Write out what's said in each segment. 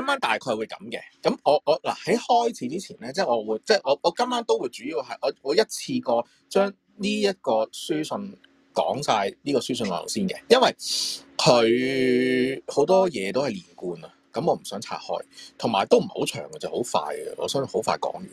今晚大概會咁嘅，咁我我嗱喺開始之前咧，即係我會，即係我我今晚都會主要係我我一次過將呢一個書信講晒，呢個書信內容先嘅，因為佢好多嘢都係連貫啊，咁我唔想拆開，同埋都唔係好長嘅，就好快嘅，我相信好快講完。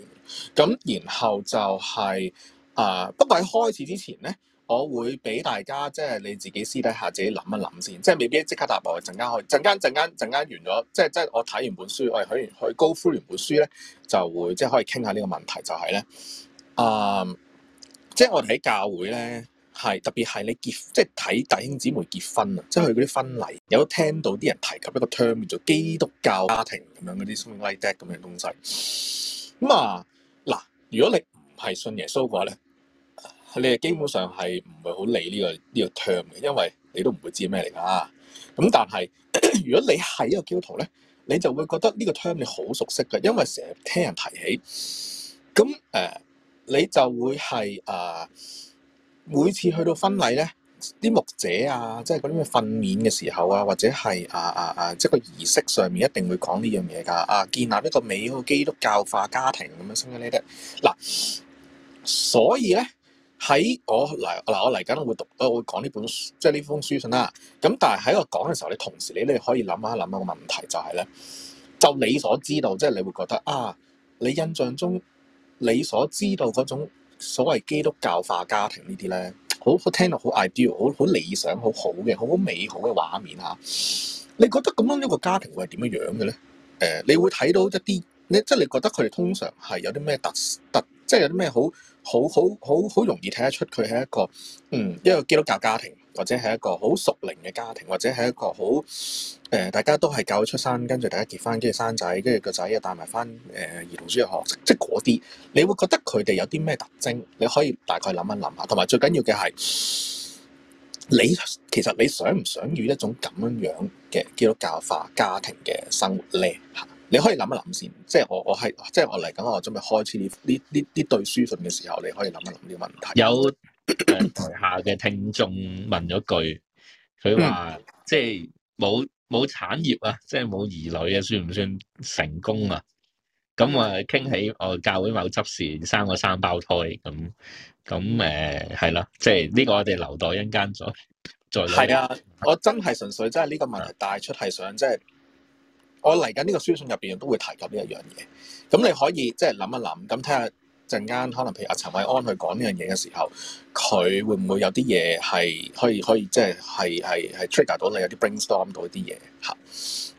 咁然後就係、是、啊、呃，不過喺開始之前咧。我會俾大家即係你自己私底下自己諗一諗先，即係未必即刻答我。陣間去，可以，陣間陣間陣間完咗，即係即係我睇完本書，我睇完去 go through 完本書咧，就會即係可以傾下呢個問題，就係、是、咧，嗯，即係我哋喺教會咧，係特別係你結即係睇弟兄姊妹結婚啊，即係佢嗰啲婚禮有聽到啲人提及一個 term 叫做基督教家庭咁樣嗰啲 something like that 咁樣東西。咁、嗯、啊嗱，如果你唔係信耶穌嘅話咧。你哋基本上係唔會好理呢、呢個呢、呢個 term 嘅，因為你都唔會知咩嚟噶。咁但係 如果你係一個基督徒咧，你就會覺得呢個 term 你好熟悉嘅，因為成日聽人提起。咁誒、呃，你就會係啊、呃，每次去到婚禮咧，啲牧者啊，即係嗰啲咩訓勉嘅時候啊，或者係啊啊啊，即係個儀式上面一定會講呢樣嘢噶。啊，建立一個美好基督教化家庭咁樣，so on and so forth。嗱，所以咧。喺我嗱嗱，我嚟緊會讀我會講呢本即係呢封書信啦。咁但係喺我講嘅時候，你同時你咧可以諗一諗一個問題，就係咧，就你所知道，即係你會覺得啊，你印象中你所知道嗰種所謂基督教化家庭呢啲咧，好好聽落好 ideal，好好理想，好好嘅，好好美好嘅畫面啊！你覺得咁樣一個家庭會係點樣樣嘅咧？誒，你會睇到一啲，你即係你覺得佢哋通常係有啲咩特特？即係有啲咩好好好好好容易睇得出佢係一個嗯一個基督教家庭，或者係一個好屬靈嘅家庭，或者係一個好誒、呃、大家都係教佢出生，跟住大家結婚，跟住生仔，跟住個仔又帶埋返誒兒童主日學，即係嗰啲，你會覺得佢哋有啲咩特徵？你可以大概諗一諗下，同埋最緊要嘅係你其實你想唔想要一種咁樣嘅基督教化家庭嘅生活咧？你可以諗一諗先，即係我我係即係我嚟緊，我準備開始呢呢呢對書信嘅時候，你可以諗一諗呢個問題。有、呃、台下嘅聽眾問咗句，佢話：嗯、即係冇冇產業啊，即係冇兒女啊，算唔算成功啊？咁、嗯、啊，傾、嗯、起我教會某執事生個三胞胎，咁咁誒係啦，即係呢、呢個我哋留待一間再再。係啊，我真係純粹，真係呢個問題帶出係想即係。啊啊。我嚟緊呢個書信入邊都會提及呢一樣嘢，咁你可以即係諗一諗，咁睇下陣間可能譬如阿陳韋安去講呢樣嘢嘅時候，佢會唔會有啲嘢係可以可以即係係係係 trigger 到你有啲 brainstorm 到啲嘢嚇？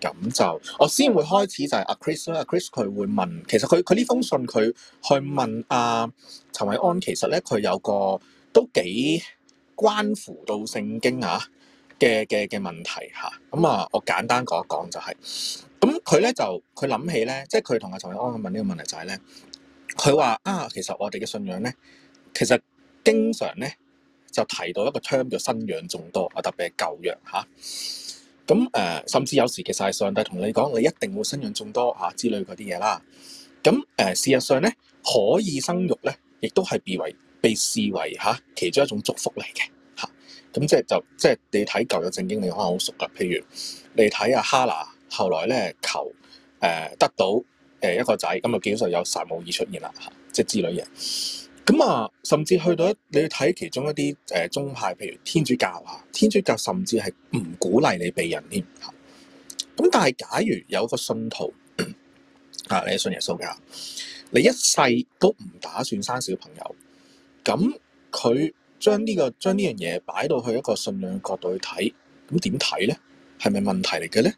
咁就我先會開始就係阿 Chris 阿 Chris 佢會問，其實佢佢呢封信佢去問阿陳韋安，其實咧佢有個都幾關乎到聖經啊。嘅嘅嘅問題嚇，咁啊，我簡單講一講就係、是，咁佢咧就佢諗起咧，即係佢同阿陳韋安問呢個問題就係、是、咧，佢話啊，其實我哋嘅信仰咧，其實經常咧就提到一個 term 叫生養眾多啊，特別係舊約嚇，咁、啊、誒，甚至有時其實係上帝同你講，你一定會生養眾多嚇、啊、之類嗰啲嘢啦，咁、啊、誒，事實上咧，可以生育咧，亦都係被為被視為嚇、啊、其中一種祝福嚟嘅。咁即係就即係你睇舊嘅聖經，你可能好熟噶。譬如你睇下哈拿，後來咧求誒、呃、得到誒一個仔，咁就基本上有撒母耳出現啦，即係之類嘅。咁啊，甚至去到一你睇其中一啲誒宗派，譬如天主教啊，天主教甚至係唔鼓勵你避孕添。咁但係假如有個信徒啊，你信耶穌嘅，你一世都唔打算生小朋友，咁佢。將呢、這個將呢樣嘢擺到去一個信仰角度去睇，咁點睇咧？係咪問題嚟嘅咧？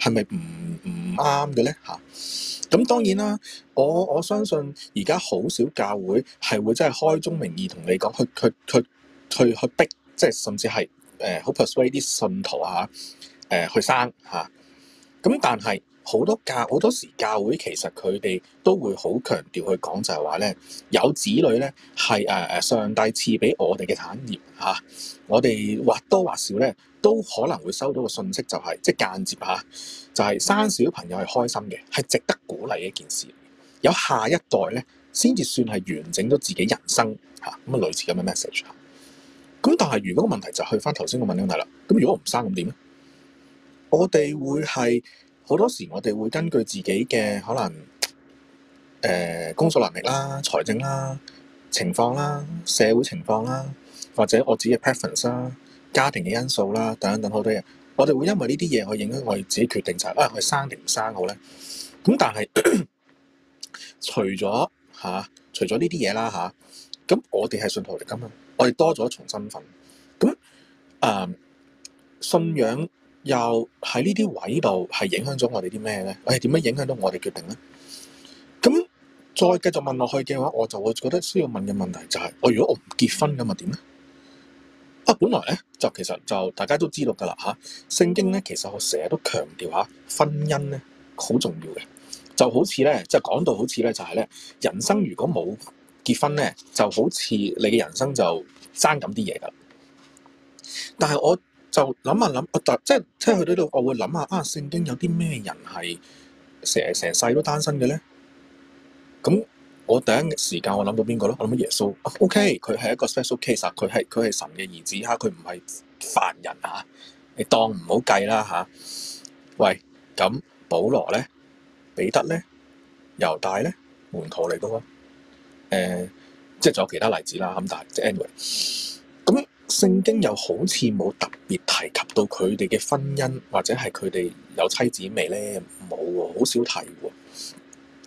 係咪唔唔啱嘅咧？嚇！咁當然啦，我我相信而家好少教會係會真係開宗明義同你講，去去去去去逼，即係甚至係誒好、呃、persuade 啲信徒嚇誒、啊呃、去生嚇。咁、啊、但係。好多教好多時，教會其實佢哋都會好強調去講就係話咧，有子女咧係誒誒，上帝賜俾我哋嘅產業嚇、啊。我哋或多或少咧都可能會收到個訊息、就係啊，就係即係間接嚇，就係生小朋友係開心嘅，係值得鼓勵嘅一件事。有下一代咧，先至算係完整咗自己人生嚇。咁啊，類似咁嘅 message 嚇。咁、啊、但係如果個問題就去翻頭先個問題啦，咁如果唔生咁點咧？我哋會係。好多時我哋會根據自己嘅可能，誒、呃，工作能力啦、財政啦、情況啦、社會情況啦，或者我自己嘅 preference 啦、家庭嘅因素啦等等好多嘢，我哋會因為呢啲嘢去影響我哋自己決定就係、是哎、 啊，啊我哋生定唔生好咧？咁但係，除咗嚇，除咗呢啲嘢啦嚇，咁我哋係信徒嚟噶嘛？我哋多咗一重身份，咁啊、呃、信仰。又喺呢啲位度係影響咗我哋啲咩咧？誒點樣影響到我哋決定咧？咁再繼續問落去嘅話，我就會覺得需要問嘅問題就係、是：我如果我唔結婚咁啊點咧？啊，本來咧就其實就大家都知道㗎啦嚇，聖、啊、經咧其實我成日都強調嚇婚姻咧好重要嘅，就好似咧即係講到好似咧就係咧人生如果冇結婚咧，就好似你嘅人生就爭咁啲嘢㗎。但係我。就諗下諗，我第即即去到度，我會諗下啊，聖經有啲咩人係成成世都單身嘅咧？咁我第一時間我諗到邊個咯？諗到耶穌？O K，佢係一個 special case 佢係佢係神嘅兒子嚇，佢唔係凡人嚇、啊。你當唔好計啦嚇。喂，咁、啊、保羅咧、彼得咧、猶大咧，門徒嚟嘅喎。即係仲有其他例子啦。咁、啊、但係即 anyway。聖經又好似冇特別提及到佢哋嘅婚姻，或者係佢哋有妻子未呢？冇喎，好少提喎。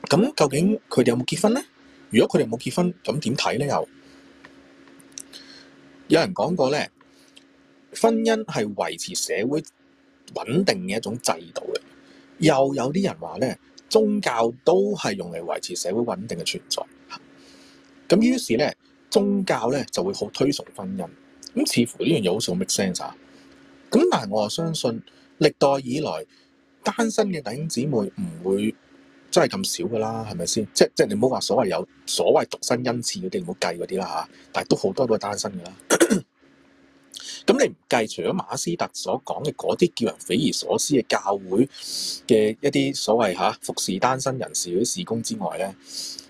咁究竟佢哋有冇結婚呢？如果佢哋冇結婚，咁點睇呢？又有人講過呢，婚姻係維持社會穩定嘅一種制度嘅。又有啲人話呢，宗教都係用嚟維持社會穩定嘅存在。咁於是呢，宗教呢就會好推崇婚姻。咁似乎呢樣嘢好似好 make sense 咁，但係我又相信歷代以來單身嘅弟兄姊妹唔會真係咁少噶啦，係咪先？即即係你唔好話所謂有所謂獨身恩賜嗰啲唔好計嗰啲啦嚇，但係都好多都係單身噶啦。咁 你唔計除咗馬斯特所講嘅嗰啲叫人匪夷所思嘅教會嘅一啲所謂嚇、啊、服侍單身人士嗰啲事工之外咧？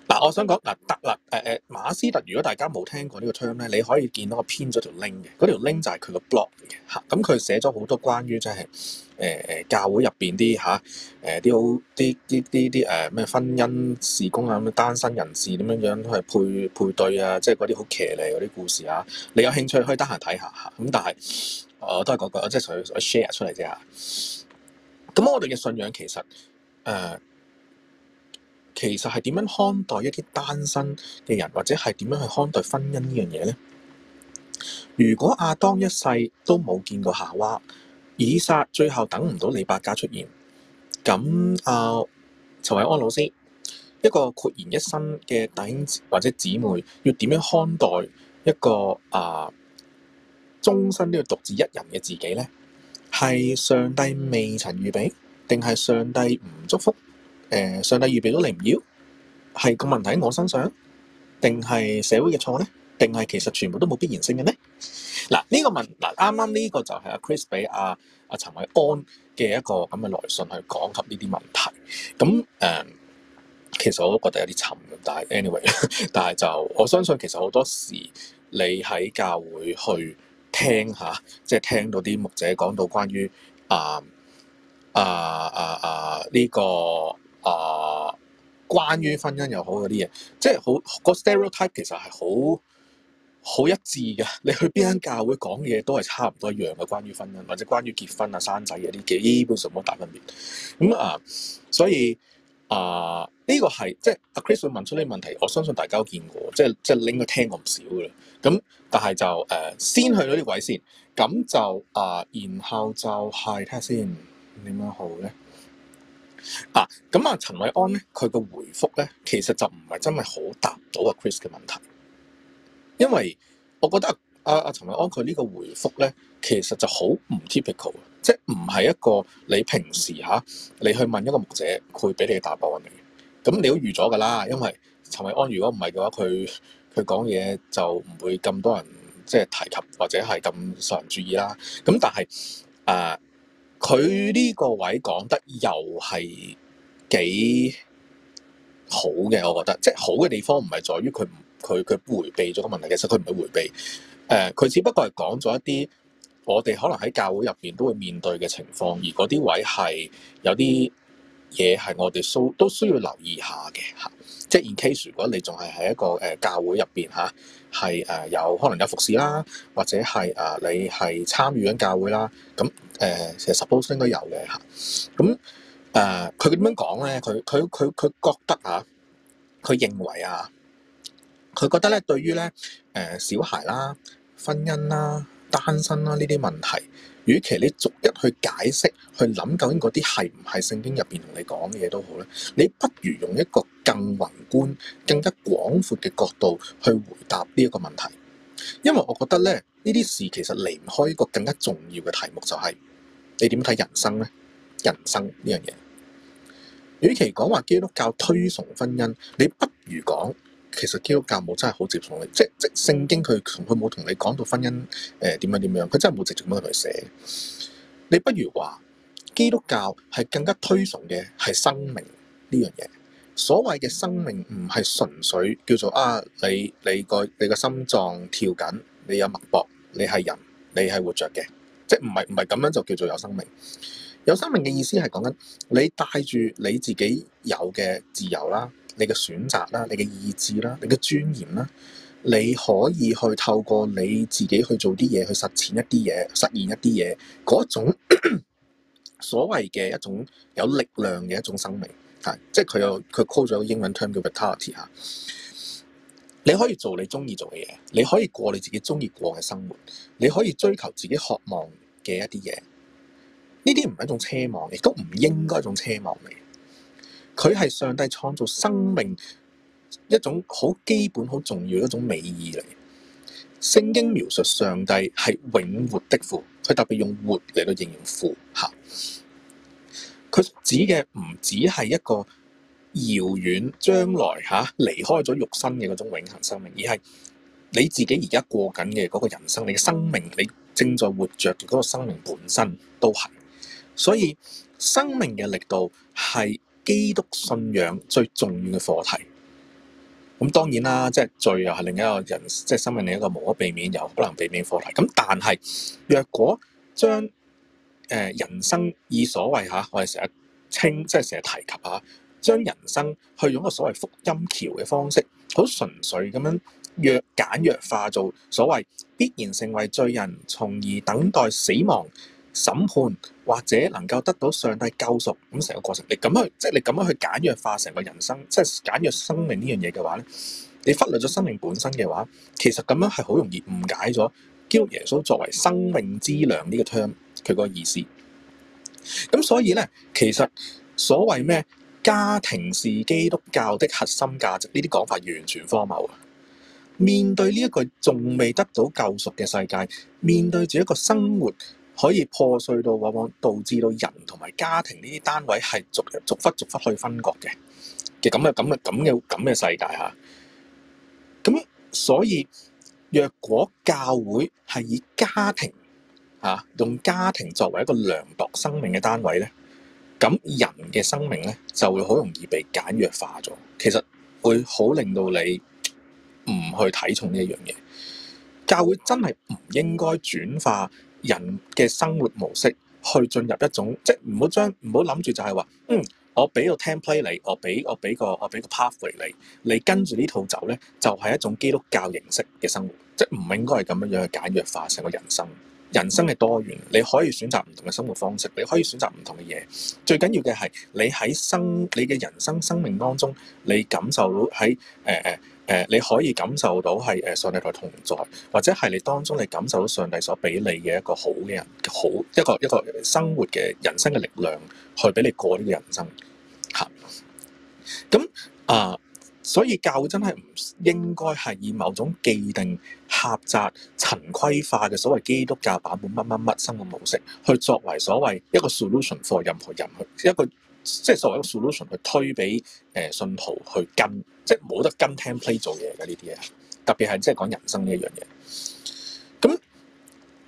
嗱，我想講嗱，得啦，誒誒，馬斯特，如果大家冇聽過呢個 channel 咧，你可以見到我編咗條 link 嘅，嗰條 link 就係佢個 blog 嘅、啊、嚇。咁佢寫咗好多關於即係誒誒教會入邊啲嚇，誒、啊、啲、呃、好啲啲啲啲誒咩婚姻事工啊咁，單身人士點樣樣去配配對啊，即係嗰啲好騎呢嗰啲故事啊。你有興趣可以得閒睇下嚇。咁、啊、但係我都係講講，即係純粹 share 出嚟啫嚇。咁、啊、我哋嘅信仰其實誒。啊其實係點樣看待一啲單身嘅人，或者係點樣去看待婚姻呢樣嘢呢？如果阿當一世都冇見過夏娃，以撒最後等唔到利百加出現，咁啊，陳、呃、韋安老師一個孑然一身嘅弟兄或者姊妹，要點樣看待一個啊終、呃、身都要獨自一人嘅自己呢？係上帝未曾預備，定係上帝唔祝福？誒、呃、上帝預備到你唔要，係個問題喺我身上，定係社會嘅錯咧？定係其實全部都冇必然性嘅呢？嗱，呢、呢個問，嗱，啱啱呢個就係阿 Chris 俾阿阿陳韋安嘅一個咁嘅來信去講及呢啲問題。咁、嗯、誒，其實我都覺得有啲沉，但係 anyway，但係就我相信其實好多時你喺教會去聽下，即、就、係、是、聽到啲牧者講到關於啊啊啊啊呢、呢個。啊，關於婚姻又好嗰啲嘢，即係好、嗰個 stereotype 其實係好好一致嘅。你去邊間教會講嘢都係差唔多一樣嘅，關於婚姻或者關於結婚啊、生仔啊啲，基本上冇大分別。咁、嗯、啊，所以啊，呢、呢個係即係阿 Chris 會問出呢個問題，我相信大家都見過，即係即係拎過聽過唔少嘅啦。咁但係就誒、呃，先去到呢位先，咁就啊、呃，然後就係睇下先點樣好咧。啊，咁啊，陳韋安咧，佢個回覆咧，其實就唔係真係好答到阿 Chris 嘅問題，因為我覺得阿阿陳韋安佢呢個回覆咧，其實就好唔 typical，即係唔係一個你平時吓、啊、你去問一個牧者，佢俾你答案嚟，咁你都預咗噶啦，因為陳韋安如果唔係嘅話，佢佢講嘢就唔會咁多人即係提及或者係咁受人注意啦，咁但係啊。佢呢個位講得又係幾好嘅，我覺得，即係好嘅地方唔係在於佢唔佢佢迴避咗個問題，其實佢唔會迴避。誒、呃，佢只不過係講咗一啲我哋可能喺教會入邊都會面對嘅情況，而嗰啲位係有啲嘢係我哋都、都需要留意下嘅嚇。即係 in case 如果你仲係喺一個誒、呃、教會入邊嚇。係誒有可能有服侍啦，或者係誒、呃、你係參與緊教會啦，咁誒其實 suppose 應該有嘅嚇。咁誒佢點樣講咧？佢佢佢佢覺得嚇、啊，佢認為啊，佢覺得咧對於咧誒小孩啦、婚姻啦、單身啦呢啲問題，與其你逐一去解釋、去諗究竟嗰啲係唔係聖經入邊同你講嘅嘢都好咧，你不如用一個。更宏觀、更加廣闊嘅角度去回答呢一個問題，因為我覺得咧，呢啲事其實離唔開一個更加重要嘅題目，就是，就係你點睇人生咧？人生呢樣嘢，與其講話基督教推崇婚姻，你不如講其實基督教冇真係好接受你，即即係聖經佢佢冇同你講到婚姻誒點樣點樣，佢真係冇直接咁樣去寫。你不如話基督教係更加推崇嘅係生命呢樣嘢。所謂嘅生命唔係純粹叫做啊，你你個你個心臟跳緊，你有脈搏，你係人，你係活着嘅，即係唔係唔係咁樣就叫做有生命。有生命嘅意思係講緊你帶住你自己有嘅自由啦，你嘅選擇啦，你嘅意志啦，你嘅尊嚴啦，你可以去透過你自己去做啲嘢，去實踐一啲嘢，實現一啲嘢，嗰種 所謂嘅一種有力量嘅一種生命。即係佢有佢 call 咗個英文 term 叫 vitality 吓，啊，你可以做你中意做嘅嘢，你可以過你自己中意過嘅生活，你可以追求自己渴望嘅一啲嘢。呢啲唔係一種奢望，亦都唔應該一種奢望嚟。佢係上帝創造生命一種好基本、好重要一種美意嚟。聖經描述上帝係永活的父，佢特別用活嚟到形容父吓。啊佢指嘅唔止係一個遙遠將來吓，離開咗肉身嘅嗰種永恆生命，而係你自己而家過緊嘅嗰個人生，你嘅生命，你正在活著嘅嗰個生命本身都係。所以生命嘅力度係基督信仰最重要嘅課題。咁當然啦，即係罪又係另一個人，即係生命另一個無可避免、又不能避免課題。咁但係若果將誒人生以所謂嚇，我哋成日稱即係成日提及嚇，將人生去用個所謂福音橋嘅方式，好純粹咁樣若簡約化做所謂必然成為罪人，從而等待死亡審判，或者能夠得到上帝救贖咁成個過程。你咁去即係你咁樣去簡約化成個人生，即係簡約生命呢樣嘢嘅話咧，你忽略咗生命本身嘅話，其實咁樣係好容易誤解咗基督耶穌作為生命之糧呢個 term。佢個意思，咁所以呢，其實所謂咩家庭是基督教的核心價值，呢啲講法完全荒謬。面對呢一個仲未得到救贖嘅世界，面對住一個生活可以破碎到往往導致到人同埋家庭呢啲單位係逐逐忽逐忽去分割嘅嘅咁嘅咁嘅咁嘅咁嘅世界嚇。咁所以若果教會係以家庭，嚇、啊、用家庭作為一個量度生命嘅單位咧，咁人嘅生命咧就會好容易被簡約化咗。其實會好令到你唔去睇重呢一樣嘢。教會真係唔應該轉化人嘅生活模式去進入一種即係唔好將唔好諗住就係話嗯，我俾個 template 你，我俾我俾個我俾個 pathway 你，你跟住呢套走咧，就係、是、一種基督教形式嘅生活，即係唔應該係咁樣樣去簡約化成個人生。人生嘅多元，你可以選擇唔同嘅生活方式，你可以選擇唔同嘅嘢。最緊要嘅係你喺生你嘅人生生命當中，你感受到喺誒誒誒，你可以感受到係誒上帝嘅同在，或者係你當中你感受到上帝所俾你嘅一個好嘅人，好一個一個生活嘅人生嘅力量，去俾你過呢個人生嚇。咁啊～所以教會真係唔應該係以某種既定狹窄、陳規化嘅所謂基督教版本乜乜乜生活模式，去作為所謂一個 solution for 任何人去一個即係、就是、作為一個 solution 去推俾誒信徒去跟，即係冇得跟 template 做嘢嘅呢啲嘢。特別係即係講人生呢一樣嘢。咁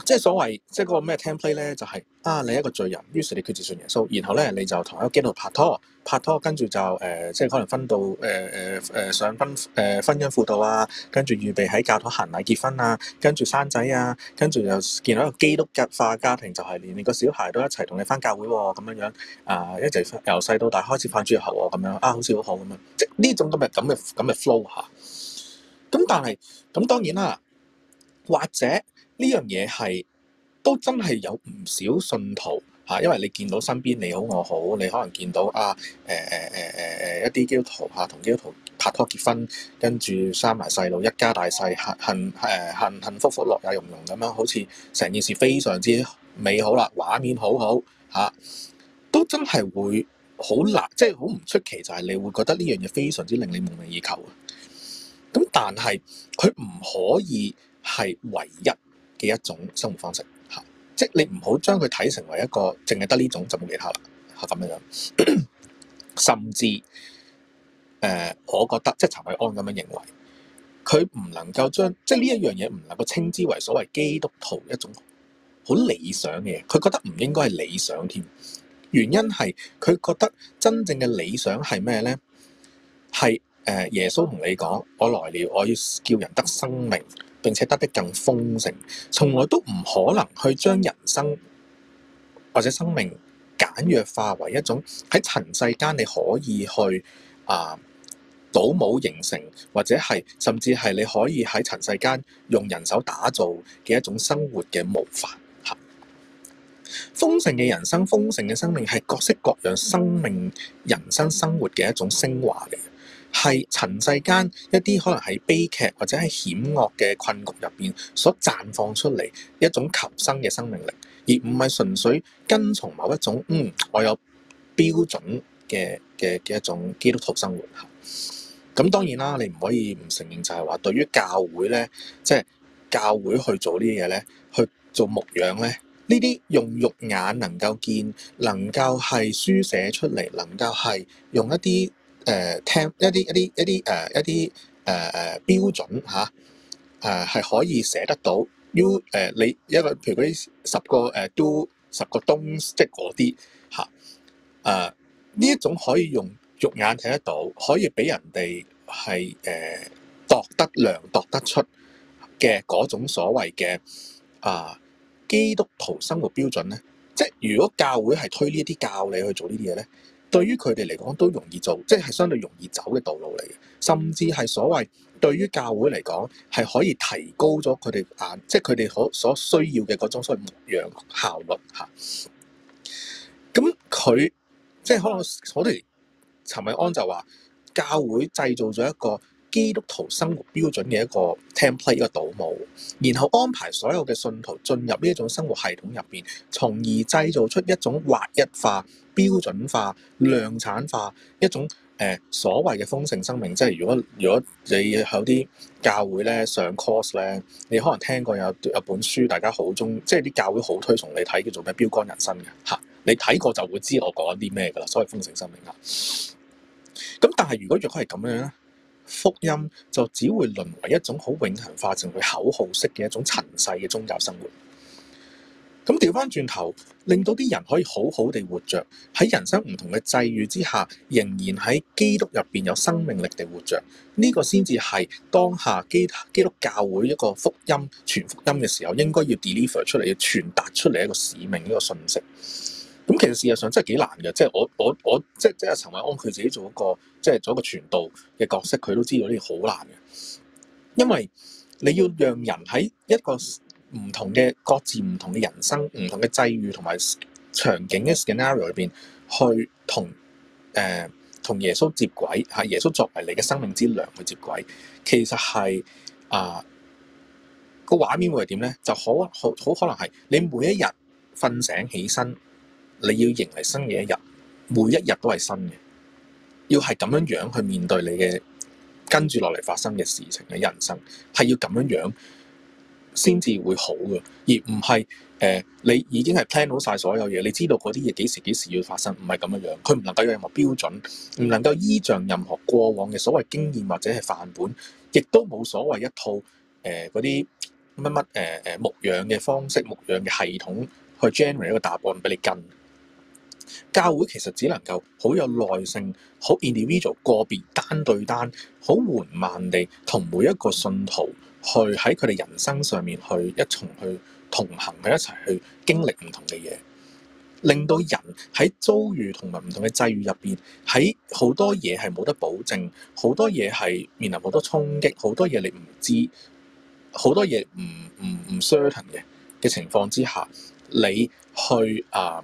即係所謂即係嗰個咩 template 咧，就係、是、啊你一個罪人，於是你決志信耶穌，然後咧你就同一個基督徒拍拖。拍拖跟住就誒、呃，即係可能分到誒誒誒上分誒、呃、婚姻輔導啊，跟住預備喺教堂行禮結婚啊，跟住生仔啊，跟住又建立一個基督教化家庭，就係、是、連連個小孩都一齊同你翻教會喎，咁樣樣啊、呃，一齊由細到大開始返主日學喎，咁樣啊，好似好好咁樣，即係呢種咁嘅咁嘅咁嘅 flow 嚇、啊。咁但係咁當然啦，或者呢樣嘢係都真係有唔少信徒。嚇，因為你見到身邊你好我好，你可能見到啊誒誒誒誒誒一啲基督徒嚇同基督徒拍拖結婚，跟住生埋細路，一家大細幸幸誒幸幸福福樂也融融咁樣，好似成件事非常之美好啦，畫面好好嚇，啊，都真係會好難，即係好唔出奇就係你會覺得呢樣嘢非常之令你夢寐以求嘅。咁但係佢唔可以係唯一嘅一種生活方式。即係你唔好將佢睇成為一個淨係得呢種就冇其他啦，係咁樣樣。 甚至誒、呃，我覺得即係陳韋安咁樣認為，佢唔能夠將即係呢一樣嘢唔能夠稱之為所謂基督徒一種好理想嘅嘢。佢覺得唔應該係理想添。原因係佢覺得真正嘅理想係咩咧？係誒、呃、耶穌同你講：我來了，我要叫人得生命。並且得的更豐盛，從來都唔可能去將人生或者生命簡約化為一種喺塵世間你可以去啊，倒模形成，或者係甚至係你可以喺塵世間用人手打造嘅一種生活嘅模範嚇。豐盛嘅人生，豐盛嘅生命係各式各樣生命、人生、生活嘅一種升華嚟。係塵世間一啲可能係悲劇或者係險惡嘅困局入邊所綻放出嚟一種求生嘅生命力，而唔係純粹跟從某一種嗯我有標準嘅嘅嘅一種基督徒生活。咁當然啦，你唔可以唔承認就係話對於教會呢，即係教會去做呢啲嘢呢，去做牧養呢，呢啲用肉眼能夠見，能夠係書寫出嚟，能夠係用一啲。誒、呃、聽一啲一啲、呃、一啲誒一啲誒誒標準嚇誒係可以寫得到，要誒、呃、你一個譬如講十個誒都、呃、十個東即嗰啲嚇誒呢一種可以用肉眼睇得到，可以俾人哋係誒度得量度得出嘅嗰種所謂嘅啊基督徒生活標準咧，即係如果教會係推呢一啲教你去做呢啲嘢咧。對於佢哋嚟講都容易做，即係相對容易走嘅道路嚟嘅，甚至係所謂對於教會嚟講係可以提高咗佢哋啊，即係佢哋所所需要嘅嗰種所謂牧養效率嚇。咁、啊、佢即係可能我哋陳韋安就話，教會製造咗一個。基督徒生活標準嘅一個 template 一個倒模，然後安排所有嘅信徒進入呢一種生活系統入邊，從而製造出一種劃一化、標準化、量產化一種誒、呃、所謂嘅豐盛生命。即係如果如果你有啲教會咧上 course 咧，你可能聽過有有本書，大家好鍾，即係啲教會好推崇你睇叫做咩標竿人生嘅嚇，你睇過就會知我講咗啲咩噶啦。所謂豐盛生命啦。咁但係如果若果係咁樣咧？福音就只會淪為一種好永恆化、甚至口號式嘅一種塵世嘅宗教生活。咁調翻轉頭，令到啲人可以好好地活着，喺人生唔同嘅際遇之下，仍然喺基督入邊有生命力地活着。呢個先至係當下基基督教會一個福音傳福音嘅時候，應該要 deliver 出嚟，要傳達出嚟一個使命，呢個信息。咁其實事實上真係幾難嘅，即係我我我即係即係陳韋安佢自己做一個。即係做一個傳道嘅角色，佢都知道呢個好難嘅，因為你要讓人喺一個唔同嘅各自唔同嘅人生、唔 同嘅際遇同埋場景嘅 scenario 裏邊，去同誒、呃、同耶穌接軌，吓耶穌作為你嘅生命之糧去接軌，其實係啊個畫面會係點咧？就好好，好可能係你每一日瞓醒起身，你要迎嚟新嘅一日，每一日都係新嘅。要係咁樣樣去面對你嘅跟住落嚟發生嘅事情嘅人生，係要咁樣樣先至會好嘅，而唔係誒你已經係 plan 好晒所有嘢，你知道嗰啲嘢幾時幾時要發生，唔係咁樣樣，佢唔能夠有任何標準，唔能夠依仗任何過往嘅所謂經驗或者係範本，亦都冇所謂一套誒嗰啲乜乜誒誒牧養嘅方式、牧養嘅系統去 generate 一個答案俾你跟。教會其實只能夠好有耐性，好 individual，個別單對單，好緩慢地同每一個信徒去喺佢哋人生上面去一重去同行去一齊去經歷唔同嘅嘢，令到人喺遭遇同埋唔同嘅際遇入邊，喺好多嘢係冇得保證，好多嘢係面臨好多衝擊，好多嘢你唔知，好多嘢唔唔唔 certain 嘅嘅情況之下，你去啊～、uh,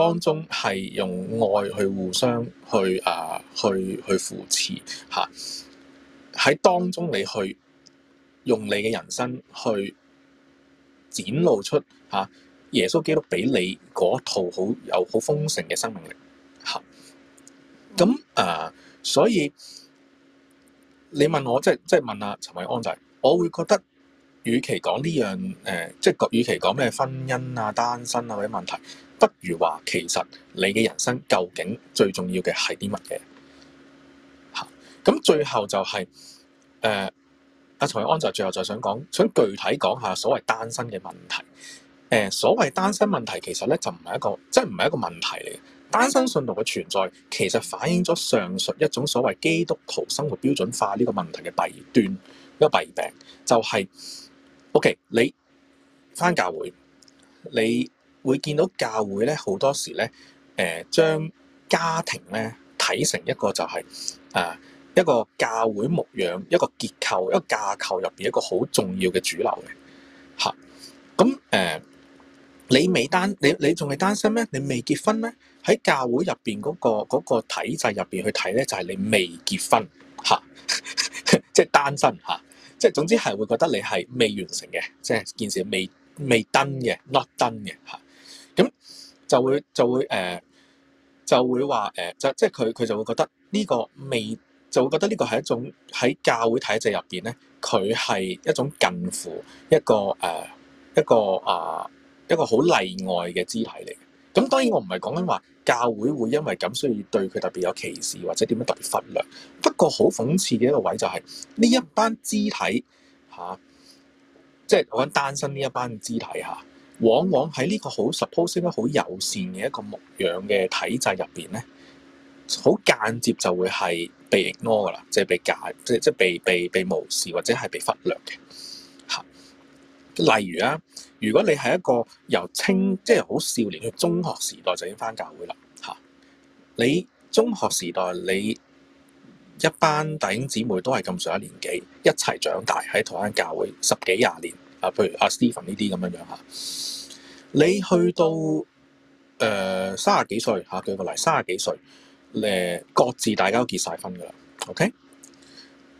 當中係用愛去互相去啊，去去扶持吓。喺、啊、當中你去用你嘅人生去展露出吓、啊，耶穌基督俾你嗰套好有好豐盛嘅生命力吓。咁啊，啊，所以你問我即係即係問阿、啊、陳韋安仔、就係，我會覺得，與其講呢樣誒、呃，即係與其講咩婚姻啊、單身啊或者問題。不如話，其實你嘅人生究竟最重要嘅係啲乜嘢？嚇、啊！咁最後就係、是、誒，阿陳韋安就最後就想講，想具體講下所謂單身嘅問題。誒、呃，所謂單身問題其實咧就唔係一個，即係唔係一個問題嚟嘅。單身信徒嘅存在其實反映咗上述一種所謂基督徒生活標準化呢個問題嘅弊端，一、這個弊病就係、是、，OK，你返教會，你。會見到教會咧，好多時咧，誒、呃、將家庭咧睇成一個就係、是、啊、呃、一個教會牧養一個結構一個架構入邊一個好重要嘅主流嘅嚇。咁誒、嗯呃，你未單你你仲係單身咩？你未結婚咩？喺教會入邊嗰個嗰、那個、體制入邊去睇咧，就係、是、你未結婚嚇，即係 單身嚇，即係、就是、總之係會覺得你係未完成嘅，即、就、係、是、件事未未 done 嘅，not done 嘅嚇。咁就會就會誒、呃、就會話誒、呃、就即係佢佢就會覺得呢個未，就會覺得呢個係一種喺教會體制入邊咧，佢係一種近乎一個誒、呃、一個啊、呃、一個好例外嘅肢體嚟嘅。咁當然我唔係講緊話教會會因為咁所以對佢特別有歧視或者點樣特別忽略。不過好諷刺嘅一個位就係、是、呢一班肢體嚇，即係我講單身呢一班肢體嚇。啊往往喺呢個好 supposedly、好友善嘅一個牧養嘅體制入邊咧，好間接就會係被 ignore 嘅啦，即係被架，即係即係被被被無視或者係被忽略嘅。嚇、啊，例如啊，如果你係一個由青，即係好少年去中學時代就已經返教會啦，嚇、啊，你中學時代你一班弟兄姊妹都係咁上一年紀，一齊長大喺台灣教會十幾廿年。啊，譬如阿、啊、Stephen 呢啲咁樣樣嚇，啊，你去到誒三十幾歲嚇，舉個例，三十幾歲誒各自大家都結晒婚㗎喇，OK？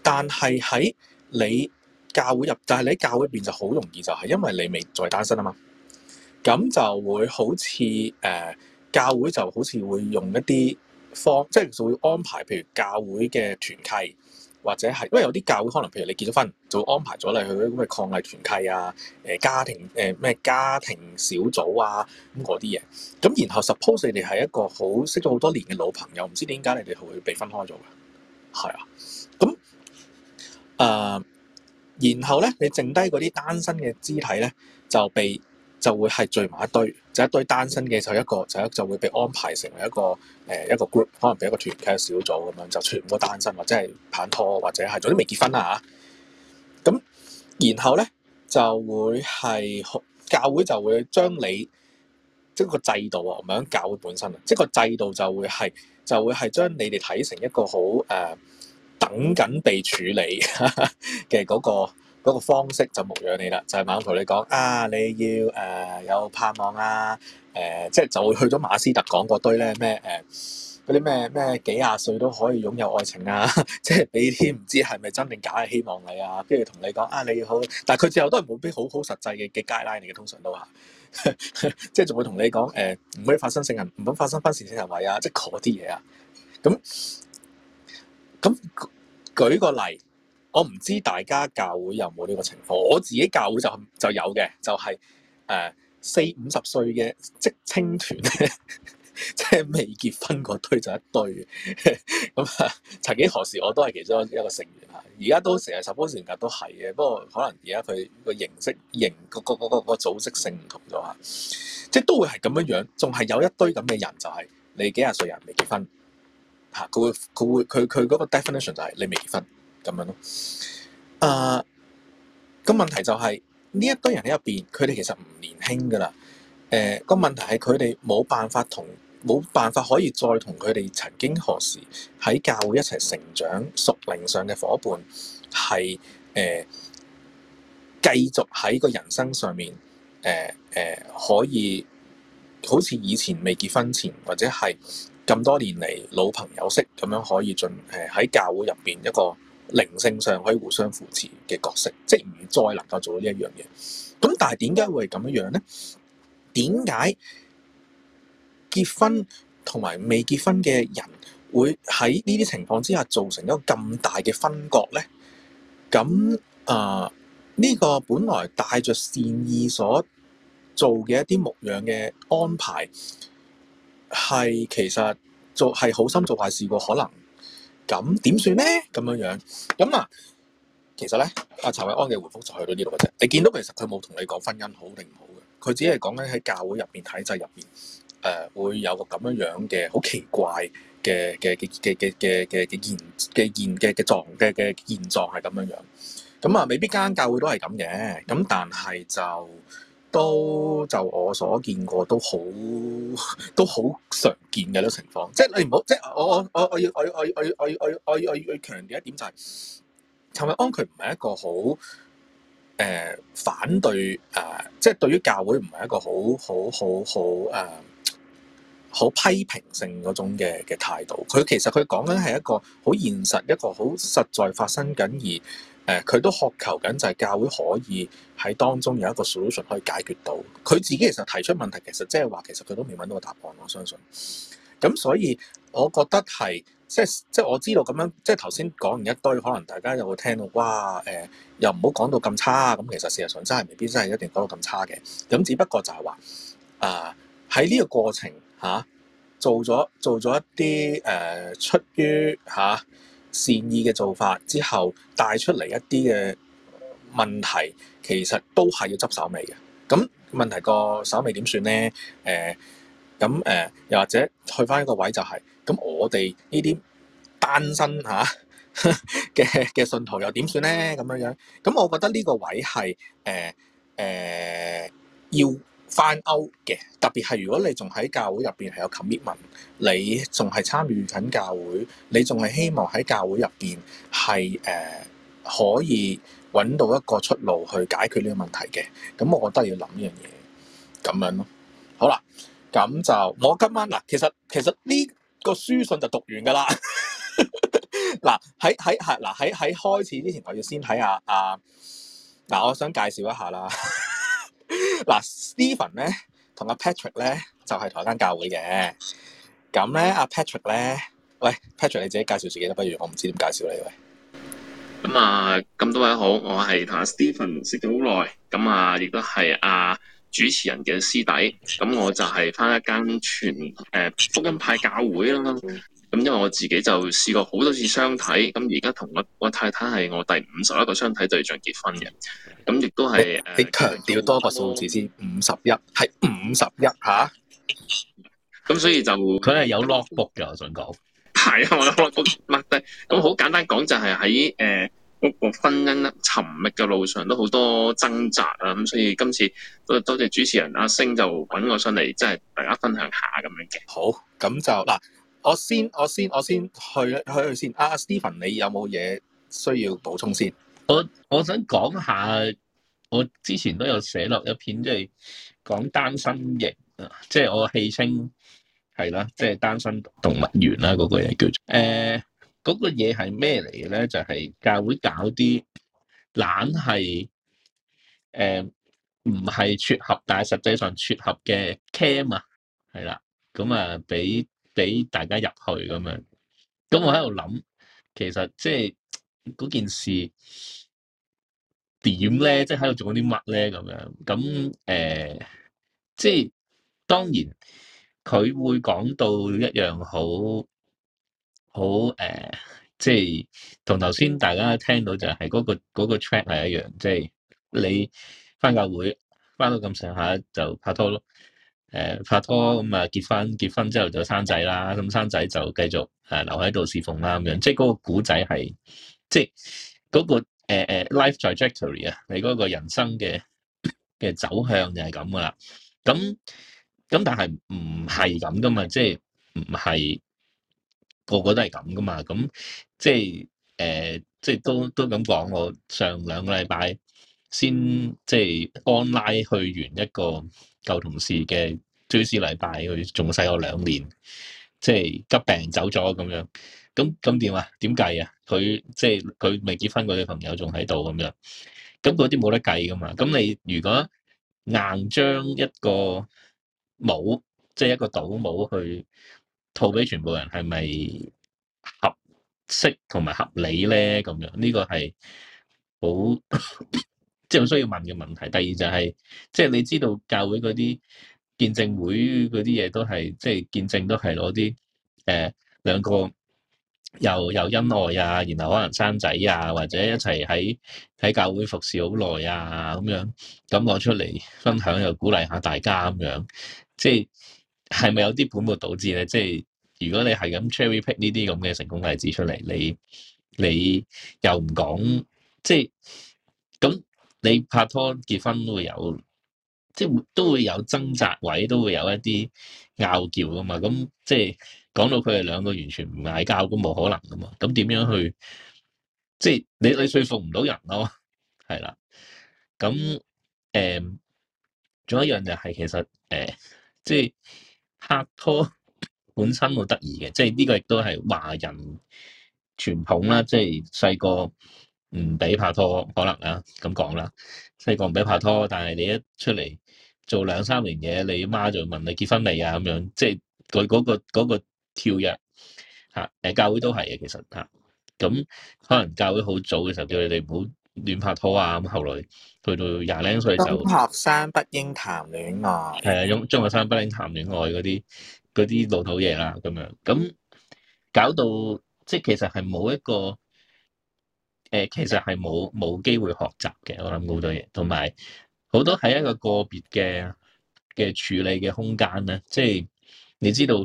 但係喺你教會入，但係你喺教會入面就好容易就係、是，因為你未再單身啊嘛，咁就會好似誒、呃、教會就好似會用一啲方，即係就會安排譬如教會嘅團契。或者係，因為有啲教會可能，譬如你結咗婚，就安排咗你去啲咁嘅伉儷團契啊，誒、呃、家庭誒咩、呃、家庭小組啊，咁嗰啲嘢。咁然後，suppose 你哋係一個好識咗好多年嘅老朋友，唔知點解你哋會被分開咗嘅，係啊。咁誒、呃，然後咧，你剩低嗰啲單身嘅肢體咧，就被。就會係聚埋一堆，就是、一堆單身嘅就一個就一就會被安排成為一個誒、呃、一個 group，可能俾一個團體、小組咁樣，就全部都單身或者係拍拖或者係早啲未結婚啊，咁然後咧就會係教會就會將你即係個制度啊，唔係教會本身啊，即係個制度就會係就會係將你哋睇成一個好誒、呃、等緊被處理嘅嗰、 嗰個。嗰個方式就牧養你啦，就係猛咁同你講啊！你要誒、呃、有盼望啊！誒、呃，即係就會、是、去咗馬斯特講嗰堆咧咩誒嗰啲咩咩幾廿歲都可以擁有愛情啊！即 係畀啲唔知係咪真定假嘅希望你啊，跟住同你講啊你要好，但係佢最後都係冇畀好好實際嘅嘅街拉嚟嘅，通常都話，即係仲會同你講誒唔可以發生性行唔好發生婚前性行為啊！即係嗰啲嘢啊，咁咁舉，舉個例。我唔知大家教會有冇呢個情況，我自己教會就就有嘅，就係、係、誒、呃、四五十歲嘅職青團， 即係未結婚嗰堆就一堆咁啊。 曾幾何時我都係其中一個成員嚇，而家都成日十方善格都係嘅，不過可能而家佢個形式、形、個、個個、個組織性唔同咗嚇，即係都會係咁樣樣，仲係有一堆咁嘅人就係、係、你幾廿歲人未結婚嚇，佢會佢會佢佢嗰個 definition 就係你未結婚。咁樣咯，啊，咁問題就係呢一堆人喺入邊，佢哋其實唔年輕噶啦。誒、呃，個問題係佢哋冇辦法同冇辦法可以再同佢哋曾經何時喺教會一齊成長、屬靈上嘅伙伴係誒繼續喺個人生上面誒誒、呃呃、可以好似以前未結婚前或者係咁多年嚟老朋友識咁樣可以進誒喺教會入邊一個。靈性上可以互相扶持嘅角色，即係唔再能夠做到呢一樣嘢。咁但係點解會係咁樣樣咧？點解結婚同埋未結婚嘅人會喺呢啲情況之下造成一個咁大嘅分隔咧？咁啊，呢、呃呢個本來帶着善意所做嘅一啲牧養嘅安排，係其實做係好心做壞事個可能。咁點算咧？咁樣樣，咁啊，其實咧，阿、啊、陳韋安嘅回覆就去到呢度嘅啫。你見到其實佢冇同你講婚姻好定唔好嘅，佢只係講緊喺教會入邊體制入邊，誒、呃、會有個咁樣樣嘅好奇怪嘅嘅嘅嘅嘅嘅嘅現嘅現嘅嘅狀嘅嘅現狀係咁樣樣。咁啊，未必間教會都係咁嘅。咁但係就。都就我所見過，都好都好常見嘅啲情況，即係你唔好，即係我我我我要我要我要我要我要我要去強調一點就係，陳韋安佢唔係一個好誒反對誒，即係對於教會唔係一個好好好好誒好批評性嗰種嘅嘅態度。佢其實佢講緊係一個好現實，一個好實在發生緊而。誒佢都渴求緊，就係教會可以喺當中有一個 solution 可以解決到。佢自己其實提出問題，其實即係話，其實佢都未搵到個答案。我相信。咁所以我覺得係，即係即係我知道咁樣，即係頭先講完一堆，可能大家有會聽到，哇誒、呃，又唔好講到咁差。咁其實事實上真係未必真係一定講到咁差嘅。咁只不過就係話，啊喺呢個過程嚇、啊、做咗做咗一啲誒、呃，出於嚇。啊善意嘅做法之後帶出嚟一啲嘅問題，其實都係要執手尾嘅。咁問題個手尾點算咧？誒、呃，咁誒、呃，又或者去翻一個位就係、是，咁我哋呢啲單身嚇嘅嘅信徒又點算咧？咁樣樣，咁我覺得呢個位係誒誒要。翻歐嘅，of, 特別係如果你仲喺教會入邊係有 commitment，你仲係參與緊教會，你仲係希望喺教會入邊係誒可以揾到一個出路去解決呢個問題嘅，咁我覺得要諗呢樣嘢，咁樣咯。好啦，咁就我今晚嗱，其實其實呢個書信就讀完㗎 啦。嗱喺喺係嗱，喺喺開始之前，我要先睇下啊嗱，我想介紹一下啦。 嗱，Steven 咧同阿 Patrick 咧就係台山教會嘅，咁咧阿 Patrick 咧，喂 Patrick 你自己介紹自己啦，不如我唔知點介紹你喂。咁啊，咁多位好，我係同阿 Steven 識咗好耐，咁啊亦都係阿主持人嘅師弟，咁我就係翻一間全誒、呃、福音派教會啦。咁因為我自己就試過好多次相睇，咁而家同我我太太係我第五十一個相睇對象結婚嘅，咁亦都係誒，你強調多個數字先，五十一係五十一吓，咁、啊、所以就佢係有 notebook 嘅，我想講係啊，我 notebook 咁好簡單講就係喺誒，個婚姻尋覓嘅路上都好多掙扎啊，咁所以今次多多謝主持人阿、啊、星就揾我上嚟，即係大家分享下咁樣嘅，好，咁就嗱。 我先，我先，我先去去去先。啊，Steven，你有冇嘢需要補充先？我我想講下，我之前都有寫落一篇，即係講單身營，即係我戲稱係啦，即係單身動物園啦，嗰個嘢叫做。誒，嗰個嘢係咩嚟嘅咧？就係教會搞啲懶係誒，唔係撮合，但係實際上撮合嘅 cam 啊，係啦，咁啊俾，俾大家入去咁樣，咁我喺度諗，其實即係嗰件事點咧？即係喺度做緊啲乜咧？咁樣，咁誒，即係當然佢會講到一樣好，好誒，即係同頭先大家聽到就係嗰個嗰個 track 係一樣，即係你翻教會翻到咁上下就拍拖咯。誒、呃、拍拖咁啊、嗯，結婚結婚之後就生仔啦，咁生仔就繼續誒留喺度侍奉啦咁樣，即係嗰個故仔係，即係、那、嗰個誒、呃、life trajectory 啊，你嗰個人生嘅嘅走向就係咁噶啦。咁、嗯、咁、嗯、但係唔係咁噶嘛，即係唔係個個都係咁噶嘛。咁即係誒，即係、呃、都都咁講。我上兩個禮拜先即係 online 去完一個舊同事嘅追思禮拜，佢仲細我兩年，即係急病走咗咁樣，咁咁點啊？點計啊？佢即係佢未結婚嗰啲朋友仲喺度咁樣，咁嗰啲冇得計噶嘛？咁你如果硬將一個帽即係一個倒帽去套俾全部人，係咪合適同埋合理咧？咁樣呢個係好。即係需要問嘅問題。第二就係、是，即係你知道教會嗰啲見證會嗰啲嘢都係，即係見證都係攞啲誒兩個又又恩愛啊，然後可能生仔啊，或者一齊喺喺教會服侍好耐啊咁樣，咁講出嚟分享又鼓勵下大家咁樣。即係係咪有啲本末倒置咧？即係如果你係咁 cherry pick 呢啲咁嘅成功例子出嚟，你你又唔講即係？你拍拖結婚都會有，即係都會有掙扎位，都會有一啲拗撬噶嘛。咁即係講到佢哋兩個完全唔嗌交，都冇可能噶嘛。咁點樣去？即係你你說服唔到人咯，啊，係啦。咁誒，仲，嗯、有一樣就係其實誒、嗯，即係拍拖本身好得意嘅，即係呢個亦都係華人傳統啦，即係細個。唔俾拍拖，可能啊咁講啦。即係講唔俾拍拖，但係你一出嚟做兩三年嘢，你媽就會問你結婚未啊咁樣。即係佢嗰個、嗰個嗰個跳躍吓，誒、啊欸、教會都係嘅。其實吓咁、啊、可能教會好早嘅時候叫你哋唔好亂拍拖啊。咁、啊、後來去到廿零歲就中學生不應談戀愛，誒中、啊、中學生不應談戀愛嗰啲嗰啲老土嘢啦咁樣，咁、啊、搞到即係、就是、其實係冇一個。誒，其實係冇冇機會學習嘅，我諗好多嘢，同埋好多喺一個個別嘅嘅處理嘅空間咧。即係你知道，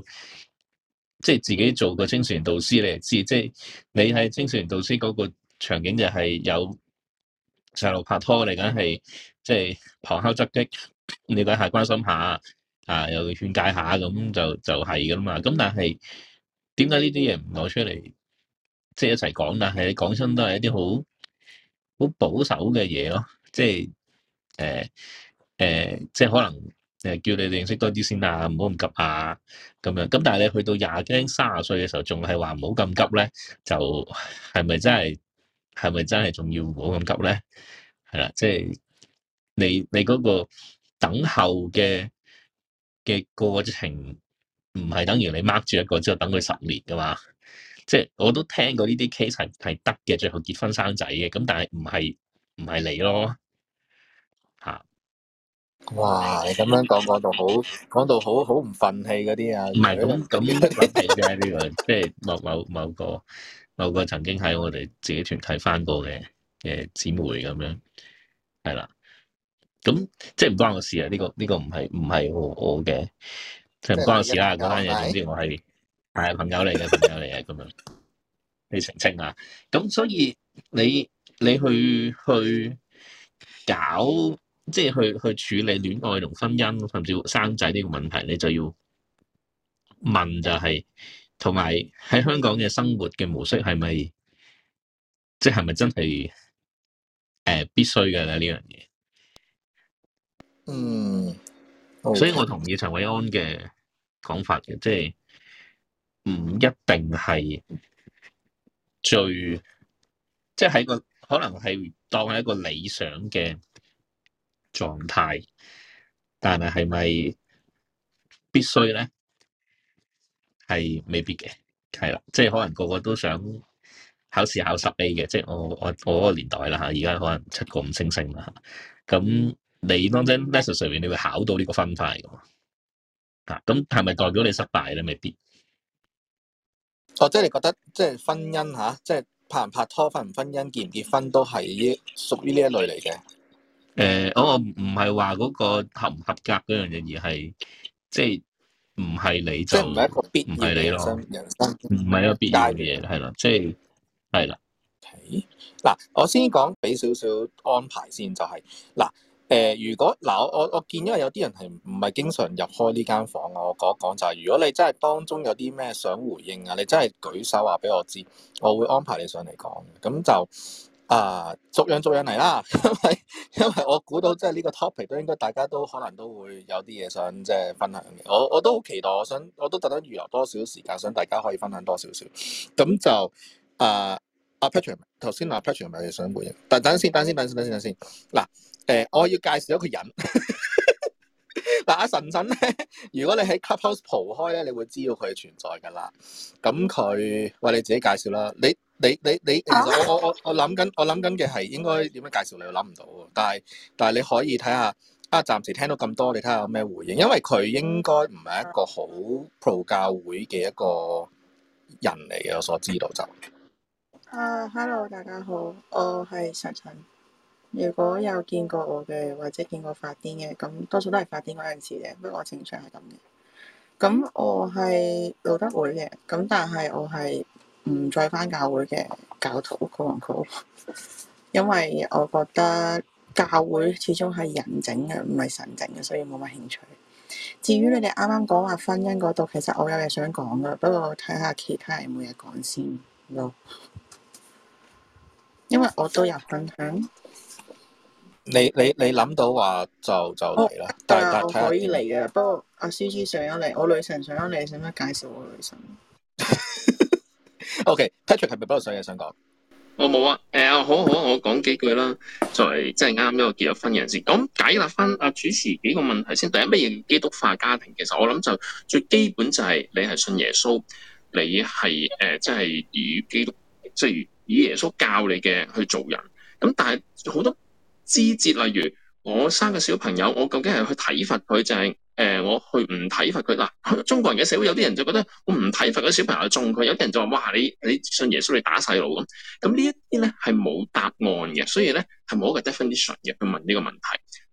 即係自己做個青少年導師，你知，即係你喺青少年導師嗰個場景就係有細路拍拖，嚟緊係即係旁敲側擊，你梗係關心下啊，又勸解下咁就就係噶啦嘛。咁但係點解呢啲嘢唔攞出嚟？即係一齊講，但係你講真都係一啲好好保守嘅嘢咯。即係誒誒，即係可能誒叫你認識多啲先啦，唔好咁急啊咁樣。咁但係你去到廿幾、三十歲嘅時候，仲係話唔好咁急咧，就係咪真係係咪真係仲要唔好咁急咧？係啦，即係你你嗰個等候嘅嘅過程，唔係等於你掹住一個之後等佢十年噶嘛？即係我都聽過呢啲 case 係係得嘅，最後結婚生仔嘅，咁但係唔係唔係你咯吓？啊、哇！你咁樣講講到好講到好好唔憤氣嗰啲啊？唔係咁咁，我理解呢、呢個即係、即係、某某某個某個曾經喺我哋自己團契返過嘅誒姊妹咁樣係啦。咁即係唔關我事啊！呢、呢個呢、呢個唔係唔係我嘅，即係唔關我事啦。嗰單嘢總之我係。係朋友嚟嘅，朋友嚟嘅咁樣，你澄清下。咁所以你你去去搞，即係去去處理戀愛同婚姻，甚至生仔呢個問題，你就要問、就是是是，就係同埋喺香港嘅生活嘅模式係咪，即係咪真係誒必須嘅咧呢樣嘢？嗯，mm, okay. 所以我同意陳韋安嘅講法嘅，即係。唔一定係最，即係喺個可能係當係一個理想嘅狀態，但係係咪必須咧？係未必嘅，係啦，即係可能個個都想考試考十 A 嘅，即係我我我個年代啦吓，而家可能七個五星星啦，咁你當真 necessary 你會考到呢個分派噶嘛？啊，咁係咪代表你失敗咧？未必。哦，即係你覺得，即係婚姻吓、啊，即係拍唔拍拖、婚唔婚姻、結唔結婚，都係呢屬於呢一類嚟嘅。誒、呃，我唔係話嗰個合唔合格嗰樣嘢，而係即係唔係你就唔係你咯，唔係一個必要嘅嘢，係啦，即係係啦。嗱，我先講俾少，少少安排先、就係，就係嗱。誒，mile uh, 如果嗱，我我我見，因為有啲人係唔係經常入開呢間房，我講一講就係，floor. 如果你真係當中有啲咩想回應啊，你真係舉手話俾我知，我會安排你上嚟講嘅。咁就啊、呃，逐樣逐樣嚟啦，因為因為我估到即係呢個 topic 都應該大家都可能都會有啲嘢想即係分享嘅。我我都好期待，我想我都特登預留多少時間，想大家可以分享多少少。咁就啊，呃、剛剛阿 Patrick，頭先阿 Patrick 係咪想回應？等等先，等先，等先，等先，等先，嗱。誒、呃，我要介紹一個人、 呃。嗱，阿晨晨咧，如果你喺 Clubhouse 蒲開咧，你會知道佢存在噶啦。咁佢，喂，你自己介紹啦。你、你、你、你，其實、啊、我、我、我、我諗緊，我諗緊嘅係應該點樣介紹你，我諗唔到。但係，但係你可以睇下。啊，暫時聽到咁多，你睇下有咩回應。因為佢應該唔係一個好 Pro 教會嘅一個人嚟嘅，我所知道就。啊、uh,，hello，大家好，我係晨晨。如果有見過我嘅，或者見過發癲嘅，咁多數都係發癲嗰陣時嘅。不過我情常係咁嘅。咁我係路德會嘅，咁但係我係唔再翻教會嘅教徒，好唔好？因為我覺得教會始終係人整嘅，唔係神整嘅，所以冇乜興趣。至於你哋啱啱講話婚姻嗰度，其實我有嘢想講嘅，不過睇下其他人有冇嘢講先咯。因為我都有分享。你你你諗到話就就嚟啦，哦，但係我可以嚟嘅。是不過阿、啊、C 上咗嚟，我女神上咗嚟，使唔使介紹我女神？O K，Patrick 係咪有嘢想講？我冇啊。誒、嗯，好好，我講幾句啦。作為即係啱啱一個結咗婚嘅人先。咁解答翻阿主持幾個問題先。第一，咩嘢基督化家庭？其實我諗就最基本就係你係信耶穌，你係誒即係以基督，即係以耶穌教你嘅去做人。咁但係好多。肢節，例如我生個小朋友，我究竟係去體罰佢，就係誒我去唔體罰佢？嗱、啊，中國人嘅社會有啲人就覺得我唔體罰個小朋友中縱佢，有啲人就話，哇，你你信耶穌你打細路咁。咁呢一啲咧係冇答案嘅，所以咧係冇一個 definition 嘅去問呢個問題。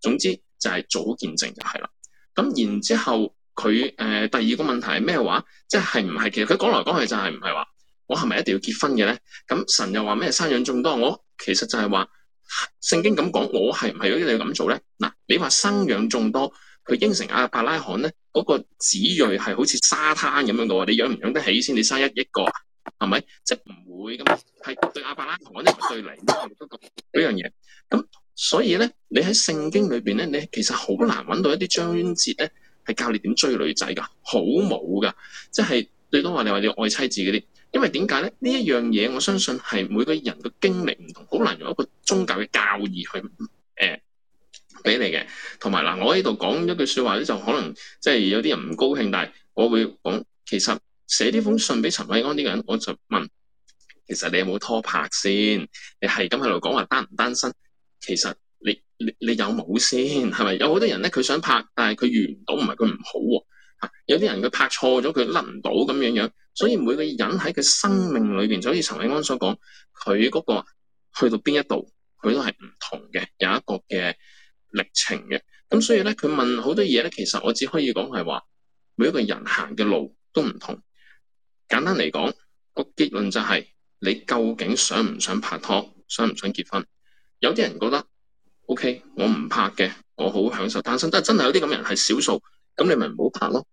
總之就係做好見證就係啦。咁、啊、然之後佢誒、呃、第二個問題係咩話？即係係唔係？其實佢講來講去就係唔係話我係咪一定要結婚嘅咧？咁神又話咩？生養眾多，我其實就係話。聖經咁講，我係唔係要你咁做咧？嗱，你話生養眾多，佢應承阿伯拉罕咧嗰個子裔係好似沙灘咁樣嘅喎，你養唔養得起先？你生一億個係咪？即係唔會咁，係對阿伯拉罕啲對嚟嗰個嗰樣嘢。咁所以咧，你喺聖經裏邊咧，你其實好難揾到一啲章節咧，係教你點追女仔噶，好冇噶，即係最多話你話你愛妻子嗰啲。因為點解咧？呢一樣嘢，我相信係每個人嘅經歷唔同，好難用一個宗教嘅教義去誒俾你嘅。同埋嗱，我喺度講一句説話咧，就可能即係有啲人唔高興，但係我會講，其實寫呢封信俾陳韋安呢個人，我就問，其實你有冇拖拍先？你係咁喺度講話單唔單身，其實你你你有冇先？係咪有好多人咧？佢想拍，但係佢遇唔到，唔係佢唔好喎、啊。有啲人佢拍錯咗，佢甩唔到咁樣樣，所以每個人喺佢生命裏邊就好似陳偉安所講，佢嗰個去到邊一度，佢都係唔同嘅，有一個嘅歷程嘅。咁所以咧，佢問好多嘢咧，其實我只可以講係話，每一個人行嘅路都唔同。簡單嚟講，個結論就係你究竟想唔想拍拖，想唔想結婚？有啲人覺得 OK，我唔拍嘅，我好享受單身。但係真係有啲咁嘅人係少數，咁你咪唔好拍咯。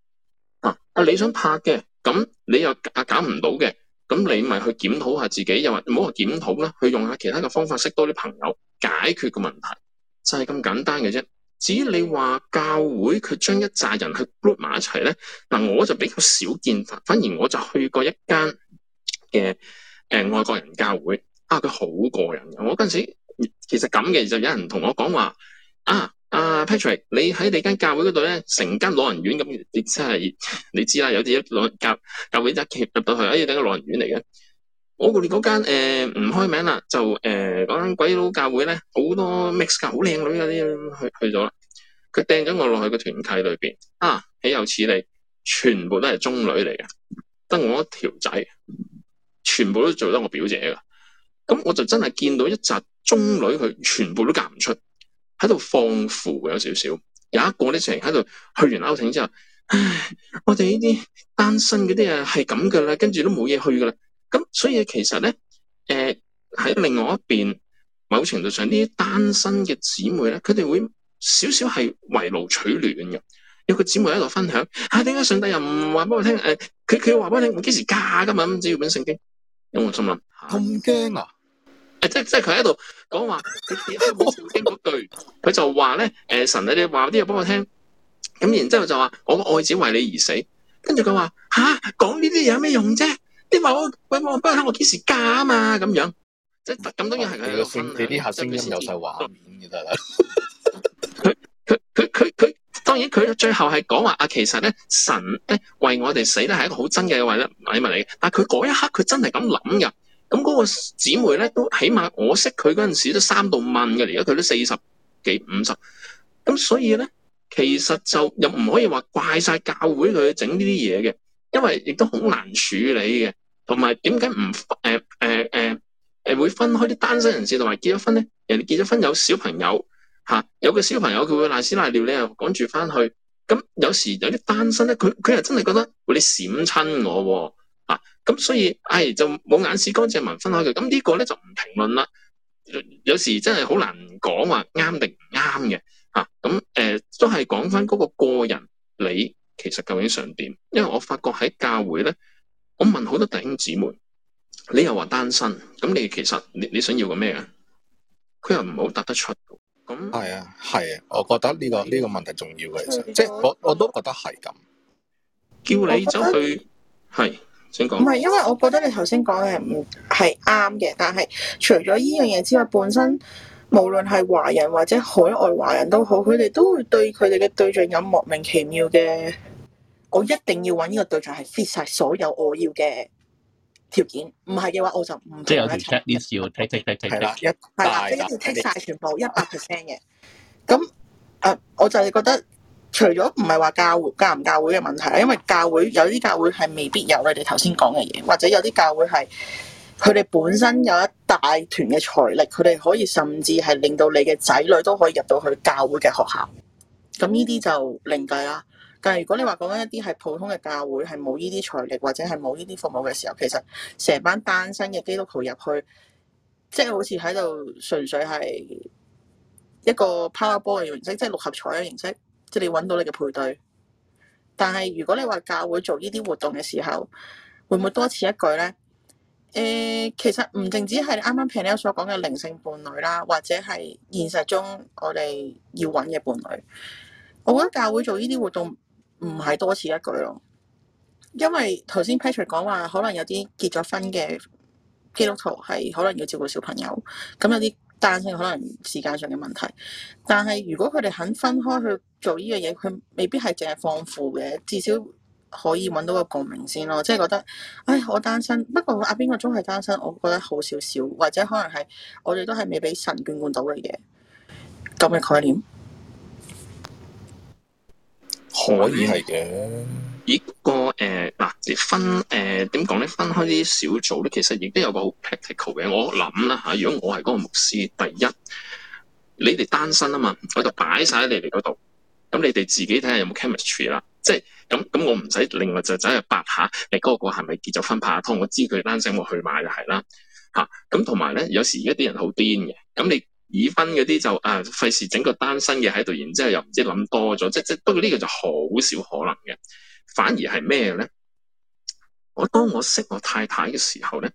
啊！啊，你想拍嘅，咁你又啊搞唔到嘅，咁你咪去檢討下自己，又話唔好話檢討啦，去用下其他嘅方法，識多啲朋友解決個問題，就係、是、咁簡單嘅啫。至於你話教會佢將一紮人去 group 埋一齊咧，嗱，我就比較少見，反而我就去過一間嘅誒外國人教會，啊，佢好過癮嘅。我嗰陣時其實咁嘅，就有人同我講話啊。啊、uh，Patrick，你喺你間教會嗰度咧，成間老人院咁，亦真係你知啦，有啲老教教會一係入到去，哎、啊、呀，真係老人院嚟嘅。我哋嗰間誒唔開名啦，就誒嗰間鬼佬教會咧，好多 mix 好靚女嗰啲去去咗啦。佢掟咗我落去個團契裏邊，啊，豈有此理！全部都係中女嚟嘅，得我一條仔，全部都做得我表姐噶。咁我就真係見到一紮中女，佢全部都夾唔出。喺度放符有少少，有一個咧成日喺度去完 outing 之後，唉，我哋呢啲單身嗰啲啊係咁噶啦，跟住都冇嘢去噶啦。咁所以其實咧，誒、呃、喺另外一邊，某程度上呢啲單身嘅姊妹咧，佢哋會少少係圍爐取暖嘅。有個姊妹喺度分享，啊，點解上帝又唔話俾我聽？誒、呃，佢佢話俾我聽，我幾時嫁噶嘛？咁只要本聖經。有冇心諗？咁驚啊！即係即係佢喺度講話，佢啱好冇聽嗰句，佢 就話咧，誒、呃、神你哋話啲嘢幫我聽，咁然之後就話我愛子為你而死，跟住佢話吓講呢啲嘢有咩用啫？你話我喂我不我幾時嫁啊？咁樣，咁當然係佢嘅心。你啲下聲音有晒話嘅，得啦。佢佢佢佢佢，當然佢 最後係講話啊，其實咧神誒為我哋死咧係一個好真嘅話禮物嚟嘅，但係佢嗰一刻佢真係咁諗㗎。咁嗰個姊妹咧，都起碼我識佢嗰陣時都三度問嘅，而家佢都四十幾五十。咁所以咧，其實就又唔可以話怪晒教會佢去整呢啲嘢嘅，因為亦都好難處理嘅。同埋點解唔誒誒誒誒會分開啲單身人士同埋結咗婚咧？人哋結咗婚有小朋友嚇、啊，有個小朋友佢會賴屎賴尿咧，你又趕住翻去。咁有時有啲單身咧，佢佢又真係覺得你閃親我喎、啊。咁、啊、所以，唉、哎，就冇眼屎、乾淨、文分開嘅，咁呢個咧就唔評論啦。有有時真係好難講，話啱定唔啱嘅。吓、啊，咁誒、呃，都係講返嗰個個人你其實究竟想點？因為我發覺喺教會咧，我問好多弟兄姊妹，你又話單身，咁你其實你你想要個咩呀？佢又唔好答得出。咁係啊，係、啊，我覺得呢、這個呢、這個問題重要嘅，啊啊、其實即係、啊啊、我我都覺得係咁。叫你走去係。唔係，因為我覺得你頭先講嘅係唔係啱嘅。但係除咗呢樣嘢之外，本身無論係華人或者海外華人都好，佢哋都會對佢哋嘅對象有莫名其妙嘅，我一定要揾呢個對象係 fit 晒所有我要嘅條件。唔係嘅話，我就唔即係有啲 check 呢啲要 check check check，係啦，係啦，一定要剔晒全部一百 percent 嘅。咁誒，我就係覺得。除咗唔係話教會教唔教會嘅問題，因為教會有啲教會係未必有你哋頭先講嘅嘢，或者有啲教會係佢哋本身有一大團嘅財力，佢哋可以甚至係令到你嘅仔女都可以入到去教會嘅學校。咁呢啲就另計啦。但係如果你話講緊一啲係普通嘅教會，係冇呢啲財力或者係冇呢啲服務嘅時候，其實成班單身嘅基督徒入去，即係好似喺度純粹係一個 Powerball 嘅形式，即係六合彩嘅形式。即係你揾到你嘅配對，但係如果你話教會做呢啲活動嘅時候，會唔會多此一舉咧？誒、呃，其實唔淨止係啱啱 Panel 所講嘅靈性伴侶啦，或者係現實中我哋要揾嘅伴侶。我覺得教會做呢啲活動唔係多此一舉咯，因為頭先 Patrick 講話，可能有啲結咗婚嘅基督徒係可能要照顧小朋友，咁有啲。單身可能時間上嘅問題，但係如果佢哋肯分開去做呢樣嘢，佢未必係淨係放負嘅，至少可以揾到個共鳴先咯。即係覺得，唉，我單身，不過阿邊個仲係單身，我覺得好少少，或者可能係我哋都係未俾神眷顧到嘅嘢。咁嘅概念可以係嘅。以個誒嗱，呃、分誒點講咧？分開啲小組咧，其實亦都有個好 practical 嘅。我諗啦嚇，如果我係嗰個牧師，第一你哋單身啊嘛，我就擺晒喺你哋嗰度。咁你哋自己睇下有冇 chemistry 啦，即係咁咁，我唔使另外就走去八下你嗰個係咪結咗婚拍下拖？我知佢單身，我去買就係啦嚇。咁同埋咧，有時而家啲人好癲嘅，咁你已婚嗰啲就啊，呃、費事整個單身嘅喺度，然之後又唔知諗多咗，即即不過呢個就好少可能嘅。反而係咩咧？我當我識我太太嘅時候咧，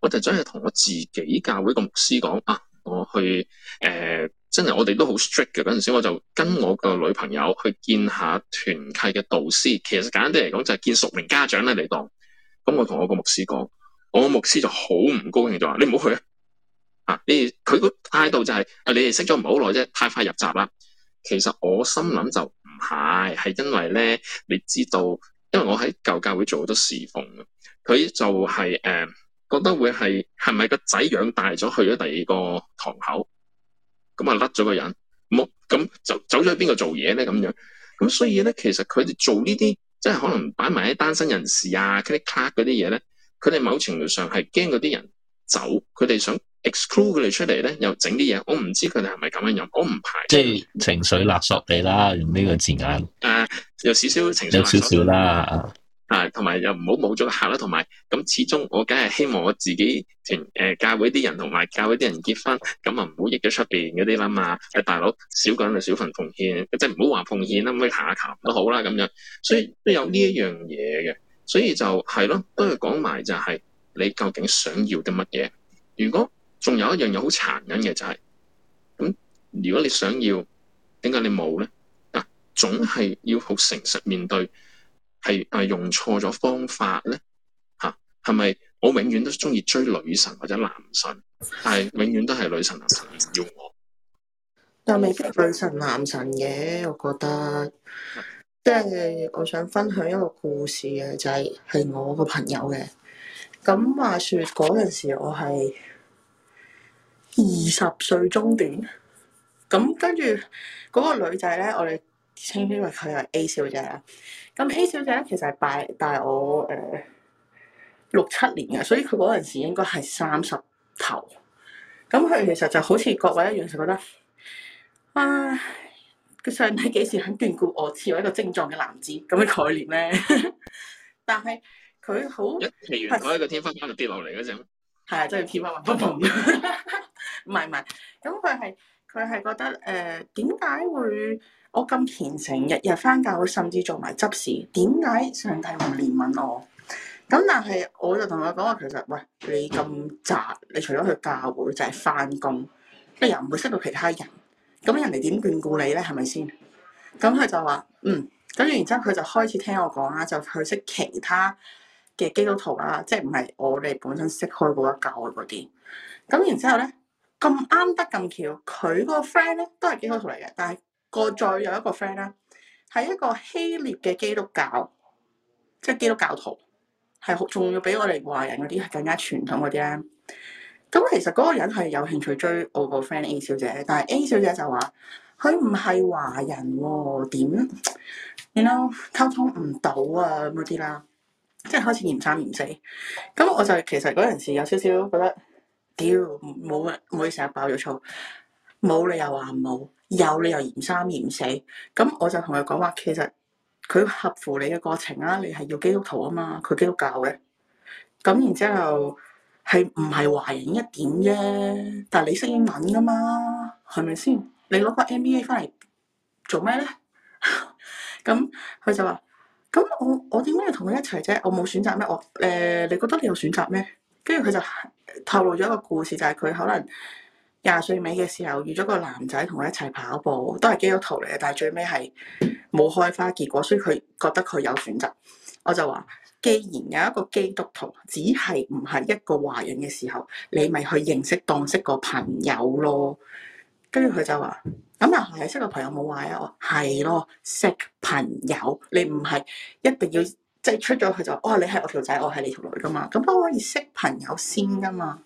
我就真係同我自己教會個牧師講啊，我去誒、呃，真係我哋都好 strict 嘅嗰陣時，我就跟我個女朋友去見下團契嘅導師。其實簡單啲嚟講，就係見熟名家長咧你當。咁我同我個牧師講，我個牧師就好唔高興，就話你唔好去啊！啊，你佢個態度就係、是、啊，你哋識咗唔好耐啫，太快入閘啦。其實我心諗就。係，係因為咧，你知道，因為我喺舊教會做好多侍奉啊，佢就係、是、誒、呃，覺得會係係咪個仔養大咗去咗第二個堂口，咁啊甩咗個人，冇咁就走咗去邊個做嘢咧咁樣，咁所以咧其實佢哋做呢啲，即係可能擺埋喺單身人士啊嗰啲、嗯、卡嗰啲嘢咧，佢哋某程度上係驚嗰啲人走，佢哋想。Exclude 佢哋出嚟咧，又整啲嘢，我唔知佢哋係咪咁樣樣，我唔排。即係情緒勒索地啦，用呢個字眼。誒、呃，有少少情緒勒索有少少啦。啊，同埋又唔好冇咗客啦，同埋咁始終我梗係希望我自己同誒、呃、教會啲人同埋教會啲人結婚，咁啊唔好溢咗出邊嗰啲啦嘛。誒、哎，大佬少個人少份奉獻，即係唔好話奉獻啦，咁你彈下琴都好啦咁樣，所以都有呢一樣嘢嘅，所以就係咯，都要講埋就係你究竟想要啲乜嘢，如果。仲有一樣嘢好殘忍嘅就係、是、咁。如果你想要，點解你冇咧？嗱，總係要好誠實面對，係係用錯咗方法咧嚇？係咪我永遠都中意追女神或者男神，但係永遠都係女神男神要我？但未必女神男神嘅，我覺得即係、就是、我想分享一個故事嘅，就係、是、係我個朋友嘅。咁話説嗰陣時我，我係。二十歲中段，咁跟住嗰個女仔咧，我哋稱之為佢係 A 小姐啦。咁 A 小姐咧，其實係大我誒六七年嘅，所以佢嗰陣時應該係三十頭。咁佢其實就好似各位一樣，就覺得，唉、啊，個上帝幾時肯眷顧我，似一個精壯嘅男子咁嘅概念咧？那個、呢 但係佢好，一嚟完嗰一個天花板就跌落嚟嗰陣，係啊，即、就、係、是、天花板嘣嘣。 唔係唔係，咁佢係佢係覺得誒點解會我咁虔誠，日日翻教會，甚至做埋執事，點解上帝唔憐憫我？咁但係我就同佢講話，其實喂你咁宅，你除咗去教會就係翻工，你又唔會識到其他人，咁人哋點眷顧你咧？係咪先？咁佢就話嗯，咁然之後佢就開始聽我講啦，就去識其他嘅基督徒啦，即係唔係我哋本身識開嗰一教嗰啲。咁然之後咧。咁啱得咁巧，佢個 friend 咧都係基督徒嚟嘅，但係個再有一個 friend 咧係一個希臘嘅基督教，即係基督教徒，係好仲要比我哋華人嗰啲係更加傳統嗰啲咧。咁其實嗰個人係有興趣追，追我個 friend A 小姐，但係 A 小姐就話佢唔係華人喎，哦，點？you know，溝通唔到啊，咁嗰啲啦，即係開始嫌三嫌四。咁我就其實嗰陣時有少少覺得。屌，冇啊！唔好意思日爆咗粗，冇理由話冇，有理由嫌三嫌四。咁我就同佢講話，其實佢合乎你嘅過程啦。你係要基督徒啊嘛，佢基督教嘅。咁然之後係唔係懷疑一點啫？但係你識英文㗎嘛，係咪先？你攞個 MBA 翻嚟做咩咧？咁 佢就話：咁我我點解要同佢一齊啫？我冇選擇咩？我誒、呃，你覺得你有選擇咩？跟住佢就透露咗一個故事，就係佢可能廿歲尾嘅時候遇咗個男仔同佢一齊跑步，都係基督徒嚟嘅，但係最尾係冇開花結果，所以佢覺得佢有選擇。我就話：既然有一個基督徒只係唔係一個壞人嘅時候，你咪去認識當識個朋友咯。跟住佢就話：咁又係識個朋友冇壞啊？我話係咯，識朋友你唔係一定要。即係出咗佢就，哇、哦！你係我條仔，我係你條女噶嘛，咁都可以識朋友先噶嘛。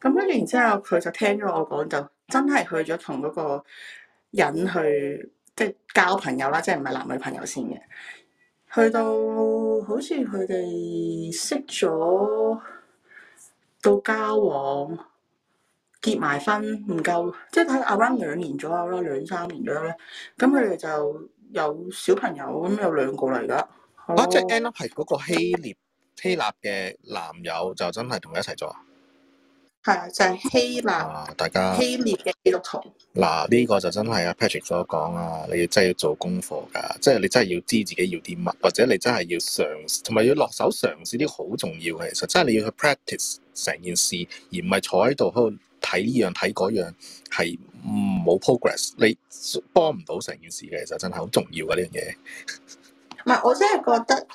咁跟住，然之後佢就聽咗我講，就真係去咗同嗰個人去，即係交朋友啦，即係唔係男女朋友先嘅。去到好似佢哋識咗到交往，結埋婚唔夠，即係睇 around 兩年左右啦，兩三年左右啦，咁佢哋就有小朋友，咁有兩個嚟噶。嗰隻 a n g 係嗰個希臘希臘嘅男友就，就真係同佢一齊做。係啊，就係希臘。啊、大家希臘嘅基督徒。嗱、啊，呢、呢個就真係阿 Patrick 所講啊。你要真係要做功課㗎，即、就、係、係、你真係要知自己要啲乜，或者你真係要嘗，同埋要落手嘗試啲好重要嘅。其實，真係你要去 practice 成件事，而唔係坐喺度去睇呢樣睇嗰樣，係冇 progress。你幫唔到成件事嘅，其實真係好重要嘅呢樣嘢。唔係，我真係覺得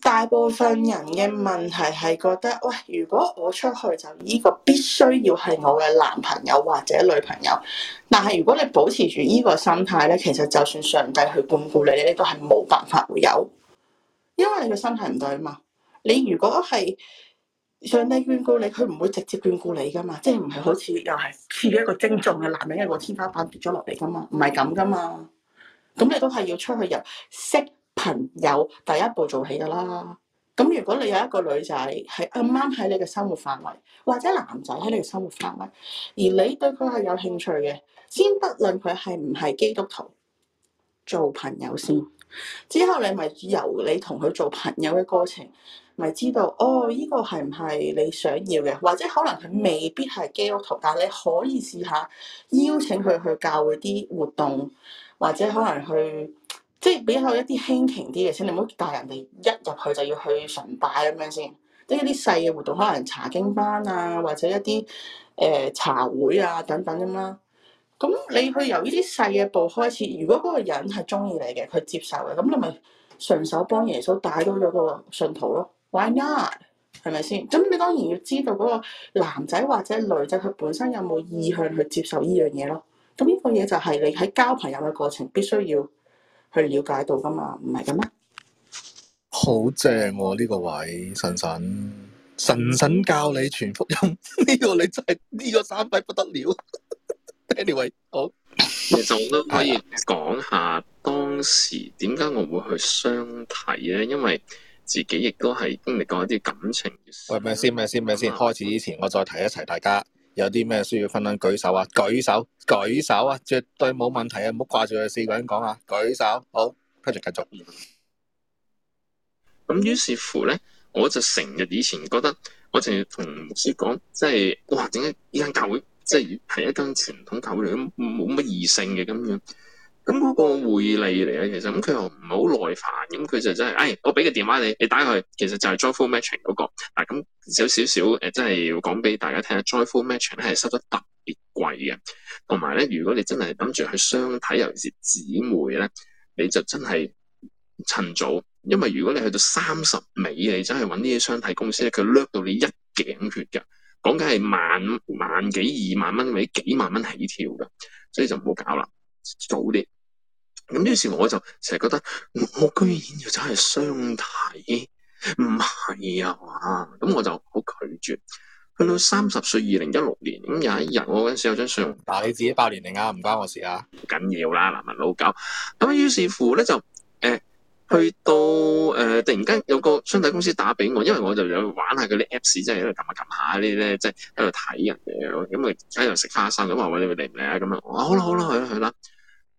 大部分人嘅問題係覺得，喂，如果我出去就呢個必須要係我嘅男朋友或者女朋友。但係如果你保持住呢個心態咧，其實就算上帝去眷顧你，你都係冇辦法會有，因為你嘅心態唔對啊嘛。你如果係上帝眷顧你，佢唔會直接眷顧你噶嘛，即係唔係好似又係似一個精重嘅男人一個天花板跌咗落嚟噶嘛，唔係咁噶嘛。咁你都係要出去入識。朋友第一步做起噶啦，咁如果你有一個女仔係啱啱喺你嘅生活範圍，或者男仔喺你嘅生活範圍，而你對佢係有興趣嘅，先不論佢係唔係基督徒，做朋友先。之後你咪由你同佢做朋友嘅過程，咪知道哦，呢個係唔係你想要嘅？或者可能佢未必係基督徒，但你可以試下邀請佢去教會啲活動，或者可能去。即係比較一啲輕盈啲嘅先，你唔好帶人哋一入去就要去崇拜咁樣先。即係啲細嘅活動，可能查經班啊，或者一啲誒、呃、茶會啊等等咁啦。咁你去由呢啲細嘅步開始，如果嗰個人係中意你嘅，佢接受嘅，咁你咪順手幫耶穌帶多咗個信徒咯。Why not？係咪先？咁你當然要知道嗰個男仔或者女仔佢本身有冇意向去接受呢樣嘢咯。咁呢個嘢就係你喺交朋友嘅過程必須要。去了解到噶嘛？唔係嘅咩？好正喎、啊！呢、這個位神神神神教你全福音，呢 個你真係呢個三費不得了。 a n y、anyway, w a y 好。其實我都可以講下當時點解我會去相睇咧，因為自己亦都係經歷過一啲感情事。喂咪先，咪先，咪先，開始之前我再提一齊大家。有啲咩需要分享？舉手啊！舉手，舉手啊！絕對冇問題啊！唔好掛住啊，四個人講啊！舉手，好，跟住繼續。咁於是乎咧，我就成日以前覺得，我成日同牧師講，即係哇，點解呢間教會即係係一間傳統教會都冇乜異性嘅咁樣。咁嗰個匯利嚟嘅，其實咁佢又唔好耐煩，咁佢就真係，誒、哎，我俾個電話你，你打入去，其實就係 Joyful Matching 嗰、那個，嗱、啊，咁少少少，誒、呃，真係要講俾大家聽，Joyful Matching 係收得特別貴嘅，同埋咧，如果你真係諗住去相睇，尤其是姊妹咧，你就真係趁早，因為如果你去到三十尾，你真係揾呢啲相睇公司咧，佢掠到你一頸血㗎，講緊係萬萬幾二萬蚊，或者幾萬蚊起跳噶，所以就唔好搞啦。早啲咁，於是我就成日覺得我居然要走去相睇，唔係啊嘛，咁我就好拒絕。去到三十歲，二零一六年咁有一日，我嗰陣時有張信用卡，你自己八年齡啊，唔關我事啊，唔緊要啦，難唔老搞？咁於是乎咧就誒、欸，去到誒、呃、突然間有個相睇公司打俾我，因為我就想玩下嗰啲 apps，即係喺度撳下撳下啲咧，即係喺度睇人嘅，咁啊喺度食花生咁話喂你會嚟唔嚟啊？咁啊，好啦好啦去啦去啦。去啦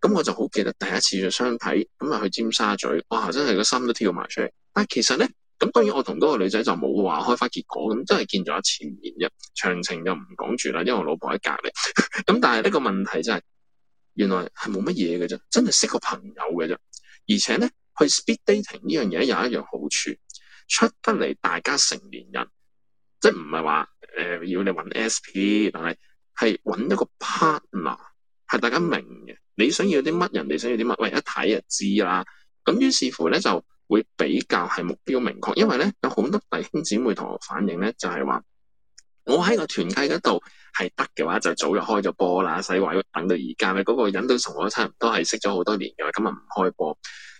咁我就好記得第一次嘅相睇，咁啊去尖沙咀，哇！真係個心都跳埋出嚟。但係其實咧，咁當然我同嗰個女仔就冇話開花結果咁，真係見咗一次面啫。詳情就唔講住啦，因為我老婆喺隔離。咁 但係呢個問題真係，原來係冇乜嘢嘅啫，真係識個朋友嘅啫。而且咧，去 speed dating 呢樣嘢有一樣好處，出得嚟大家成年人，即係唔係話誒要你揾 SP，但係係揾一個 partner，係大家明嘅。你想要啲乜？人哋想要啲乜？喂，一睇就知啦。咁於是乎咧，就會比較係目標明確，因為咧有好多弟兄姊妹同我反映咧，就係、是、話我喺個團契嗰度係得嘅話，就早就開咗波啦。使話要等到而家咧，嗰、那個人都同我差唔多係識咗好多年嘅，今日唔開波。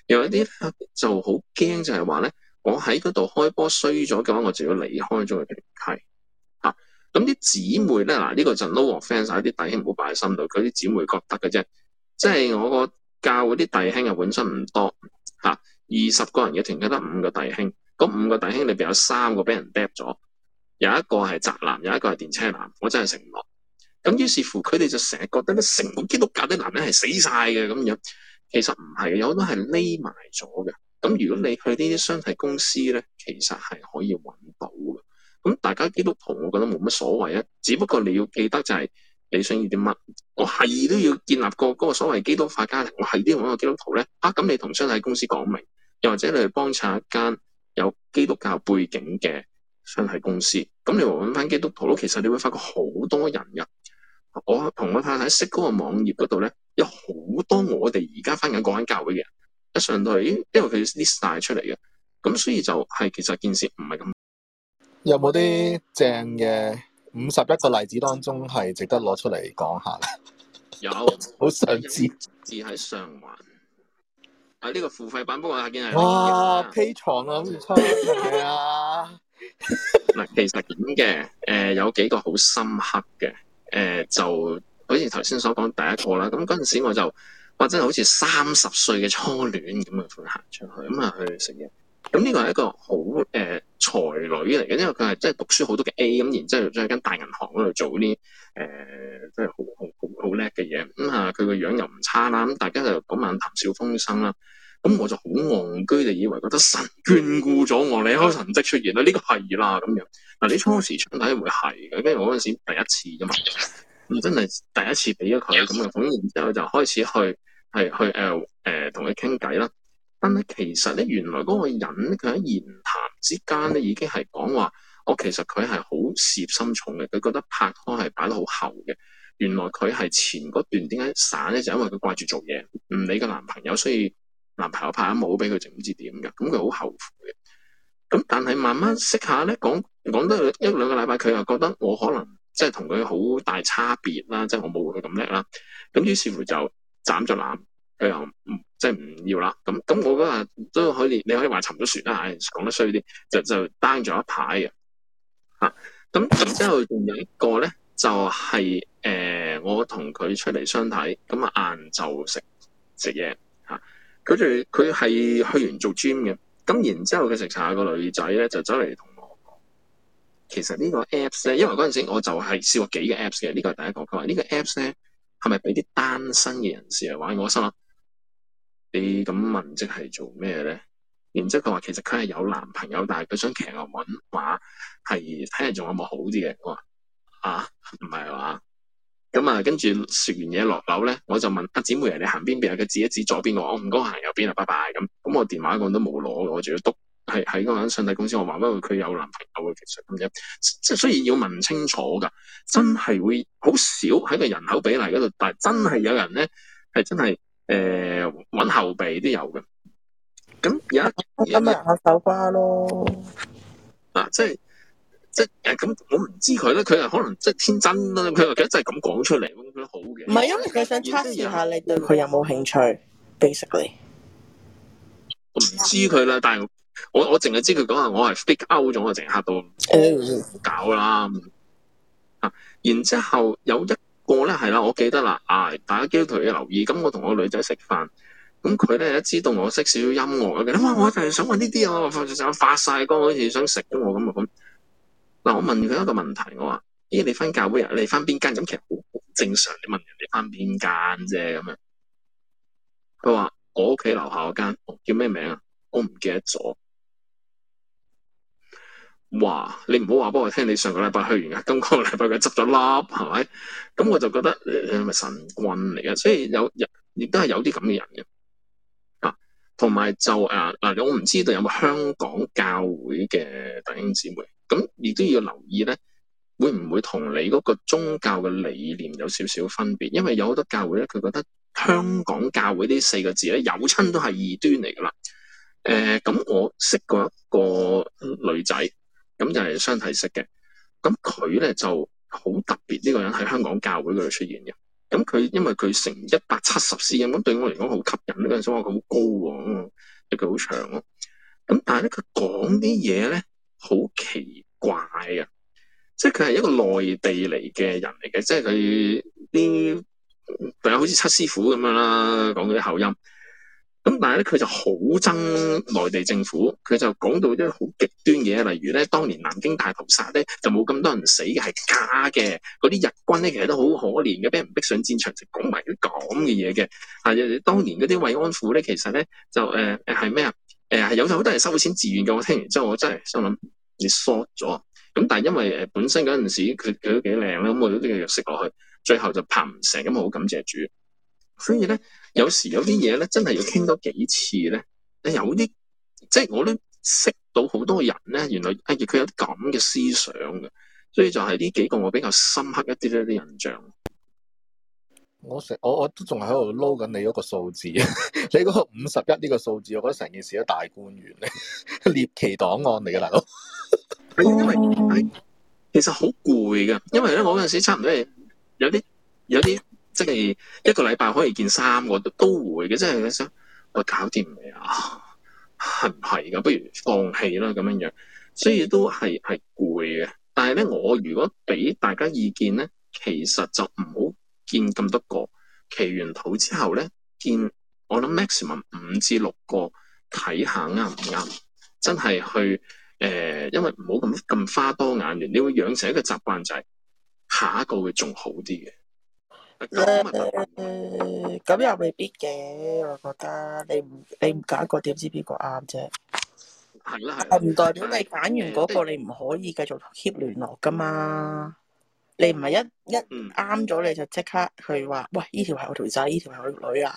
有一啲就好驚，就係話咧，我喺嗰度開波衰咗嘅話，我就要離開咗佢。團契。吓、啊，咁啲姊妹咧，嗱、啊、呢、這個就 no offense 啊，啲弟兄唔好擺喺心度，佢啲姊妹覺得嘅啫。即係我個教嗰啲弟兄啊，本身唔多吓，二十個人嘅團，得五個弟兄。咁五個弟兄裏邊有三個俾人 dead 咗，有一個係宅男，有一個係電車男。我真係承諾。咁於是乎佢哋就成日覺得乜成個基督教啲男人係死晒嘅咁樣。其實唔係，有好多係匿埋咗嘅。咁如果你去呢啲相睇公司咧，其實係可以揾到嘅。咁大家基督徒，我覺得冇乜所謂啊。只不過你要記得就係、是。你想要啲乜？我係都要建立個嗰個所謂基督化家庭，我係都要揾個基督徒咧。啊，咁你同商體公司講明，又或者你去幫襯一間有基督教背景嘅商體公司，咁你咪揾翻基督徒咯。其實你會發覺好多人入，我同我太太識嗰個網頁嗰度咧，有好多我哋而家翻緊講緊教會嘅人，一上到嚟，因為佢 list 晒出嚟嘅，咁所以就係、是、其實件事唔係咁。有冇啲正嘅？五十一個例子當中係值得攞出嚟講下咧，有好想節節喺上環，喺呢個付費版幫我見下。哇，Patron 啊，咁唔出奇啊！嗱， 其實點嘅？誒，有幾個好深刻嘅。誒，就好似頭先所講第一個啦。咁嗰陣時我就，或者係好似三十歲嘅初戀咁樣款行出去，咁啊去食嘢。咁呢、嗯，這個係一個好誒、呃、才女嚟嘅，因為佢係即係讀書好多嘅 A，咁然之後喺間大銀行嗰度做啲誒，即係好好好叻嘅嘢。咁啊，佢個樣又唔差啦，咁大家就嗰晚談笑風生啦。咁我就好戇居就以為覺得神眷顧咗我，你開神蹟出現、這個、啦，呢個係啦咁樣。嗱你初時相睇會係嘅，跟住我嗰陣時第一次噶嘛，咁真係第一次俾咗佢咁，然之後就開始去係去誒誒同佢傾偈啦。但係其實咧，原來嗰個人佢喺言談之間咧，已經係講話，我其實佢係好事業心重嘅，佢覺得拍拖係擺得好後嘅。原來佢係前嗰段點解散咧，就因為佢掛住做嘢，唔理個男朋友，所以男朋友拍下舞俾佢，就唔知點㗎。咁佢好後悔。嘅、嗯。咁但係慢慢識下咧，講講得一兩個禮拜，佢又覺得我可能即係同佢好大差別啦，即係我冇佢咁叻啦。咁於是乎就斬咗纜，佢又即係唔要啦，咁咁我嗰日都可以，你可以話沉咗船啦，講得衰啲，就就 down 咗一排嘅，吓、啊，咁然之後仲有一個咧，就係、是、誒、呃、我同佢出嚟相睇，咁、嗯、啊晏晝食食嘢吓，跟住佢係去完做 gym 嘅，咁然之後佢食茶個女仔咧就走嚟同我講，其實個呢個 apps 咧，因為嗰陣時我就係試過幾個 apps 嘅，呢、這個係第一個，佢話呢個 apps 咧係咪俾啲單身嘅人士嚟玩？我心諗。你咁問即係、就是、做咩咧？然之後佢話其實佢係有男朋友，但係佢想騎牛搵馬，係睇下仲有冇好啲嘅。我話啊唔係話，咁啊跟住説完嘢落樓咧，我就問阿姊 妹人你行邊邊？佢指一指左邊，我話我唔該行右邊啊，拜拜咁。咁我電話個都冇攞，我仲要督係喺嗰間信貸公司，我話翻佢有男朋友嘅其實咁樣，即係雖，雖然要問清楚㗎，真係會好少喺個人口比例嗰度，但係真係有人咧係真係。誒，揾後備都有嘅，咁有一今日下手花咯，啊、 就是，即係即係誒，咁我唔知佢咧，佢又可能即係天真啦，佢又一真係咁講出嚟，我覺得好嘅。唔係因為佢想測試下你對佢有冇興趣，其實我唔知佢啦，但係我我淨係知佢講話，我係 freak out 咗，我淨係嚇到，搞啦，然之後有一。個咧係啦，我記得啦，啊，大家基督徒要留意。咁我同我女仔食飯，咁佢咧一知道我識少少音樂，我話，哇，我就係想揾呢啲啊，發晒歌好似想食我咁啊咁。嗱，我，我，、嗯、我問佢一個問題，我話咦、欸，你翻教會啊？你翻邊間？咁其實好正常，你問人哋翻邊間啫咁樣。佢話，我屋企樓下嗰間叫咩名啊？我唔記得咗。哇！你唔好話，俾我聽你上個禮拜去完呀，今個禮拜佢執咗笠，係咪？咁我就覺得你係咪神棍嚟嘅？所以有亦都係有啲咁嘅人嘅啊。同埋就誒嗱、呃，我唔知道有冇香港教會嘅弟兄姊妹，咁亦都要留意咧，會唔會同你嗰個宗教嘅理念有少少分別？因為有好多教會咧，佢覺得香港教會呢四個字咧，有親都係異端嚟㗎啦。誒、呃、咁，我識過一個女仔。咁就係相體式嘅，咁佢咧就好特別呢、這個人喺香港教會度出現嘅。咁佢因為佢成一百七十 CM，咁對我嚟講好吸引。啊啊、呢個人身佢好高喎，隻腳好長咯。咁但係咧，佢講啲嘢咧好奇怪啊！即係佢係一個內地嚟嘅人嚟嘅，即係佢啲仲有好似七師傅咁樣啦，講嗰啲口音。咁但係咧佢就好憎內地政府，佢就講到啲好極端嘅嘢，例如咧當年南京大屠殺咧就冇咁多人死嘅係假嘅，嗰啲日軍咧其實都好可憐嘅，俾人逼上戰場就講埋啲咁嘅嘢嘅，係啊，當年嗰啲慰安婦咧其實咧就誒係咩啊？誒、呃、係、呃、有好多人收錢自願嘅，我聽完之後我真係心諗你疏咗。咁但係因為誒本身嗰陣時佢佢都幾靚啦，咁我啲藥食落去，最後就拍唔成，咁我好感謝主。所以咧，有時有啲嘢咧，真係要傾多幾次咧。誒有啲即係我都識到好多人咧，原來哎呀，佢有啲咁嘅思想嘅。所以就係呢幾個我比較深刻一啲咧啲印象。我成我我都仲喺度撈緊你嗰個數字， 你嗰個五十一呢個數字，我覺得成件事都大官員嚟，獵 奇檔案嚟嘅，大佬。因為其實好攰嘅，因為咧我嗰陣時差唔多係有啲有啲。有即係一個禮拜可以見三個都都會嘅，即係想我搞掂你啊？係唔係噶？不如放棄啦咁樣樣，所以都係係攰嘅。但係咧，我如果俾大家意見咧，其實就唔好見咁多個，祈完禱之後咧見我諗 maximum 五至六個，睇下啱唔啱，真係去誒、呃，因為唔好咁咁花多眼亂，你會養成一個習慣就係、是、下一個會仲好啲嘅。咁又、嗯、未必嘅，我覺得你唔你唔揀個點知邊個啱啫？係啦，係啦，唔代表你揀完嗰、那個、嗯、你唔可以繼續 keep 聯絡噶嘛？你唔係一一啱咗你就即刻去話喂？呢條係我條仔，呢條係我條女啊？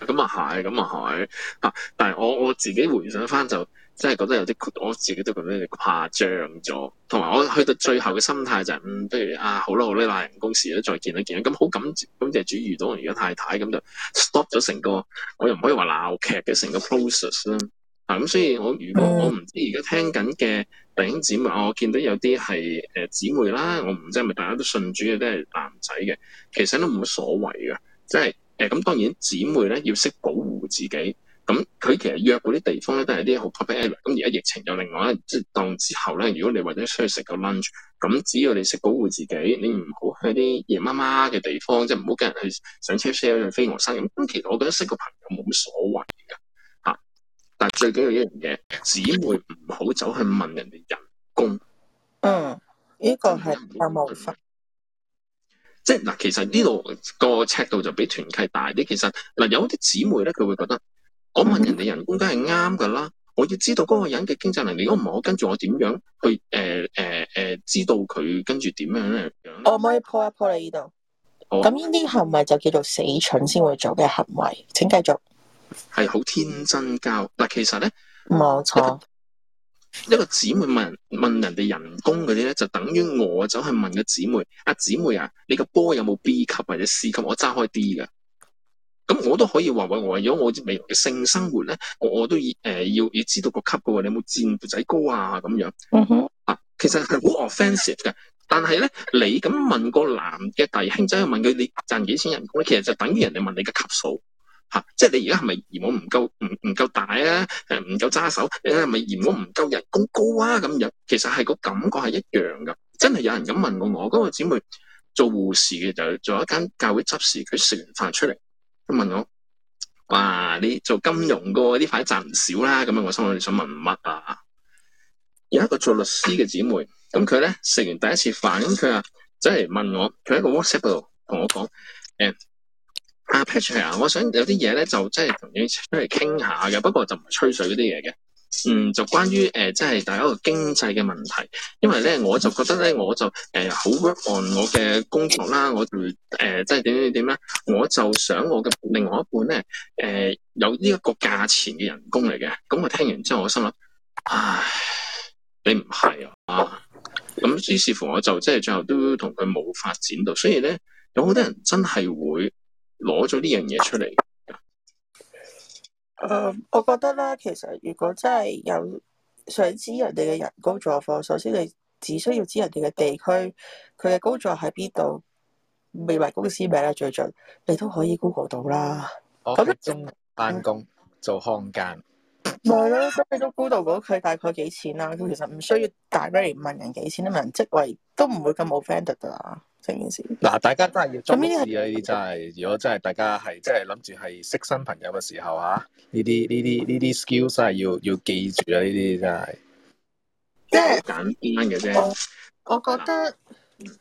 咁啊係，咁啊係啊！但係我我自己回想翻就。真係覺得有啲，我自己都覺得你誇張咗。同埋我去到最後嘅心態就係、是，嗯，不如啊，好啦，好啦，賴人工時都再見一見咁好感，感謝主遇到我而家太太，咁就 stop 咗成個，我又唔可以話鬧劇嘅成個 process 啦。咁、嗯、所以我如果我唔知而家聽緊嘅弟兄姊妹，我見到有啲係誒姊妹啦，我唔知係咪大家都信主嘅都係男仔嘅，其實都冇乜所謂嘅，即係誒咁當然姊妹咧要識保護自己。咁佢、嗯這個、其實約嗰啲地方咧，都係啲好 p u b l a r 咁。而家疫情又另外一即係當之後咧，如果你或者需要食個 lunch，咁只要你識保護自己，你唔好去啲夜媽媽嘅地方，即係唔好跟人去上車車去飛鵝山咁。咁其實我覺得識個朋友冇乜所謂㗎嚇。但係最緊要一樣嘢，姊妹唔好走去問人哋人工。嗯，依個係冇辦法。即係嗱，其實呢度個尺度就比團契大啲。其實嗱、呃，有啲姊妹咧，佢會覺得。我問人哋人工梗係啱噶啦，我要知道嗰個人嘅經濟能力，如果唔係，我跟住我點樣去？誒誒誒，知道佢跟住點樣咧？我可唔可以 po 一 po 你呢度？咁呢啲行為就叫做死蠢先會做嘅行為，請繼續。係好天真交嗱，其實咧冇錯，一個姊妹問問人哋人工嗰啲咧，就等於我走去問個姊妹，阿、啊、姊妹啊，你個波有冇 B 級或者 C 級？我揸開 D 噶。咁、嗯、我都可以話話，為咗我未來嘅性生活咧，我我都誒、呃、要要知道個級嘅喎，你有冇尖僆仔高啊咁樣？Uh huh. 啊，其實係好 offensive 嘅。但係咧，你咁問個男嘅弟兄仔去問佢，你賺幾錢人工咧？其實就等於人哋問你嘅級數嚇，即、啊、係、就是、你而家係咪嫌我唔夠唔唔夠大啊？誒，唔夠揸手，你係咪嫌我唔夠人工高啊？咁樣其實係個感覺係一樣嘅。真係有人咁問過我，我、那、嗰個姊妹做護士嘅，就做一間教會執事，佢食完飯出嚟。佢問我，哇，你做金融嘅喎，呢排賺唔少啦。咁啊，我心裡想問想問乜啊？有一個做律師嘅姊妹，咁佢咧食完第一次飯，咁佢啊走嚟問我，佢喺個 WhatsApp 度同我講，誒、嗯，阿 Patrick 啊，Patrick, 我想有啲嘢咧就真係同你出嚟傾下嘅，不過就唔係吹水嗰啲嘢嘅。嗯，就關於誒，即、呃、係大家個經濟嘅問題，因為咧，我就覺得咧，我就誒好、呃、work on 我嘅工作啦，我會誒即係點點點咧，我就想我嘅另外一半咧，誒、呃、有呢一個價錢嘅人工嚟嘅。咁我聽完之後，我心諗，唉，你唔係啊，咁、啊、於是乎我就即係最後都同佢冇發展到，所以咧有好多人真係會攞咗呢樣嘢出嚟。誒，uh, 我覺得咧，其實如果真係有想知人哋嘅人工狀況，首先你只需要知人哋嘅地區，佢嘅工作喺邊度，未埋公司名咧，最盡你都可以 Google 到啦。咁喺、哦、就中翻工、嗯、做看更，係咯， 咁你都 Google 到佢大概幾錢啦。咁其實唔需要大 v e r 問人幾錢，因人職位都唔會咁冇 friend 得噶。嗱、啊，大家都係要注意啊！呢啲真係，如果真係大家係，真係諗住係識新朋友嘅時候啊，呢啲呢啲呢啲 skills 真係要要記住啦、啊！呢啲真係，即係、就是、簡單嘅啫。我覺得，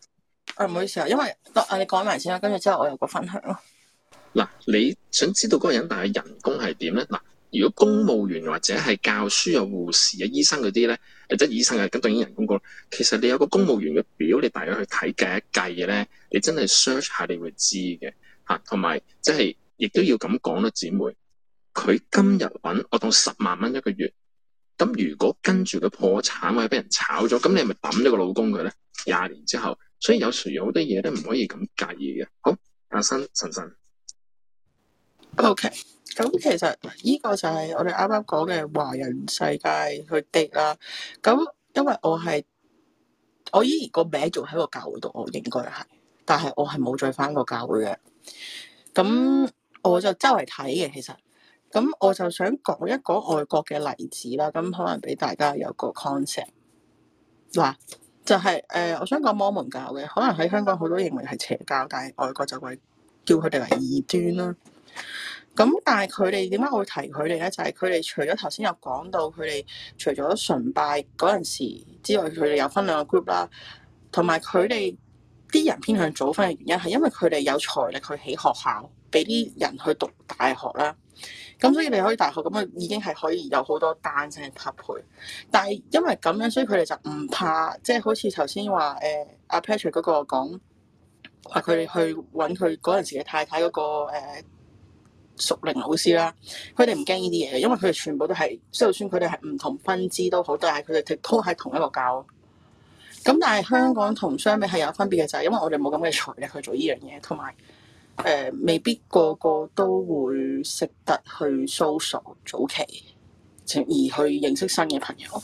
啊唔、啊、好意思啊，因為啊你講埋先啦，跟住之後我有個分享咯。嗱、啊，你想知道嗰個人但係人工係點咧？嗱、啊。如果公務員或者係教書啊、護士啊、醫生嗰啲咧，誒得醫生嘅咁當然人工高。其實你有個公務員嘅表，你大約去睇計一計咧，你真係 search 下，你會知嘅嚇。同埋即係亦都要咁講咯，姊妹。佢今日揾我當十萬蚊一個月，咁如果跟住佢破產或者俾人炒咗，咁你係咪抌咗個老公佢咧？廿年之後，所以有時有好多嘢都唔可以咁計嘅。好，阿生神神，OK。咁其實呢個就係我哋啱啱講嘅華人世界去滴啦。咁因為我係我依然個名仲喺個教會度，我應該係，但係我係冇再返過教會嘅。咁我就周圍睇嘅，其實咁我就想講一個外國嘅例子啦。咁可能俾大家有個 concept 嗱，就係、是、誒、呃，我想講摩門教嘅，可能喺香港好多認為係邪教，但係外國就會叫佢哋為異端啦。咁但係佢哋點解會提佢哋咧？就係佢哋除咗頭先有講到佢哋除咗崇拜嗰陣時之外，佢哋有分兩個 group 啦，同埋佢哋啲人偏向早婚嘅原因係因為佢哋有財力去起學校，俾啲人去讀大學啦。咁所以離開大學咁啊，已經係可以有好多單身嘅匹配。但係因為咁樣，所以佢哋就唔怕，即、就、係、是、好似頭先話誒阿 Patrick 嗰個講話佢哋去揾佢嗰陣時嘅太太嗰、那個、呃熟齡老師啦，佢哋唔驚呢啲嘢，因為佢哋全部都係，即就算佢哋係唔同分支都好，但係佢哋都喺同一個教。咁但係香港同相比係有分別嘅就係、是，因為我哋冇咁嘅財力去做呢樣嘢，同埋誒未必個個都會識得去搜索早期，而去認識新嘅朋友。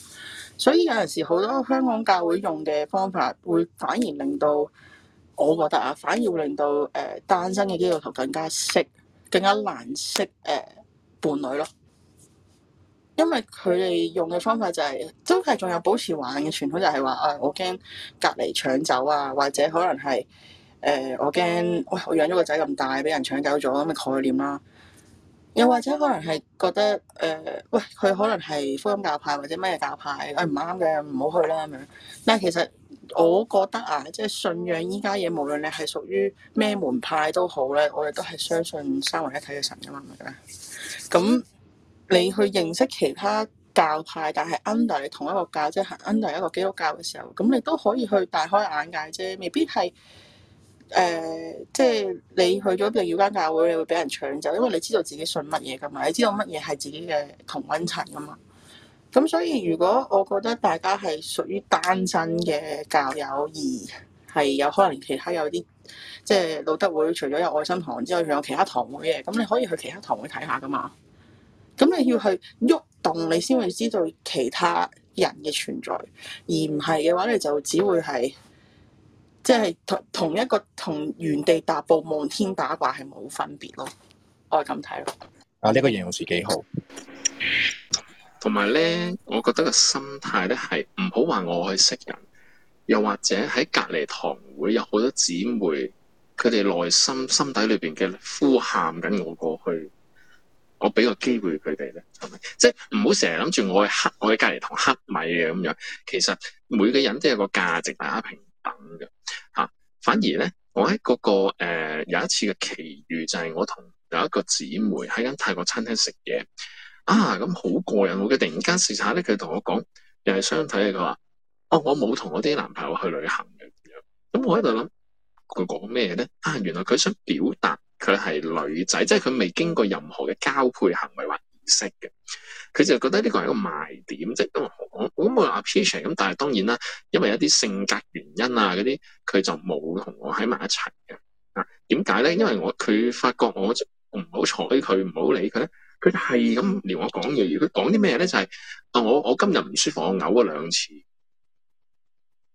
所以有陣時好多香港教會用嘅方法，會反而令到我覺得啊，反而會令到誒、呃、單身嘅基督徒更加識。更加難識誒、呃、伴侶咯，因為佢哋用嘅方法就係真係仲有保持玩嘅傳統，就係話啊，我驚隔離搶走啊，或者可能係誒、呃、我驚喂、哎，我養咗個仔咁大，俾人搶走咗咁嘅概念啦、啊。又或者可能係覺得誒，喂、呃、佢、呃、可能係福音教派或者咩教派，誒唔啱嘅，唔好去啦咁樣。但係其實。我覺得啊，即係信仰依家嘢，無論你係屬於咩門派都好咧，我哋都係相信三位一體嘅神噶嘛，係咪咧？咁你去認識其他教派，但係 under 你同一個教，即係 under 一個基督教嘅時候，咁你都可以去大開眼界啫，未必係誒、呃，即係你去咗第二間教會，你會俾人搶走，因為你知道自己信乜嘢噶嘛，你知道乜嘢係自己嘅同溫層噶嘛。咁所以，如果我覺得大家係屬於單身嘅教友，而係有可能其他有啲即係路德會，除咗有愛心堂之外，仲有其他堂會嘅，咁你可以去其他堂會睇下噶嘛。咁你要去喐動，你先會知道其他人嘅存在，而唔係嘅話，你就只會係即係同同一個同原地踏步望天打卦，係冇分別咯。我係咁睇咯。啊，呢個形容詞幾好。同埋咧，我覺得個心態咧，係唔好話我去識人，又或者喺隔離堂會有好多姊妹，佢哋內心心底裏邊嘅呼喊緊我過去，我俾個機會佢哋咧，係咪？即係唔好成日諗住我係黑，我係隔離堂黑米嘅咁樣。其實每個人都有個價值，大家平等嘅嚇、啊。反而咧，我喺嗰、那個、呃、有一次嘅奇遇，就係、是、我同有一個姊妹喺間泰國餐廳食嘢。啊，咁好過癮，我嘅突然間試下咧，佢同我講，又係相睇嘅。佢話：，哦，我冇同我啲男朋友去旅行嘅。咁我喺度諗，佢講咩咧？啊，原來佢想表達佢係女仔，即係佢未經過任何嘅交配行為或儀式嘅。佢就覺得呢個係一個賣點，即係我我冇話 appreciate 咁，但係當然啦，因為一啲性格原因啊，嗰啲佢就冇同我喺埋一齊嘅。啊，點解咧？因為我佢發覺我唔好睬佢，唔好理佢咧。佢係咁撩我講嘢，如佢講啲咩咧？就係、是、啊，我我今日唔舒服，我嘔咗兩次。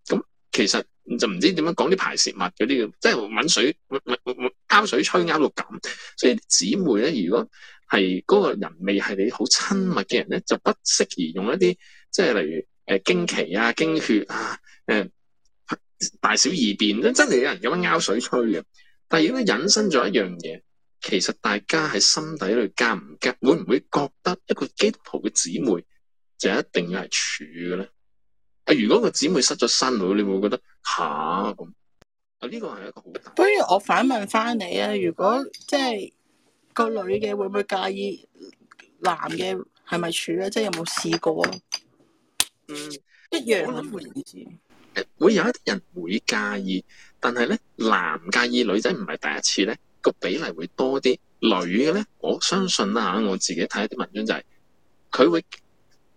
咁其實就唔知點樣講啲排泄物嗰啲嘅，即係揾水拗水吹拗到咁。所以姊妹咧，如果係嗰個人未係你好親密嘅人咧，就不適宜用一啲即係例如誒經期啊、經血啊、誒、啊、大小二便都真係有人咁樣拗水吹嘅。但係如果引申咗一樣嘢。其實大家喺心底裏夾唔夾？會唔會覺得一個基督徒嘅姊妹就一定要係處嘅咧？啊，如果個姊妹失咗身女，你會唔會覺得吓咁？啊，呢、啊呢個係一個好，不如我反問翻你啊，如果即係、就是、個女嘅會唔會介意男嘅係咪處咧？即係有冇試過啊？嗯，一樣回事。誒，會有一啲人會介意，但係咧，男介意女仔唔係第一次咧。個比例會多啲女嘅咧，我相信啦、啊、吓，我自己睇一啲文章就係、是、佢會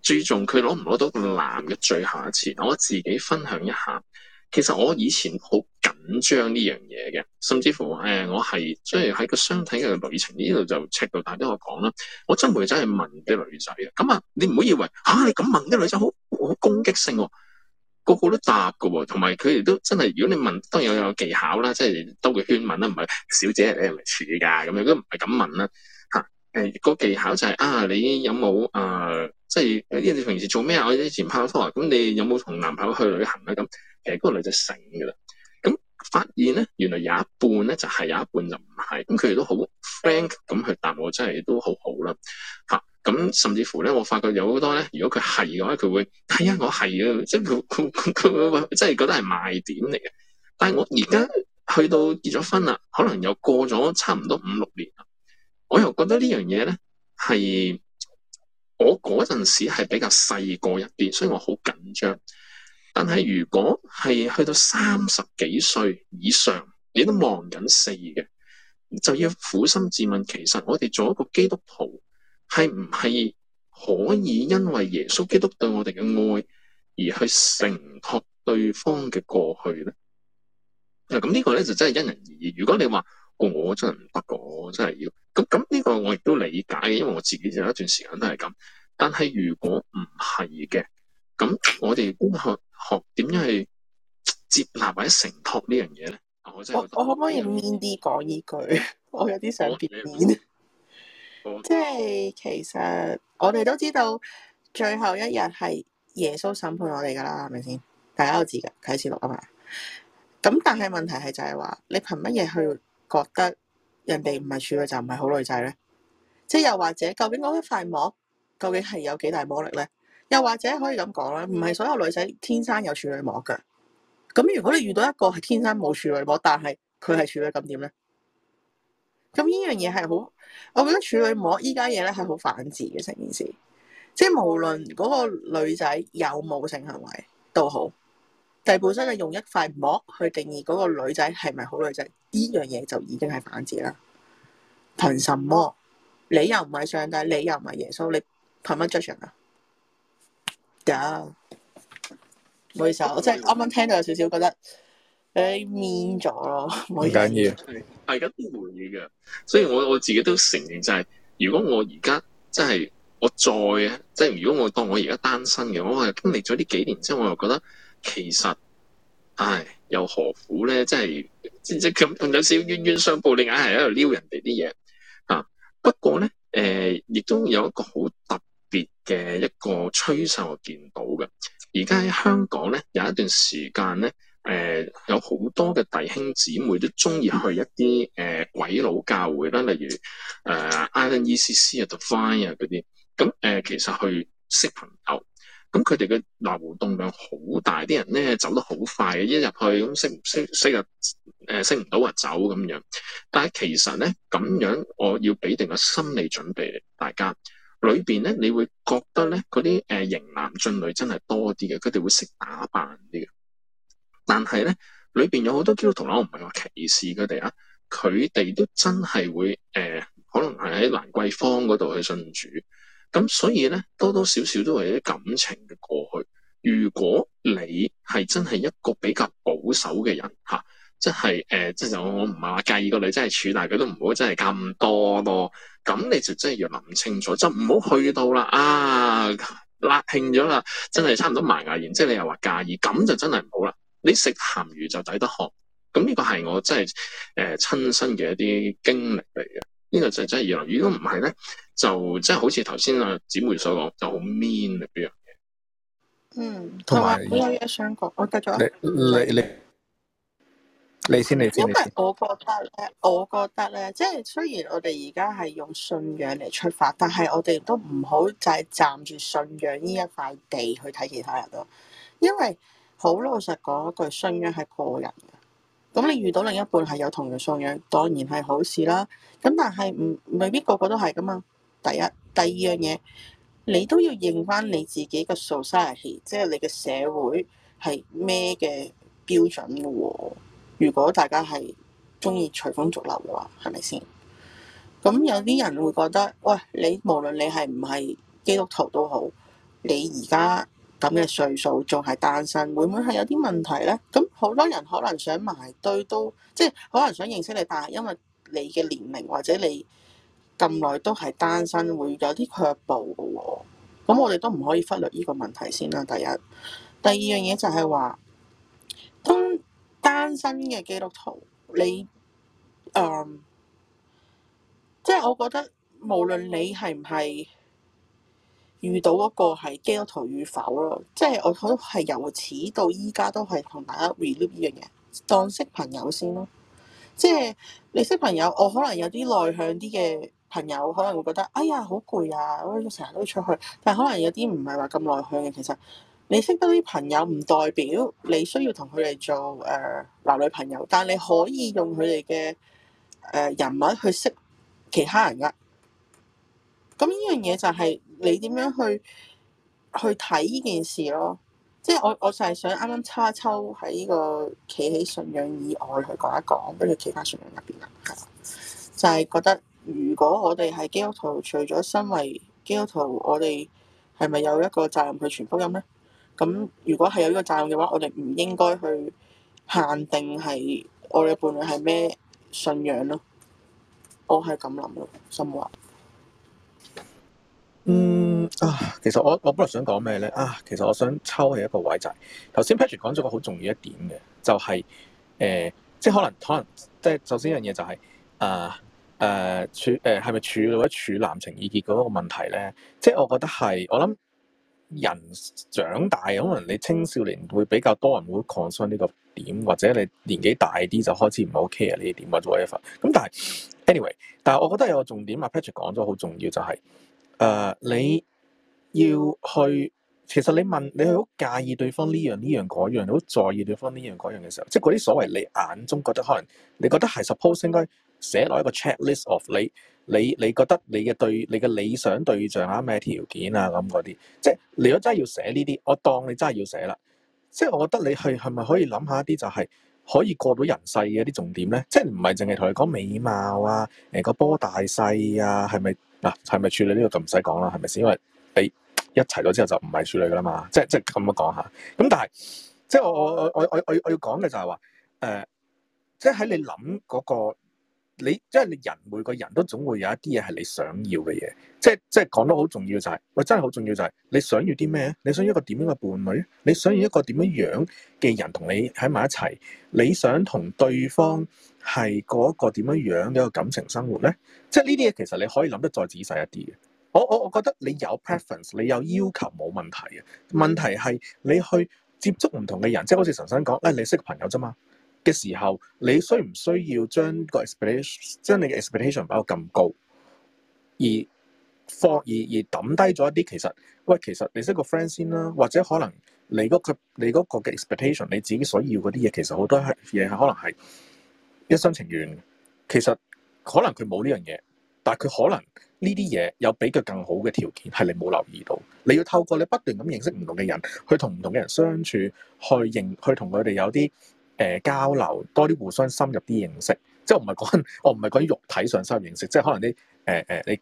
注重佢攞唔攞到個男嘅最後一次。我自己分享一下，其實我以前好緊張呢樣嘢嘅，甚至乎誒、呃，我係雖然喺個相體嘅旅程呢度就赤到大家我講啦，我真會真係問啲女仔嘅咁啊，你唔好以為吓你咁問啲女仔好好攻擊性、啊。個個都答噶喎，同埋佢哋都真係，如果你問，當然有有技巧啦，即係兜個圈問啦，唔係小姐你係咪處噶咁樣，都唔係咁問啦。吓、呃，誒，個技巧就係、是、啊，你有冇誒，即係呢件你平時做咩啊？我以前拍拖、啊，咁你有冇同男朋友去旅行咧？咁其實嗰個女仔醒噶啦，咁發現咧，原來有一半咧就係、是、有一半就唔係，咁佢哋都好 friend 咁去答我，真係都好好啦。吓、啊。咁甚至乎咧，我發覺有好多咧，如果佢係嘅話，佢會係啊、欸，我係啊，即係佢佢佢佢，即係 覺得係賣點嚟嘅。但係我而家去到結咗婚啦，可能又過咗差唔多五六年啦，我又覺得呢樣嘢咧係我嗰陣時係比較細個一邊，所以我好緊張。但係如果係去到三十幾歲以上，你都望緊四嘅，就要苦心自問，其實我哋做一個基督徒，係唔係可以因為耶穌基督對我哋嘅愛而去承托對方嘅過去咧？咁呢個咧就真係因人而異。如果你話我真係唔得，我真係要咁咁呢個我亦都理解嘅，因為我自己有一段時間都係咁。但係如果唔係嘅，咁我哋如何學點樣去接納或者承托呢樣嘢咧？我真我，我可唔可以面啲講呢句？我有啲想變面。即係其實我哋都知道最後一日係耶穌審判我哋噶啦，係咪先？大家都知噶啟示錄啊嘛。咁但係問題係就係話，你憑乜嘢去覺得人哋唔係處女就唔係好女仔咧？即係又或者，究竟嗰一塊膜究竟係有幾大魔力咧？又或者可以咁講啦，唔係所有女仔天生有處女膜噶。咁如果你遇到一個係天生冇處女膜，但係佢係處女，咁點咧？咁呢樣嘢係好，我覺得處女膜依家嘢咧係好反智嘅成件事，即係無論嗰個女仔有冇性行為都好，但係本身係用一塊膜去定義嗰個女仔係咪好女仔，呢樣嘢就已經係反智啦。憑什麼？你又唔係上帝，你又唔係耶穌，你憑乜 judge 人啊？噶，冇意思，我真係啱啱聽到有少少覺得。誒、哎，面咗咯，唔好緊要，係，大家都會嘅，所以我我自己都承認就係、是，如果我而家即係，我再，即係如果我當我而家單身嘅，我係經歷咗呢幾年之後，我又覺得其實，唉、哎，又何苦咧？即係，即係咁有少冤冤相報，你硬係喺度撩人哋啲嘢啊。不過咧，誒、呃，亦都有一個好特別嘅一個趨勢我見到嘅，而家喺香港咧有一段時間咧。誒、呃，有好多嘅弟兄姊妹都中意去一啲誒鬼佬教會啦，例如誒 I N E C C 啊、The Vine 啊嗰啲。咁、呃、誒，其實去識朋友，咁佢哋嘅流動量好大，啲人咧走得好快嘅，一入去咁識唔識識啊誒，識唔到話走咁樣。但係其實咧，咁樣我要俾定個心理準備，大家裏邊咧你會覺得咧嗰啲誒型男俊女真係多啲嘅，佢哋會識打扮啲嘅。但係咧，裏邊有好多基督徒啦。我唔係話歧視佢哋啊，佢哋都真係會誒、呃，可能係喺蘭桂坊嗰度去信主咁，所以咧多多少少都係一啲感情嘅過去。如果你係真係一個比較保守嘅人吓，即係誒，即係、呃呃、我我唔係話介意個女真係處大，但係佢都唔好真係咁多咯。咁你就真係要諗清楚，就唔好去到啦啊，辣慶咗啦，真係差唔多埋牙、啊、然，即係你又話介意，咁就真係唔好啦。你食鹹魚就抵得學，咁呢個係我真係誒親身嘅一啲經歷嚟嘅。呢個就真係樣。如果唔係咧，就真係好似頭先阿姊妹所講，就好 mean 嗰樣嘢。嗯，同埋我有嘢想講，我得咗。你你你先，嚟先。因為我覺得咧，我覺得咧，即係雖然我哋而家係用信仰嚟出發，但係我哋都唔好就係站住信仰呢一塊地去睇其他人咯，因為。好老實講句，信仰係個人嘅。咁你遇到另一半係有同樣信仰，當然係好事啦。咁但係唔未必個個都係噶嘛。第一，第二樣嘢，你都要認翻你自己個 society，即係你嘅社會係咩嘅標準嘅喎。如果大家係中意隨風逐流嘅話，係咪先？咁有啲人會覺得，喂，你無論你係唔係基督徒都好，你而家。咁嘅歲數仲係單身，會唔會係有啲問題呢？咁好多人可能想埋堆都，即係可能想認識你，但係因為你嘅年齡或者你咁耐都係單身，會有啲卻步嘅喎、哦。咁我哋都唔可以忽略呢個問題先啦。第一，第二樣嘢就係話，當單身嘅基督徒，你、呃、即係我覺得，無論你係唔係。遇到嗰個係基督徒與否咯，即係我覺得係由此到依家都係同大家 r e l o v e 依樣嘢，當識朋友先咯。即係你識朋友，我可能有啲內向啲嘅朋友可能會覺得，哎呀，好攰啊，我成日都要出去。但係可能有啲唔係話咁內向嘅，其實你識得啲朋友唔代表你需要同佢哋做誒、呃、男女朋友，但你可以用佢哋嘅誒人物去識其他人㗎。咁呢樣嘢就係、是。你點樣去去睇呢件事咯？即係我我就係想啱啱抽一抽喺呢個企喺信仰以外去講一講，跟住其他信仰入邊啊，就係、是、覺得如果我哋係基督徒，除咗身為基督徒，我哋係咪有一個責任去傳福音咧？咁如果係有呢個責任嘅話，我哋唔應該去限定係我哋嘅伴侶係咩信仰咯。我係咁諗咯，心話。嗯啊，其實我我本來想講咩咧啊，其實我想抽起一個位就係、是、頭先 Patrick 講咗個好重要一點嘅，就係、是、誒、呃，即係可能可能即係首先一樣嘢就係、是呃、啊誒處誒係咪處女一處男情意結嗰個問題咧？即係我覺得係我諗人長大，可能你青少年會比較多人會 concern 呢個點，或者你年紀大啲就開始唔係好 care 呢啲點，或者 whatever 咁，但係 anyway，但係我覺得有個重點啊，Patrick 講咗好重要就係、是。誒，uh, 你要去，其實你問你好介意對方呢樣呢樣嗰樣，好在意對方呢樣嗰樣嘅時候，即係嗰啲所謂你眼中覺得可能你得你你，你覺得係 suppose 應該寫落一個 checklist of 你你你覺得你嘅對你嘅理想對象啊咩條件啊咁嗰啲，即係你如果真係要寫呢啲，我當你真係要寫啦，即係我覺得你係係咪可以諗下一啲就係可以過到人世嘅啲重點咧，即係唔係淨係同你講美貌啊，誒、呃、個波大細啊，係咪？嗱，係咪、啊、處女呢、這個就唔使講啦，係咪先？因為你一齊咗之後就唔係處女啦嘛，即即咁樣講下。咁但係，即我我我我我我要講嘅就係話，誒、呃，即喺你諗嗰、那個，你即係你人每個人都總會有一啲嘢係你想要嘅嘢，即即講得好重要就係，喂，真係好重要就係，你想要啲咩？你想一個點樣嘅伴侶？你想要一個點樣樣嘅人同你喺埋一齊？你想同對方？係嗰一個點樣樣嘅一、嗰個感情生活咧，即係呢啲嘢其實你可以諗得再仔細一啲嘅。我我我覺得你有 preference，你有要求冇問題嘅。問題係你去接觸唔同嘅人，即係好似陳生講，誒、哎、你識朋友啫嘛嘅時候，你需唔需要將個 expectation，將你嘅 expectation 擺到咁高而放而而抌低咗一啲？其實喂，其實你識個 friend 先啦，或者可能你嗰、嗰個你嗰個嘅 expectation，你自己所要嗰啲嘢，其實好多嘢係可能係。一廂情願，其實可能佢冇呢樣嘢，但係佢可能呢啲嘢有比佢更好嘅條件，係你冇留意到。你要透過你不斷咁認識唔同嘅人，去同唔同嘅人相處，去認去同佢哋有啲誒、呃、交流，多啲互相深入啲認識。即係我唔係講，我唔係講喺肉體上深入認識，即係可能啲誒誒，你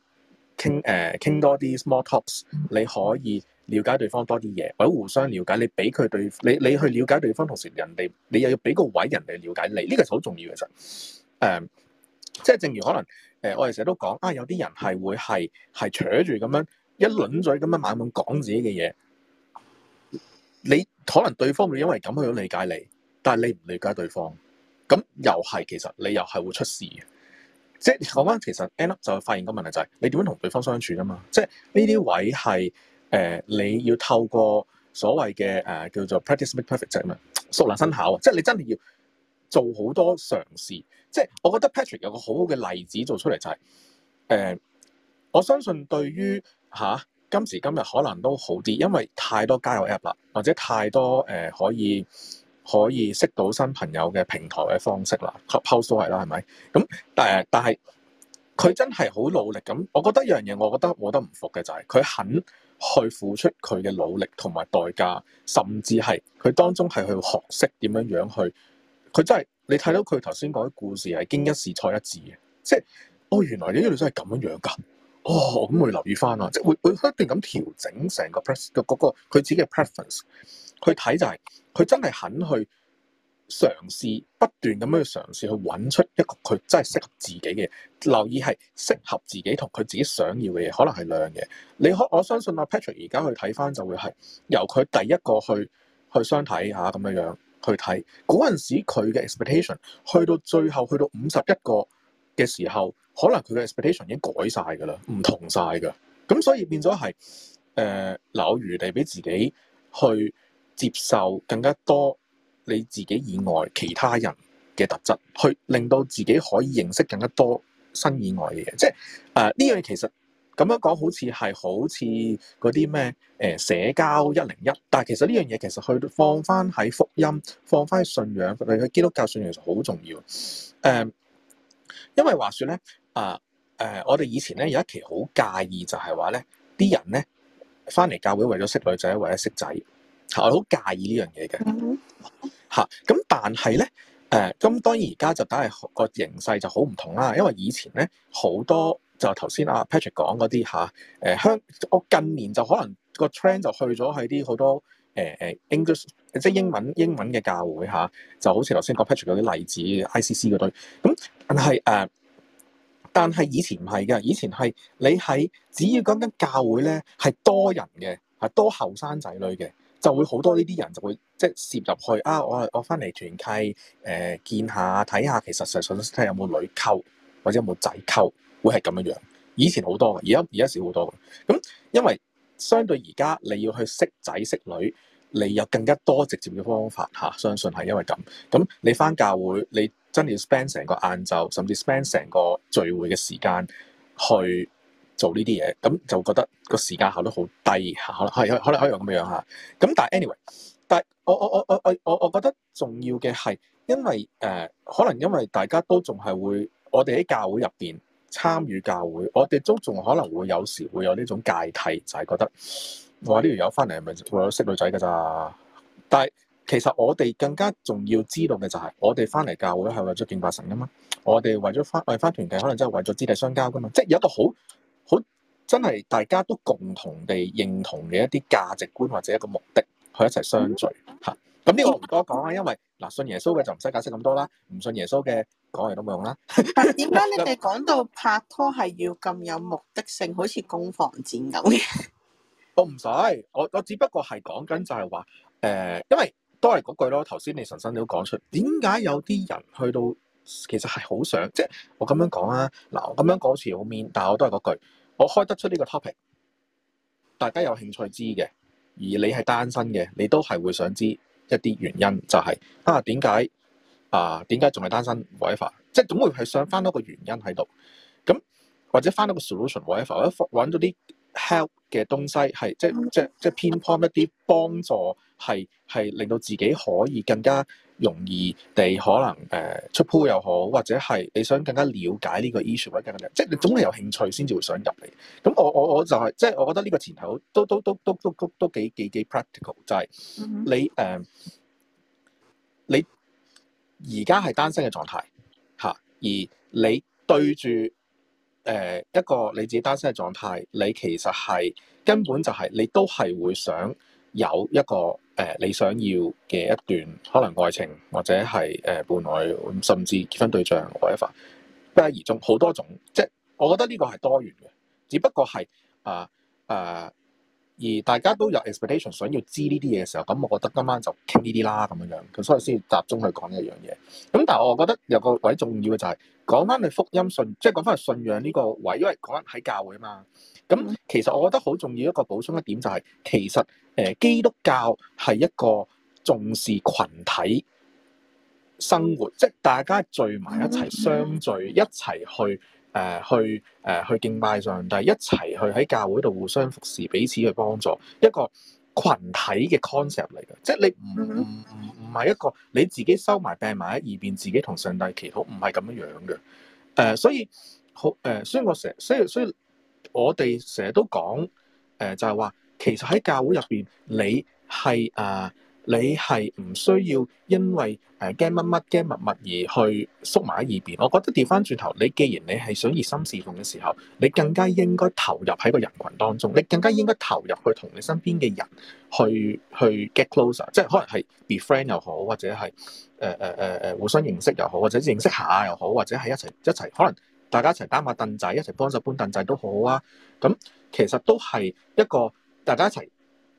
傾誒傾多啲 small talks，你可以。了解對方多啲嘢，或者互相了解。你俾佢對你，你去了解對方，同時人哋你又要俾個位人哋了解你，呢、這個係好重要嘅。實、嗯、誒，即係正如可能誒、呃，我哋成日都講啊，有啲人係會係係扯住咁樣一輪嘴咁樣猛咁講自己嘅嘢。你可能對方會因為咁樣理解你，但係你唔理解對方，咁、嗯、又係其實你又係會出事嘅。即係講翻，其實 end up 就發現個問題就係、是、你點樣同對方相處啫嘛。即係呢啲位係。誒、呃，你要透過所謂嘅誒、呃、叫做 practice make perfect 就係咩？熟能生巧啊！即係你真係要做好多嘗試。即係我覺得 Patrick 有個好好嘅例子做出嚟就係、是、誒、呃，我相信對於嚇、啊、今時今日可能都好啲，因為太多交友 App 啦，或者太多誒、呃、可以可以識到新朋友嘅平台嘅方式啦，post 係啦，係咪？咁誒，但係佢、呃、真係好努力咁，我覺得一樣嘢，我覺得我都唔服嘅就係佢肯。去付出佢嘅努力同埋代價，甚至係佢當中係去學識點樣樣去，佢真係你睇到佢頭先講嘅故事係經一事錯一字嘅，即係哦原來呢樣嘢真係咁樣樣㗎，哦咁會留意返啊，即係會會不斷咁調整成個 pref 嗰個佢自己嘅 preference 佢睇就係、是、佢真係肯去。嘗試，不斷咁樣去嘗試去揾出一個佢真係適合自己嘅，留意係適合自己同佢自己想要嘅嘢，可能係量嘅，你可，我相信阿 Patrick 而家去睇返就會係由佢第一個去去相睇下咁樣樣去睇，嗰陣時佢嘅 expectation 去到最後去到五十一個嘅時候，可能佢嘅 expectation 已經改晒㗎啦，唔同晒㗎。咁所以變咗係誒留餘地俾自己去接受更加多你自己以外其他人嘅特質，去令到自己可以認識更加多新以外嘅嘢，即係誒呢樣嘢其實咁樣講好似係好似嗰啲咩誒社交一零一，但係其實呢樣嘢其實去到放翻喺福音，放翻喺信仰，特別係基督教信仰其實好重要誒、呃，因為話説咧啊誒，我哋以前咧有一期好介意就係話咧啲人咧翻嚟教會為咗識女仔，為咗識仔。我好介意，mm hmm. 啊、呢樣嘢嘅嚇。咁但係咧誒咁當然而家就梗係個形勢就好唔同啦。因為以前咧好多就頭先阿 Patrick 講嗰啲嚇誒香。我、啊啊、近年就可能個 trend 就去咗喺啲好多誒誒、啊、English 即係英文英文嘅教會嚇、啊，就好似頭先講 Patrick 嗰啲例子，ICC 嗰堆咁、嗯。但係誒、啊，但係以前唔係嘅，以前係你喺只要講緊教會咧係多人嘅係多後生仔女嘅。就會好多呢啲人就會即係涉入去啊！我係我翻嚟團契誒、呃、見下睇下，其實實在睇有冇女溝或者有冇仔溝，會係咁樣樣。以前好多嘅，而家而家少好多嘅。咁、嗯、因為相對而家你要去識仔識女，你有更加多直接嘅方法嚇、嗯。相信係因為咁。咁、嗯、你翻教會，你真係要 spend 成個晏晝，甚至 spend 成個聚會嘅時間去。做呢啲嘢咁就覺得個時間效率好低吓，可能係可能係一樣咁樣吓。咁但係 anyway，但係我我我我我我我覺得重要嘅係，因為誒、呃、可能因為大家都仲係會我哋喺教會入邊參與教會，我哋都仲可能會有時會有呢種介替，就係、是、覺得話呢條友翻嚟係咪會有識女仔㗎咋？但係其實我哋更加重要知道嘅就係、是、我哋翻嚟教會係為咗敬拜神㗎嘛，我哋為咗翻為翻團體，可能真係為咗肢體相交㗎嘛，即係有一個好。真係大家都共同地認同嘅一啲價值觀或者一個目的去一齊相聚嚇，咁呢、嗯啊、個唔多講啦，因為嗱信耶穌嘅就唔使解釋咁多啦，唔信耶穌嘅講嘢都冇用啦。點 解你哋講到拍拖係要咁有目的性，好似攻防戰咁嘅？ 我唔使，我我只不過係講緊就係話，誒、呃，因為都係嗰句咯。頭先你神僧都講出，點解有啲人去到其實係好想，即係我咁樣講啊。嗱，我咁樣講詞好 mean，但係我都係嗰句。我開得出呢個 topic，大家有興趣知嘅，而你係單身嘅，你都係會想知一啲原因，就係、是、啊點解啊點解仲係單身 whatever 即係總會係想翻多個原因喺度，咁或者翻多個 solution whatever 或者揾咗啲。help 嘅東西係即係即係即係偏幫一啲幫助，係係令到自己可以更加容易地可能誒、呃、出 push 又好，或者係你想更加了解呢個 issue 或者咁樣，即係你總係有興趣先至會想入嚟。咁我我我就係、是、即係我覺得呢個前後都都都都都都都幾幾幾 practical 就係你誒、uh, 你而家係單身嘅狀態吓，而你對住。誒，一個你自己單身嘅狀態，你其實係根本就係、是、你都係會想有一個誒、呃，你想要嘅一段可能愛情或者係誒伴侶，甚至結婚對象 whatever，不一而終，好多種，即係我覺得呢個係多元嘅，只不過係啊啊。呃呃而大家都有 expectation 想要知呢啲嘢嘅時候，咁我覺得今晚就傾呢啲啦，咁樣樣咁，所以先集中去講呢一樣嘢。咁但係我覺得有個位重要嘅就係、是、講翻係福音信，即係講翻係信仰呢個位，因為講緊喺教會啊嘛。咁其實我覺得好重要一個補充一點就係、是，其實誒基督教係一個重視群體生活，即係大家聚埋一齊相聚一齊去。誒、呃、去誒、呃、去敬拜上帝，一齊去喺教會度互相服侍，彼此去幫助一個群體嘅 concept 嚟嘅，即係你唔唔唔唔係一個你自己收埋病埋喺二邊，自己同上帝祈禱，唔係咁樣樣嘅。誒、呃，所以好誒、呃，所以我成，所以所以，所以我哋成日都講誒、呃，就係、是、話其實喺教會入邊，你係啊。呃你係唔需要因為誒驚乜乜驚物物而去縮埋喺耳邊。我覺得調翻轉頭，你既然你係想熱心事奉嘅時候，你更加應該投入喺個人群當中，你更加應該投入去同你身邊嘅人去去 get closer，即係可能係 be friend 又好，或者係誒誒誒誒互相認識又好，或者認識下又好，或者係一齊一齊可能大家一齊擔下凳仔，一齊幫手搬凳仔都好啊。咁、嗯、其實都係一個大家一齊。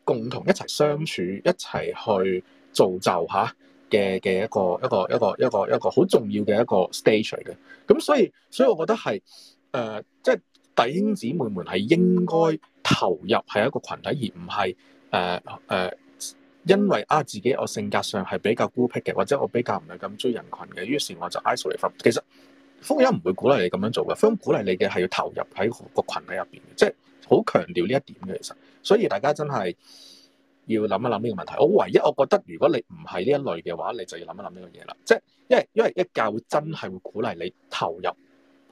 共同一齊相處，一齊去造就嚇嘅嘅一個一個一個一個一個好重要嘅一個 stage 嘅。咁所以所以，所以我覺得係誒，即、呃、係、就是、弟兄姊妹們係應該投入係一個群體，而唔係誒誒，因為啊自己我性格上係比較孤僻嘅，或者我比較唔係咁追人群嘅，於是我就 isolate f 其實風音唔會鼓勵你咁樣做嘅，風音鼓勵你嘅係要投入喺個群體入邊，即係好強調呢一點嘅，其實。所以大家真係要諗一諗呢個問題。我唯一我覺得，如果你唔係呢一類嘅話，你就要諗一諗呢個嘢啦。即係因為因為一教真係會鼓勵你投入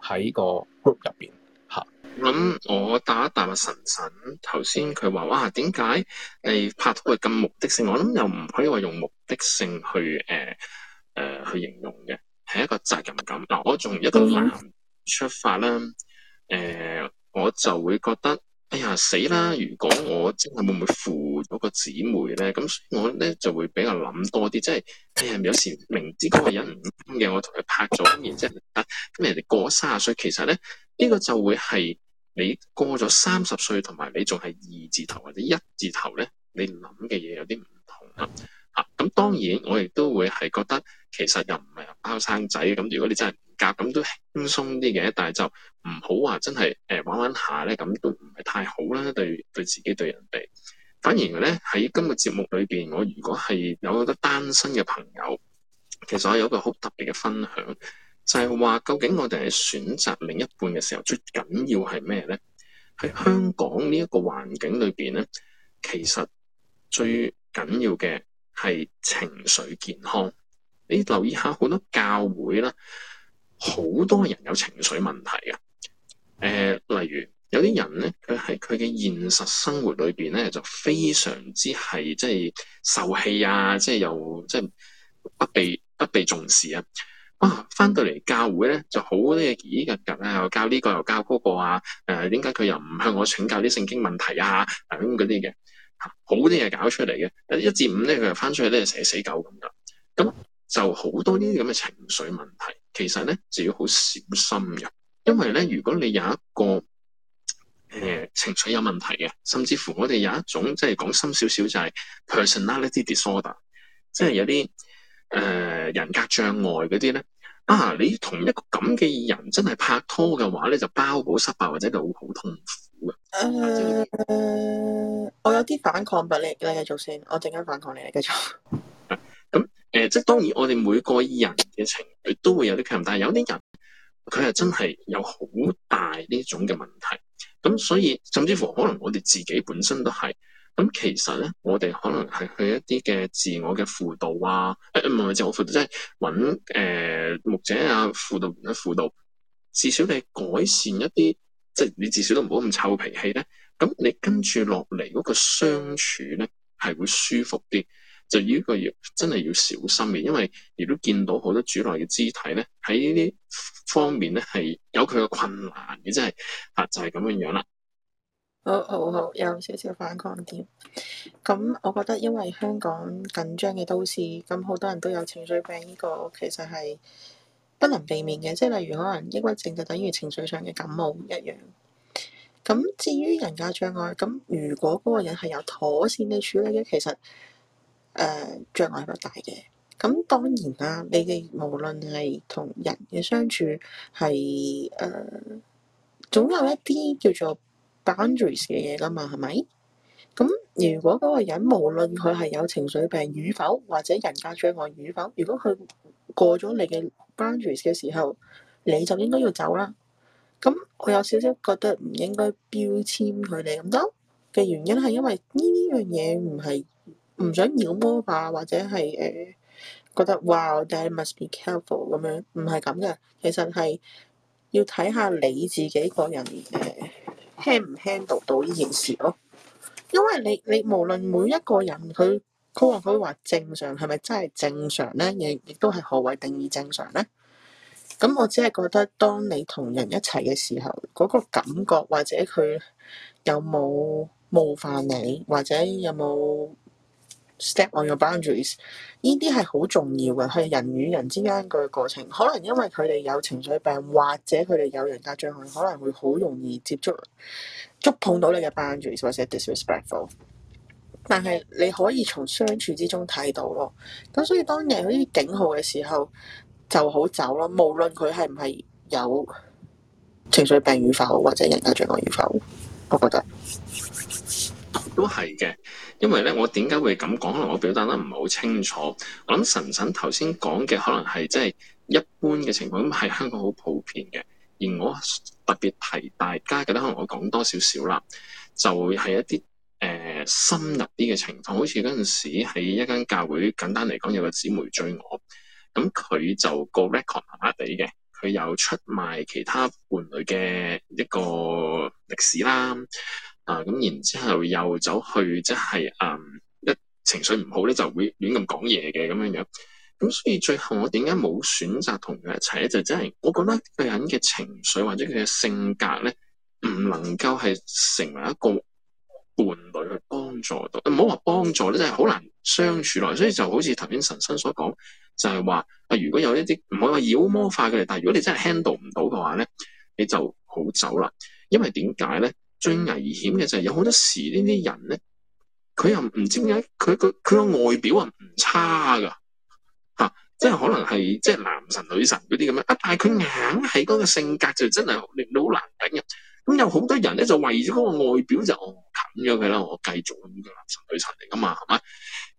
喺個 group 入邊嚇。嗯嗯、我諗我答一答神神頭先佢話哇點解你拍拖係咁目的性？我諗又唔可以話用目的性去誒誒、呃呃、去形容嘅，係一個責任感嗱。我、呃、從一個男出發啦，誒、呃、我就會覺得。哎呀死啦！如果我真係會唔會扶咗個姊妹咧？咁所以我咧就會比較諗多啲，即係誒、哎、有時明知嗰個人唔啱嘅，我同佢拍咗，然之後咁、就是、人哋過咗卅歲，其實咧呢、呢個就會係你過咗三十歲，同埋你仲係二字頭或者一字頭咧，你諗嘅嘢有啲唔同啦。吓、啊、咁當然我亦都會係覺得，其實又唔係包生仔咁。如果你真係，咁都輕鬆啲嘅，但係就唔好話真係誒、呃、玩玩下咧，咁都唔係太好啦。對對自己對人哋，反而咧喺今個節目裏邊，我如果係有好多單身嘅朋友，其實我有一個好特別嘅分享，就係、是、話究竟我哋喺選擇另一半嘅時候最緊要係咩咧？喺香港環呢一個環境裏邊咧，其實最緊要嘅係情緒健康。你留意下好多教會啦。好多人有情緒問題嘅，誒、呃，例如有啲人咧，佢係佢嘅現實生活裏邊咧，就非常之係即係受氣啊，即係又即係不被不被重視啊，哇！翻到嚟教會咧，就好多嘢，幾日日啊，又教呢、這個又教嗰、那個啊，誒，點解佢又唔向我請教啲聖經問題啊？咁嗰啲嘅，好啲嘢搞出嚟嘅，一至五咧，佢又翻出去咧寫死狗咁噶，咁就好多呢啲咁嘅情緒問題。其實咧，就要好小心嘅，因為咧，如果你有一個誒、呃、情緒有問題嘅，甚至乎我哋有一種即係講深少少就係 personality disorder，即係有啲誒、呃、人格障礙嗰啲咧，啊，你同一個咁嘅人真係拍拖嘅話咧，就包保失敗或者就好好痛苦嘅。誒、呃呃，我有啲反抗，不你你繼續先，我陣間反抗你嚟繼續。 誒、呃，即係當然，我哋每個人嘅情緒都會有啲缺陷，但係有啲人佢係真係有好大呢種嘅問題，咁所以甚至乎可能我哋自己本身都係，咁其實咧，我哋可能係去一啲嘅自我嘅輔導啊，唔、哎、唔係自我輔導，即係揾誒牧者啊輔導員去輔導，至少你改善一啲，即係你至少都唔好咁臭脾氣咧，咁你跟住落嚟嗰個相處咧係會舒服啲。就呢個要真係要小心嘅，因為亦都見到好多主內嘅肢體咧喺呢啲方面咧係有佢嘅困難嘅，真係嚇就係咁樣樣啦。好好好，有少少反抗點咁，我覺得因為香港緊張嘅都市，咁好多人都有情緒病、這個。呢個其實係不能避免嘅，即係例如可能抑鬱症就等於情緒上嘅感冒一樣。咁至於人格障礙，咁如果嗰個人係有妥善嘅處理嘅，其實。誒、呃、障礙係不大嘅，咁當然啦。你嘅無論係同人嘅相處，係誒、呃、總有一啲叫做 boundaries 嘅嘢㗎嘛，係咪？咁如果嗰個人無論佢係有情緒病與否，或者人格障礙與否，如果佢過咗你嘅 boundaries 嘅時候，你就應該要走啦。咁我有少少覺得唔應該標籤佢哋咁多嘅原因係因為呢樣嘢唔係。唔想妖魔化，或者係誒、呃、覺得哇、wow，there must be careful 咁樣，唔係咁嘅。其實係要睇下你自己個人誒 hand 唔 handle 到呢件事咯。因為你你，你無論每一個人佢佢話佢話正常，係咪真係正常咧？亦亦都係，何為定義正常咧？咁我只係覺得，當你同人一齊嘅時候，嗰、嗰個感覺或者佢有冇冒犯你，或者有冇？Step on your boundaries，呢啲係好重要嘅，佢係人與人之間嘅過程。可能因為佢哋有情緒病，或者佢哋有人格障礙，可能會好容易接觸、觸碰到你嘅 boundaries，或者 disrespectful。但係你可以從相處之中睇到咯。咁所以當有呢啲警號嘅時候，就好走咯。無論佢係唔係有情緒病與否，或者人格障礙與否，我覺得都係嘅。因為咧，我點解會咁講？可能我表達得唔係好清楚。我諗神神頭先講嘅，可能係即係一般嘅情況，咁係香港好普遍嘅。而我特別提大家嘅，都可能我講多少少啦，就係、係、一啲誒、呃、深入啲嘅情況。好似嗰陣時喺一間教會，簡單嚟講，有個姊妹追我，咁佢就個 record 麻麻地嘅，佢又出賣其他伴侶嘅一個歷史啦。啊，咁然之後又走去即係，嗯，一情緒唔好咧，就會亂咁講嘢嘅咁樣樣。咁所以最後我點解冇選擇同佢一齊咧？就真係我覺得個人嘅情緒或者佢嘅性格咧，唔能夠係成為一個伴侶去幫助到。唔好話幫助咧，真係好難相處落。所以就好似頭先神生所講，就係話啊，如果有一啲唔好話妖魔化佢哋，但係如果你真係 handle 唔到嘅話咧，你就好走啦。因為點解咧？最危險嘅就係有好多時呢啲人咧，佢又唔知點解，佢佢佢個外表啊唔差㗎吓，即係可能係即係男神女神嗰啲咁樣，一，啊，但係佢硬係嗰個性格就真係令到好難頂嘅。咁有好多人咧就為咗嗰個外表就哦冚咗佢啦，我繼續咁男神女神嚟㗎嘛，係嘛？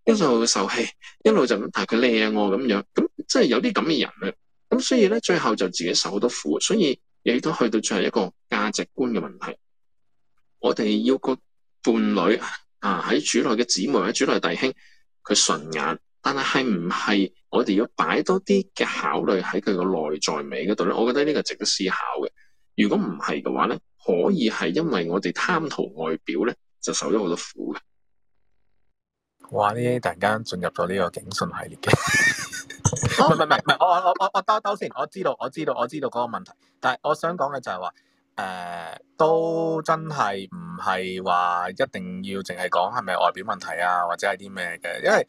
一就受氣，一路就咁但係佢靚我咁樣，咁即係有啲咁嘅人咧。咁所以咧最後就自己受好多苦，所以亦都去到最後一個價值觀嘅問題。我哋要個伴侶啊，喺主內嘅姊妹喺主內弟兄，佢順眼，但係係唔係我哋要擺多啲嘅考慮喺佢個內在美嗰度咧？我覺得呢個值得思考嘅。如果唔係嘅話咧，可以係因為我哋貪圖外表咧，就受咗好多苦嘅。哇！呢啲突然間進入咗呢個警訊系列嘅，唔係唔係唔係唔係，我我我兜兜先，我知道我知道我知道嗰個問題，但係我想講嘅就係話。誒，uh, 都真係唔係話一定要淨係講係咪外表問題啊，或者係啲咩嘅，因為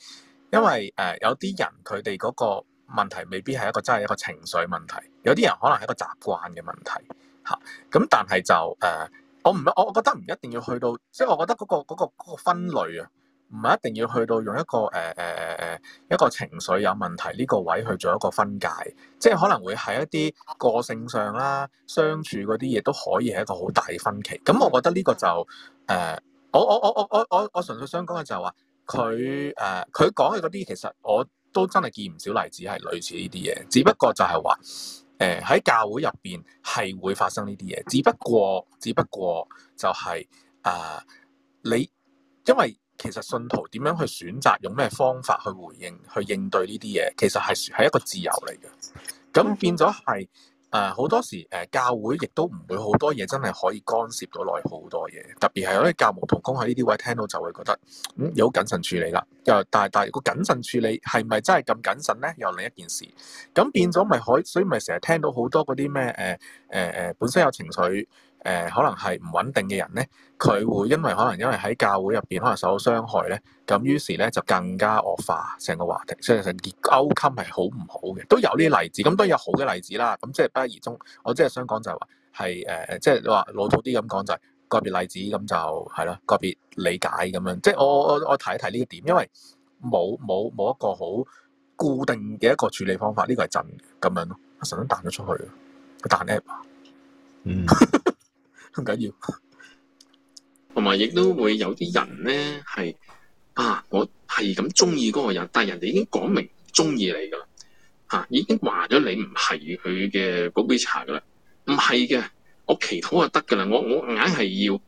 因為誒、uh, 有啲人佢哋嗰個問題未必係一個真係一個情緒問題，有啲人可能係一個習慣嘅問題吓，咁、啊、但係就誒，uh, 我唔我我覺得唔一定要去到，即、就、係、係、我覺得嗰、嗰個嗰、嗰個、嗰個分類啊。唔係一定要去到用一個誒誒誒一個情緒有問題呢個位去做一個分界，即係可能會係一啲個性上啦，相處嗰啲嘢都可以係一個好大嘅分歧。咁、嗯、我覺得呢個就誒、呃，我我我我我我我純粹想講嘅就係話佢誒佢講嘅嗰啲，其實我都真係見唔少例子係類似呢啲嘢，只不過就係話誒喺教會入邊係會發生呢啲嘢，只不過只不過就係、是、啊、呃、你因為。其實信徒點樣去選擇用咩方法去回應去應對呢啲嘢，其實係係一個自由嚟嘅。咁變咗係誒好多時誒、呃、教會亦都唔會好多嘢真係可以干涉到內好多嘢，特別係有啲教牧同工喺呢啲位聽到就會覺得咁又好謹慎處理啦。又但係但係個謹慎處理係咪真係咁謹慎咧？又另一件事，咁變咗咪可以所以咪成日聽到好多嗰啲咩誒誒誒本身有情緒。誒、呃、可能係唔穩定嘅人咧，佢會因為可能因為喺教會入邊可能受到傷害咧，咁於是咧就更加惡化成個話題，所以成結勾襟係好唔好嘅都有呢啲例子。咁都有好嘅例子啦。咁即係不一而終。我即係想講就係話係誒，即係話老土啲咁講就係、個別例子咁就係咯，個別理解咁樣。即係我我我提一提呢個點，因為冇冇冇一個好固定嘅一個處理方法。呢、呢個係陣咁樣咯，神都彈咗出去，佢彈 app。嗯。唔緊要，同埋亦都會有啲人咧，係啊，我係咁中意嗰個人，但係人哋已經講明中意你噶啦，吓、啊、已經話咗你唔係佢嘅嗰杯茶噶啦，唔係嘅，我祈禱就得噶啦，我我硬係要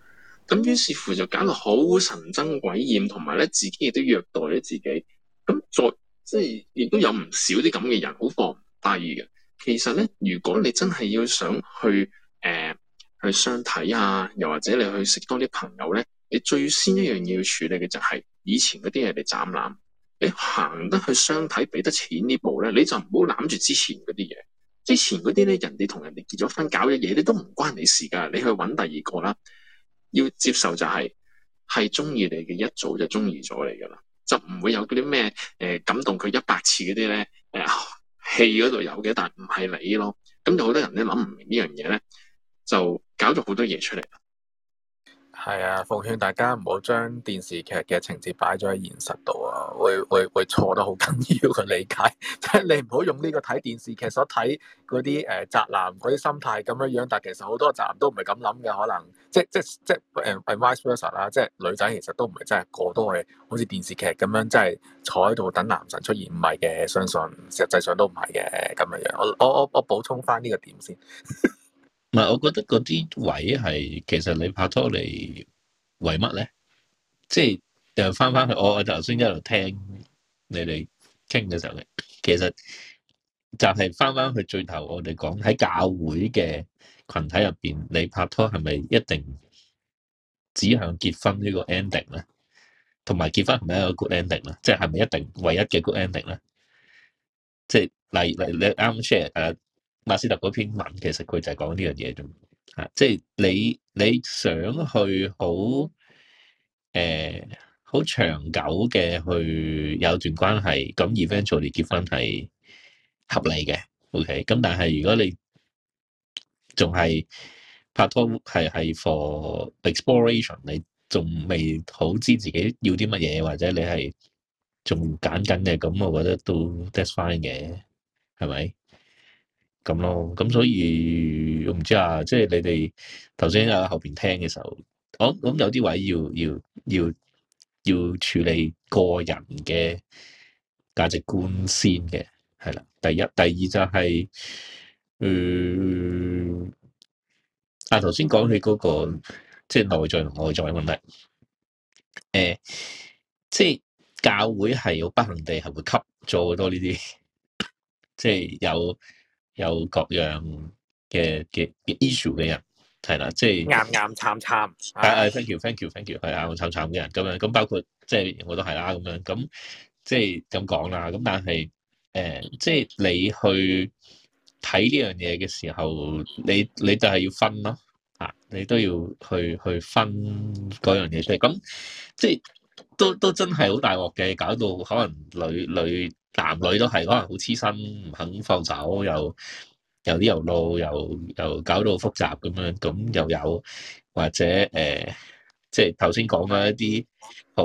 咁，於是乎就搞到好神憎鬼厭，同埋咧自己亦都虐待咗自己。咁再即係亦都有唔少啲咁嘅人，好放唔低嘅。其實咧，如果你真係要想去誒。呃去相睇啊，又或者你去識多啲朋友咧，你最先一樣嘢要處理嘅就係以前嗰啲人哋斬纜，你行得去相睇，俾得錢呢步咧，你就唔好攬住之前嗰啲嘢。之前嗰啲咧，人哋同人哋結咗婚搞嘅嘢，你都唔關你事噶。你去揾第二個啦，要接受就係係中意你嘅一早就中意咗你噶啦，就唔會有嗰啲咩誒感動佢一百次嗰啲咧誒戲嗰度有嘅，但唔係你咯。咁有好多人咧諗唔明呢樣嘢咧，就。搞咗好多嘢出嚟，係啊！奉勸大家唔好將電視劇嘅情節擺咗喺現實度啊，會會會錯得好緊要嘅理解。即 係你唔好用呢個睇電視劇所睇嗰啲誒宅男嗰啲心態咁樣樣。但其實好多宅男都唔係咁諗嘅，可能即即即誒，vice versa 啦。即係女仔其實都唔係真係個個都係，好似電視劇咁樣，真係坐喺度等男神出現，唔係嘅。相信實際上都唔係嘅咁樣樣。我我我我補充翻呢個點先。 唔係，我覺得嗰啲位係其實你拍拖嚟為乜咧？即係又翻翻去，我頭先一路聽你哋傾嘅時候嘅，其實就係翻翻去最頭我哋講喺教會嘅羣體入邊，你拍拖係咪一定指向結婚呢個 ending 咧？同埋結婚係咪一個 good ending 咧？即係係咪一定唯一嘅 good ending 咧？即係例例你啱先誒。馬斯特嗰篇文其實佢就係講呢樣嘢啫，即係你你想去好誒好長久嘅去有段關係，咁 eventually 結婚係合理嘅。OK，咁但係如果你仲係拍拖，係係 for exploration，你仲未好知自己要啲乜嘢，或者你係仲揀緊嘅，咁我覺得都 that's fine 嘅，係咪？咁咯，咁所以我唔知啊，即係你哋頭先啊後邊聽嘅時候，我、哦、咁有啲位要要要要處理個人嘅價值觀先嘅，係啦，第一、第二就係、是，嗯，啊頭先講起嗰個即係內在同外在嘅問題，誒、呃，即係教會係有不幸地係會吸咗好多呢啲，即係有。有各樣嘅嘅 issue 嘅人，係啦，即係啱啱參參，係，thank you，thank you，thank you，係啱參參嘅人，咁樣，咁包括即係我都係啦，咁樣，咁即係咁講啦，咁但係誒，即係、呃、你去睇呢樣嘢嘅時候，你你就係要分咯，吓，你都要去去分嗰樣嘢，即係咁，即係都都真係好大鑊嘅，搞到可能女女。男女都係可能好黐身，唔肯放手，又又啲又怒，又又搞到複雜咁樣，咁又有或者誒，即係頭先講嘅一啲好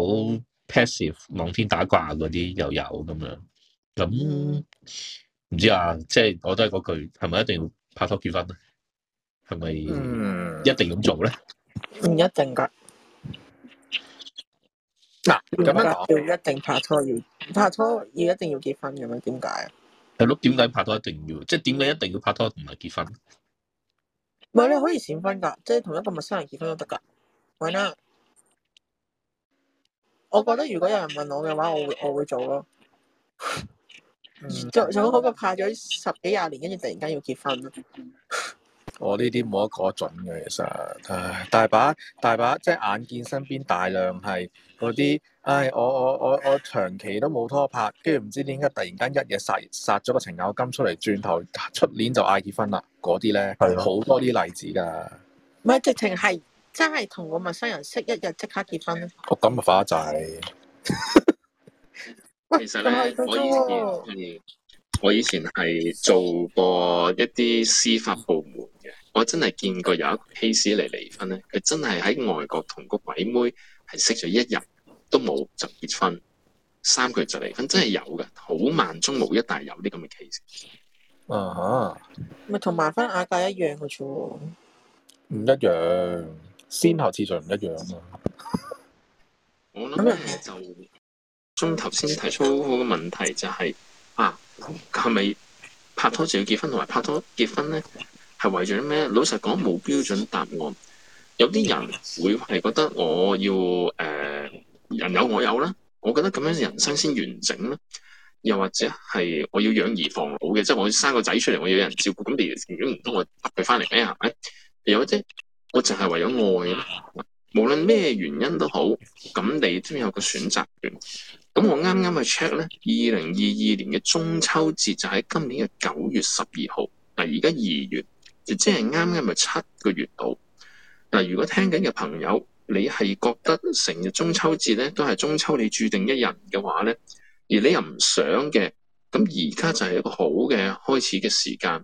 passive 望天打卦嗰啲又有咁樣。咁唔知啊，即係我都係嗰句，係咪一定要拍拖結婚咧？係咪一定咁做咧？唔一定㗎。 嗱，咁樣要一定拍拖，要拍拖，要一定要結婚嘅咩？點解啊？係咯，點解拍拖一定要？即係點解一定要拍拖同埋結婚？唔係你可以閃婚㗎，即係同一個陌生人結婚都得㗎。喂啦，我覺得如果有人問我嘅話，我會我會做咯。做就好過拍咗十幾廿年，跟住突然間要結婚啊！ 我呢啲冇得講得準嘅，其實，唉，大把大把，即係眼見身邊大量係嗰啲，唉，我我我我長期都冇拖拍，跟住唔知點解突然間一日殺殺咗個程咬金出嚟，轉頭出年就嗌結婚啦，嗰啲咧，好的多啲例子㗎。唔係、嗯、直情係真係同個陌生人識一日即刻結婚咧？咁嘅話就係。其實咧，都可以 我以前係做過一啲司法部門嘅，我真係見過有一個 case 嚟離婚咧，佢真係喺外國同個鬼妹係識咗一日都冇就結婚，三個月就離婚，真係有嘅，好萬中無一大，但有啲咁嘅 case。啊哈！咪同埋婚亞界一樣嘅啫，唔一樣，先後次序唔一樣啊！ 我諗想咧 就中頭先提出嘅問題就係、是、啊～係咪拍拖就要結婚同埋拍拖結婚咧？係為咗咩？老實講冇標準答案。有啲人會係覺得我要誒、呃、人有我有啦，我覺得咁樣人生先完整啦。又或者係我要養兒防老嘅，即係我要生個仔出嚟，我要有人照顧。咁如如果唔通。我搭佢翻嚟咩啊？有即係我淨係為咗愛，無論咩原因都好。咁你都有個選擇權。咁我啱啱去 check 咧，二零二二年嘅中秋節就喺今年嘅九月十二號，嗱，而家二月，就即係啱啱咪七個月度。嗱，如果聽緊嘅朋友，你係覺得成日中秋節咧都係中秋你注定一人嘅話咧，而你又唔想嘅，咁而家就係一個好嘅開始嘅時間，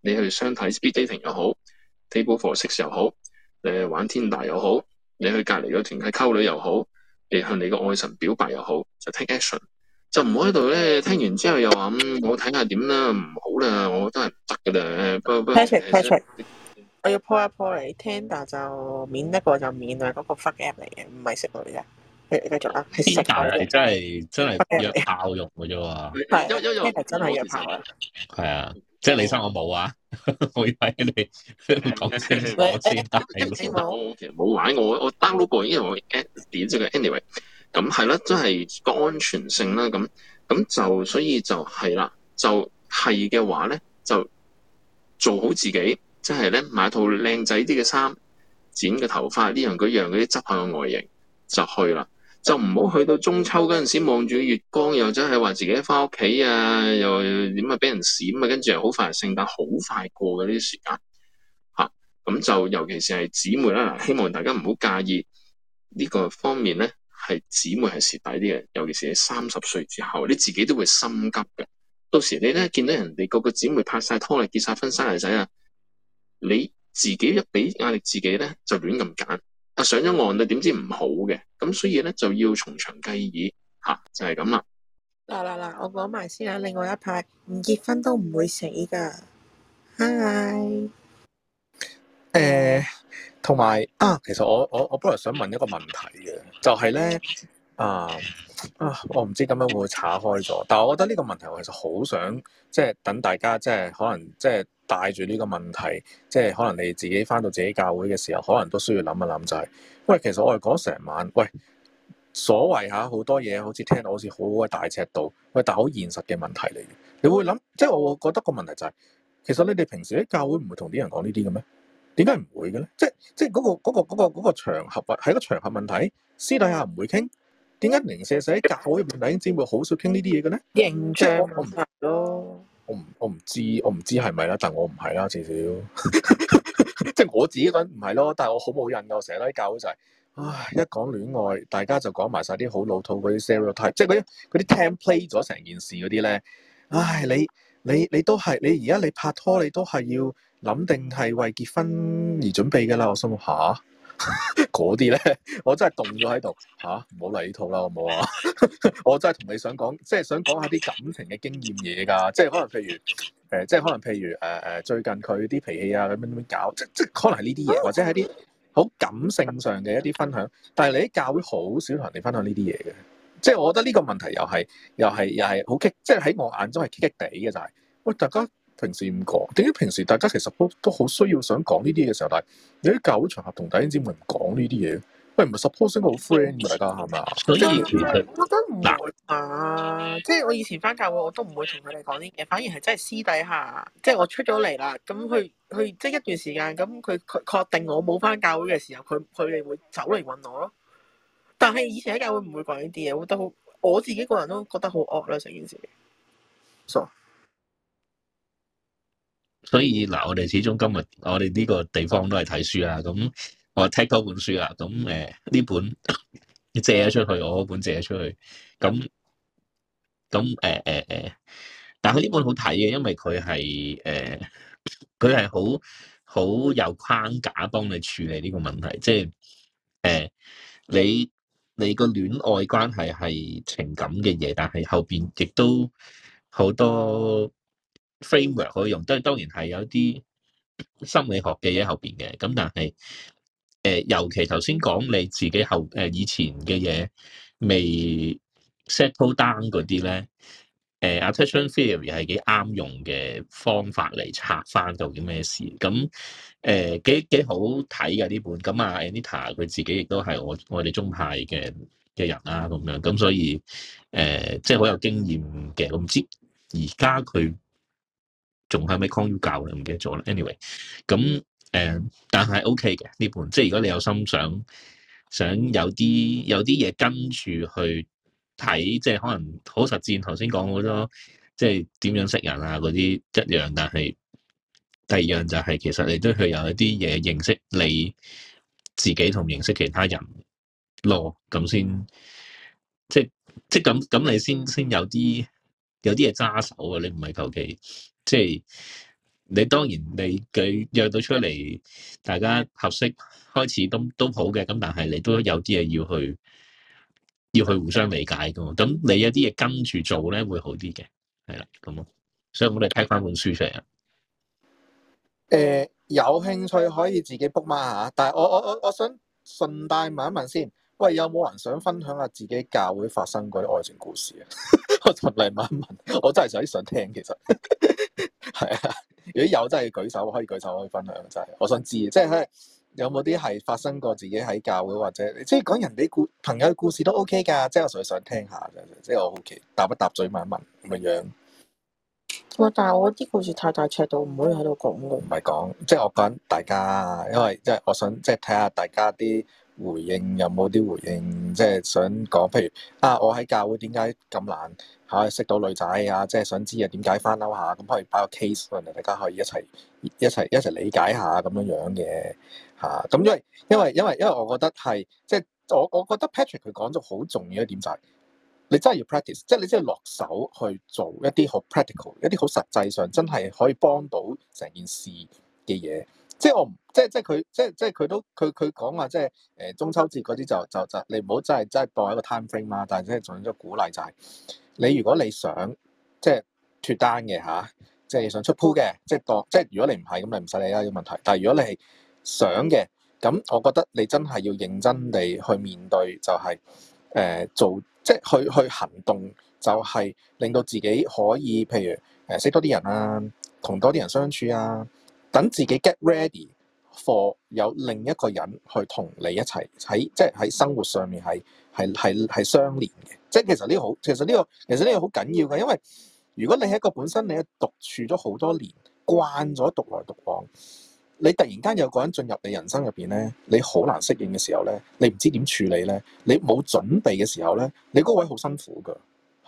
你去相睇 speed dating 又好，table for six 又好，你玩天大又好，你去隔離嗰團契溝女又好。你向你個愛神表白又好，就 take action 就唔好喺度咧。聽完之後又話、嗯嗯，我睇下點啦，唔好啦，我真係唔得噶啦。開、啊、不嚟，開出嚟， 我要播一播嚟 Tinder，但就免得過就免啦。嗰、那個 fuck app 嚟嘅，唔係食你啫。繼續啦，係食，但係真係真係約炮用嘅啫。係，一真係約炮。係啊。 即係你生我冇啊！ 我以為你講嘅係我先。 但 我其實冇玩，我我 download 過，因為我 at 點咗個 anyway、啊。咁係啦，即係個安全性啦。咁咁就所以就係啦。就係、是、嘅話咧，就做好自己，即係咧買套靚仔啲嘅衫，剪個頭髮，呢樣嗰樣嗰啲，執下個外形就去啦。就唔好去到中秋嗰陣時望住月光，又或者係話自己翻屋企啊，又點啊畀人閃啊，跟住又好快聖誕，好快過嘅呢啲時間，吓、啊、咁就尤其是係姊妹啦，希望大家唔好介意呢、呢個方面咧，係姊妹係蝕底啲嘅，尤其是喺三十歲之後，你自己都會心急嘅。到時你咧見到人哋個個姊妹拍晒拖嚟結晒婚生仔啊，你自己一畀壓力自己咧，就亂咁揀。上咗岸你點知唔好嘅？咁所以咧就要從長計議吓，就係咁啦。嗱嗱嗱，我講埋先啦。另外一派唔結婚都唔會死噶。Hi、欸。誒，同埋啊，其實我我我本來想問一個問題嘅，就係、是、咧啊啊，我唔知咁樣會唔會岔開咗。但係我覺得呢個問題我其實好想即係等大家即係可能即係。帶住呢個問題，即係可能你自己翻到自己教會嘅時候，可能都需要諗一諗就係，喂，其實我哋講成晚，喂，所謂嚇好多嘢，好似聽到好似好好嘅大尺度，喂，但係好現實嘅問題嚟嘅。你會諗，即係我覺得個問題就係，其實你哋平時喺教會唔會同啲人講呢啲嘅咩？點解唔會嘅咧？即係即係嗰個嗰個嗰個嗰個場合喺個場合問題，私底下唔會傾，點解零舍社喺教會入邊大家好少傾呢啲嘢嘅咧？形象問題咯。形狀 不我唔我唔知，我唔知係咪啦，但我唔係啦，至少即係我自己講唔係咯。但係我好冇癮噶，我成日都教會就係、是，唉，一講戀愛，大家就講埋晒啲好老土嗰啲 stereotype，即係嗰啲嗰啲 template 咗成件事嗰啲咧。唉，你你你都係，你而家你拍拖你都係要諗定係為結婚而準備噶啦。我心諗吓。啊嗰啲咧，我真係凍咗喺度吓，唔好嚟呢套啦，好唔好啊？ 我真係同你想講，即係想講下啲感情嘅經驗嘢噶，即係可能譬如誒、呃，即係可能譬如誒誒、呃，最近佢啲脾氣啊，點點點搞，即即係可能係呢啲嘢，或者係啲好感性上嘅一啲分享。但係你喺教會好少同人哋分享呢啲嘢嘅，即係我覺得呢個問題又係又係又係好激，即係喺我眼中係棘棘地嘅就係、是、喂，大家。平時唔講，點解平時大家其實都都好需要想講呢啲嘢嘅時候，但係你喺教會場合同弟兄姊妹唔講呢啲嘢？喂、啊，唔係 supposing 好 friend 大家係嘛？所以、嗯，我覺得唔會啊！即係我以前翻教會，我都唔會同佢哋講呢嘢，反而係真係私底下，即係我出咗嚟啦。咁佢佢即係一段時間，咁佢確確定我冇翻教會嘅時候，佢佢哋會走嚟搵我咯。但係以前喺教會唔會講呢啲嘢，我覺得好我自己個人都覺得好惡啦，成件事傻。So, 所以嗱，我哋始終今日我哋呢個地方都係睇書啦。咁、嗯、我睇嗰本書啦。咁、嗯、誒，呢本 借咗出去，我本借咗出去。咁咁誒誒誒，但係佢呢本好睇嘅，因為佢係誒，佢係好好有框架幫你處理呢個問題。即係誒、嗯，你你個戀愛關係係情感嘅嘢，但係後邊亦都好多。Framework 可以用，都當然係有啲心理學嘅嘢後邊嘅，咁但係誒、呃，尤其頭先講你自己後誒、呃、以前嘅嘢未 settle down 嗰啲咧，誒、呃、Attention Theory 係幾啱用嘅方法嚟拆翻究竟咩事，咁誒幾幾好睇嘅呢本，咁、嗯、啊 Anita 佢自己亦都係我我哋中派嘅嘅人啦、啊，咁樣，咁、嗯、所以誒、呃，即係好有經驗嘅，我唔知而家佢。仲係咪 con 教你唔記得咗啦。Anyway，咁誒，但係 OK 嘅呢盤。即係如果你有心想，想有啲有啲嘢跟住去睇，即係可能好實戰。頭先講好多，即係點樣識人啊嗰啲一樣。但係第二樣就係，其實你都要有一啲嘢認識你自己同認識其他人咯。咁先即係即係咁咁，你先先有啲有啲嘢揸手啊！你唔係求其。即係你當然你佢約到出嚟，大家合適開始都都好嘅。咁但係你都有啲嘢要去要去互相理解噶嘛。咁你有啲嘢跟住做咧，會好啲嘅。係啦，咁啊，所以我哋睇翻本書出嚟。誒、呃，有興趣可以自己卜碼吓，但係我我我我想順帶問一問先。喂，有冇人想分享下自己教會發生嗰啲愛情故事啊？ 我循例問一問，我真係想想聽，其實係 啊。如果有，真係舉手可以舉手可以分享，真係。我想知，即係有冇啲係發生過自己喺教會或者，即係講人哋故朋友嘅故事都 OK 㗎。即係我純想聽下，即係我好奇答一答嘴問一問咁嘅樣。哇！但係我啲故事太大尺度，唔可以喺度講。唔係講，即係我講大家，因為即係我想即係睇下大家啲。回應，有冇啲回應，即係想講，譬如啊，我喺教會點解咁難嚇、啊、識到女仔啊，即係想知啊點解，翻嬲下，咁可以擺個 case 問啊，大家可以一齊一齊一齊理解下咁樣樣嘅嚇。咁、啊、因為因為因為因為我覺得係即係我我覺得 Patrick 佢講咗好重要一點就係你真係要 practice，即係你真係落手去做一啲好 practical、一啲好實際上真係可以幫到成件事嘅嘢。即係我即係即係佢，即係即係佢都，佢佢講話，即係誒、呃、中秋節嗰啲就就就，你唔好真係真係當一個 time frame 啦。但係即係仲有咗鼓勵就係，你如果你想即係脫單嘅嚇、啊，即係想出鋪嘅，即係當即係如果你唔係咁你唔使理啦，依個問題。但係如果你係想嘅，咁我覺得你真係要認真地去面對，就係、是、誒、呃、做，即係去去行動，就係、是、令到自己可以譬如誒識多啲人啊，同多啲人相處啊。等自己 get ready for 有另一個人去同你一齊喺即係喺生活上面係係係係相連嘅，即係其實呢個好其實呢個其實呢個好緊要嘅，因為如果你係一個本身你獨處咗好多年，慣咗獨來獨往，你突然間有個人進入你人生入邊咧，你好難適應嘅時候咧，你唔知點處理咧，你冇準備嘅時候咧，你嗰位好辛苦噶。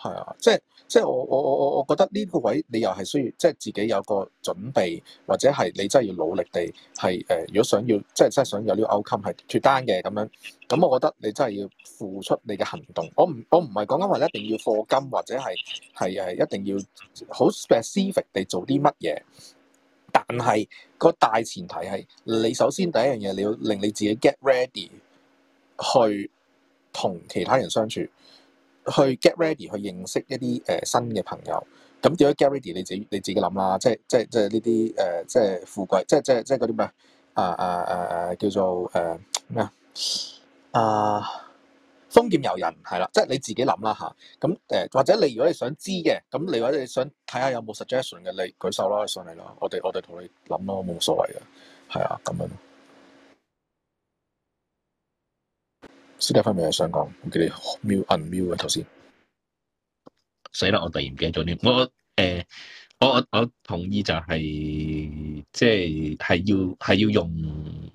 係啊，即係即係我我我我覺得呢個位你又係需要即係自己有個準備，或者係你真係要努力地係誒、呃，如果想要即係真係想有呢個 outcome 係脫單嘅咁樣，咁我覺得你真係要付出你嘅行動。我唔我唔係講緊話一定要課金或者係係係一定要好 specific 地做啲乜嘢，但係個大前提係你首先第一樣嘢你要令你自己 get ready 去同其他人相處。去 get ready 去認識一啲誒、呃、新嘅朋友，咁點解 get ready 你自己你自己諗啦，即係即係即係呢啲誒即係富貴，即係即係即係嗰啲咩啊啊啊啊叫做誒咩啊啊封建遊人係啦，即係你自己諗啦吓，咁誒、呃、或者你如果你想知嘅，咁你或者你想睇下有冇 suggestion 嘅，你舉手啦上嚟啦，我哋我哋同你諗咯，冇所謂嘅，係啊咁樣。私底方面，我想講，我叫你瞄唔妙啊，頭先。死啦！我突然間做啲，我誒、呃，我我同意就係、是，即係係要係要用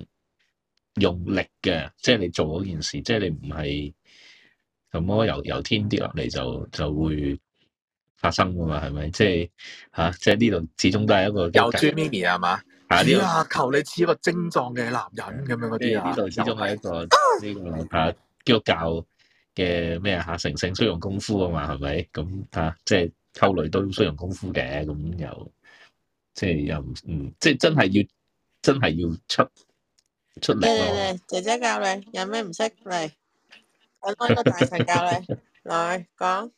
用力嘅，即係你做嗰件事，即係你唔係什麼由由天跌落嚟就就會發生噶嘛？係咪？即係嚇、啊，即係呢度始終都係一個。又追 Mimi 啊嘛！啊！呢下求你似一個精壯嘅男人咁樣嗰啲啊，呢度始終係一個呢個吓基督教嘅咩啊？成聖需要用功夫啊嘛，係咪？咁吓即係溝女都需要用功夫嘅，咁又即係又唔唔，即係真係要真係要出出嚟。嚟嚟嚟，姐姐教你，有咩唔識嚟揾，多一個大神教你，嚟講。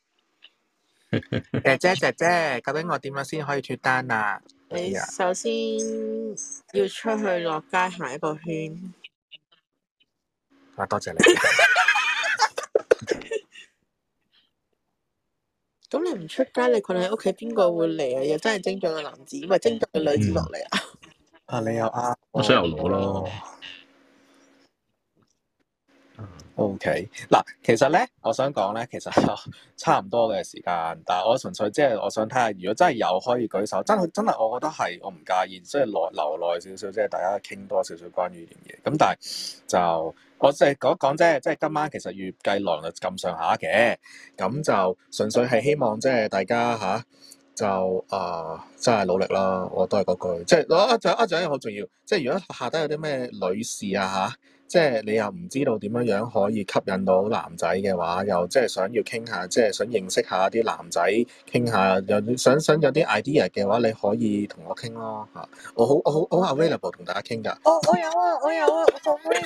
姐姐姐姐，究竟我點樣先可以脱單啊？你首先要出去落街行一個圈。啊，多謝你。咁你唔出街，你困喺屋企，邊個會嚟啊？又真係精壯嘅男子，唔係精壯嘅女子落嚟啊、嗯？啊，你又啱，我想又攞咯。O K 嗱，其實咧，我想講咧，其實差唔多嘅時間，但係我純粹即係我想睇下，如果真係有可以舉手，真係真係，我覺得係我唔介意，即係耐留耐少少，即係大家傾多少少關於呢樣嘢。咁但係就我即係講一講啫，即係即係今晚其實預計狼就咁上下嘅，咁就純粹係希望即係大家吓、啊，就啊，真係努力啦！我都係嗰句，即係啊啊啊！仲有好重要，即係如果下低有啲咩女士啊嚇。即係你又唔知道點樣樣可以吸引到男仔嘅話，又即係想要傾下，即係想認識下啲男仔傾下，又想想有啲 idea 嘅話，你可以同我傾咯嚇、哦。我好我好我係 available 同大家傾噶。我有、啊、我有啊，我有啊，我有。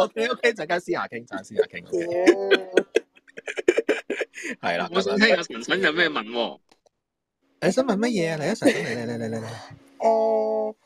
O K O K，陣間私下傾，陣間私下傾。係啦 ，okay、 我想聽阿神神有咩問、啊？你想問乜嘢啊？嚟啊，神神嚟嚟嚟嚟嚟嚟。我。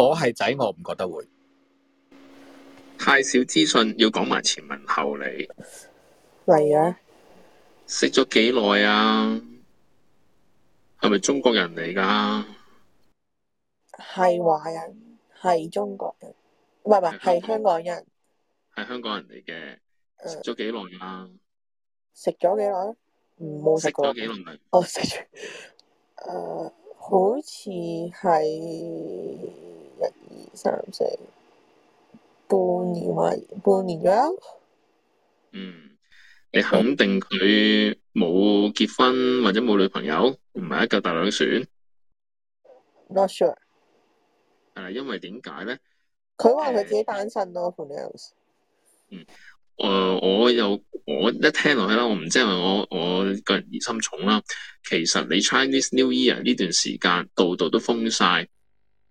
我係仔，我唔覺得會太少資訊，要講埋前文後理嚟的啊！食咗幾耐啊？係咪中國人嚟噶？係華人，係中國人，唔係唔係，係香港人，係香港人嚟嘅。食咗幾耐啊？食咗幾耐？冇食過幾耐？我食住，誒、哦 呃，好似係。一二三四，半年或半年咗。嗯，你肯定佢冇結婚或者冇女朋友，唔係一腳踏兩船？Not sure、啊。係啦，因為點解咧？佢話佢自己單身咯，朋友、呃。誰 else? 嗯，誒，我又我一聽落去啦，我唔知係咪我我個人疑心重啦。其實你 Chinese New Year 呢段時間度度都封晒。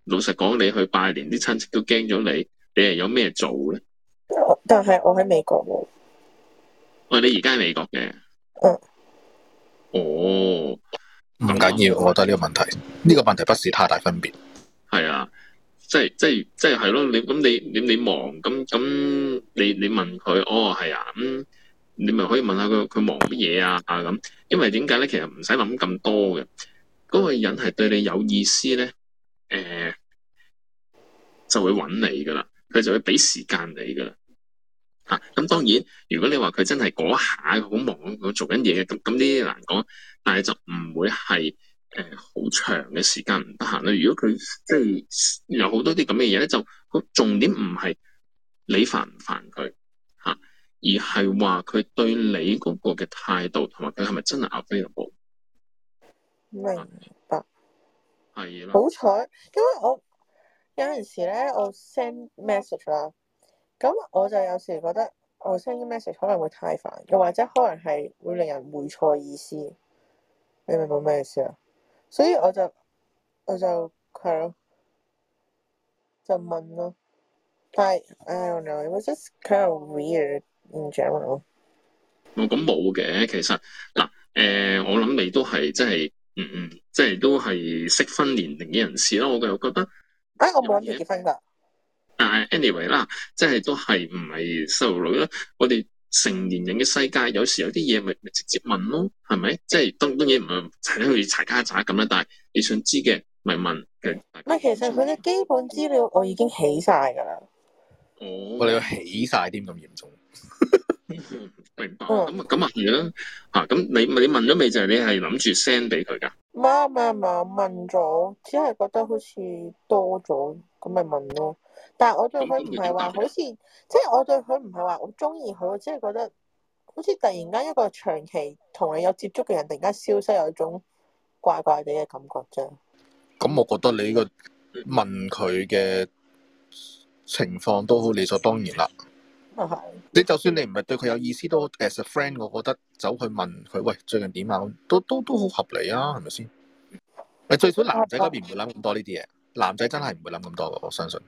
老實講，你去拜年啲親戚都驚咗你，你係有咩做咧？但係我喺美國喎。我話你而家喺美國嘅。哦哦，唔緊要，我覺得呢個問題，呢個問題不是太大分別。係啊，即係即係即係係咯。你咁你你你忙咁咁，你你問佢哦係啊咁、嗯，你咪可以問下佢佢忙乜嘢啊啊咁。因為點解咧？其實唔使諗咁多嘅，嗰個人係對你有意思咧。誒、欸，就會揾你噶啦，佢就會俾時間你噶啦。吓、啊，咁當然，如果你話佢真係嗰下好忙，佢做緊嘢咁，咁呢啲難講。但係就唔會係誒好長嘅時間唔得閒啦。如果佢即係有好多啲咁嘅嘢咧，就好、是、重點唔係你煩唔煩佢吓、啊，而係話佢對你嗰個嘅態度，同埋佢係咪真係 available？明白。 嗯嗯、好彩，因為我有陣時咧，我 send message 啦，咁我就有時覺得我 send message 可能會太煩，又或者可能係會令人回錯意思。你明唔白咩意思啊？所以我就我就係就，就問咯。但係 I I don't know. It was just kind of weird in general. 咁冇嘅，其實嗱，誒、呃，我諗你都係即係。嗯嗯，即係都係適婚年齡嘅人士啦，我我覺得，哎、欸，我冇諗住結婚噶。但係 anyway 啦，即係都係唔係細路女啦。我哋成年人嘅世界，有時有啲嘢咪咪直接問咯，係咪？即係當當然唔係去查家宅咁啦，但係你想知嘅咪問。唔、就、係、是，其實佢嘅基本資料我已經起晒噶啦。哦，我哋要起晒啲咁嚴重。 明白，咁啊咁啊係啦，吓，咁你咪你問咗未？就係你係諗住 send 俾佢噶？冇，冇，冇。係，問咗，只係覺得好似多咗，咁咪問咯。但係我對佢唔係話好似，即係我對佢唔係話好中意佢，我只係覺得好似突然間一個長期同你有接觸嘅人突然間消失，有一種怪怪地嘅感覺啫。咁我覺得你呢個問佢嘅情況都好理所當然啦。你就算你唔係對佢有意思都，as a friend，我覺得走去問佢喂，最近點啊，都都都好合理啊，係咪先？誒，最少男仔嗰邊唔會諗咁多呢啲嘢，男仔真係唔會諗咁多噶，我相信。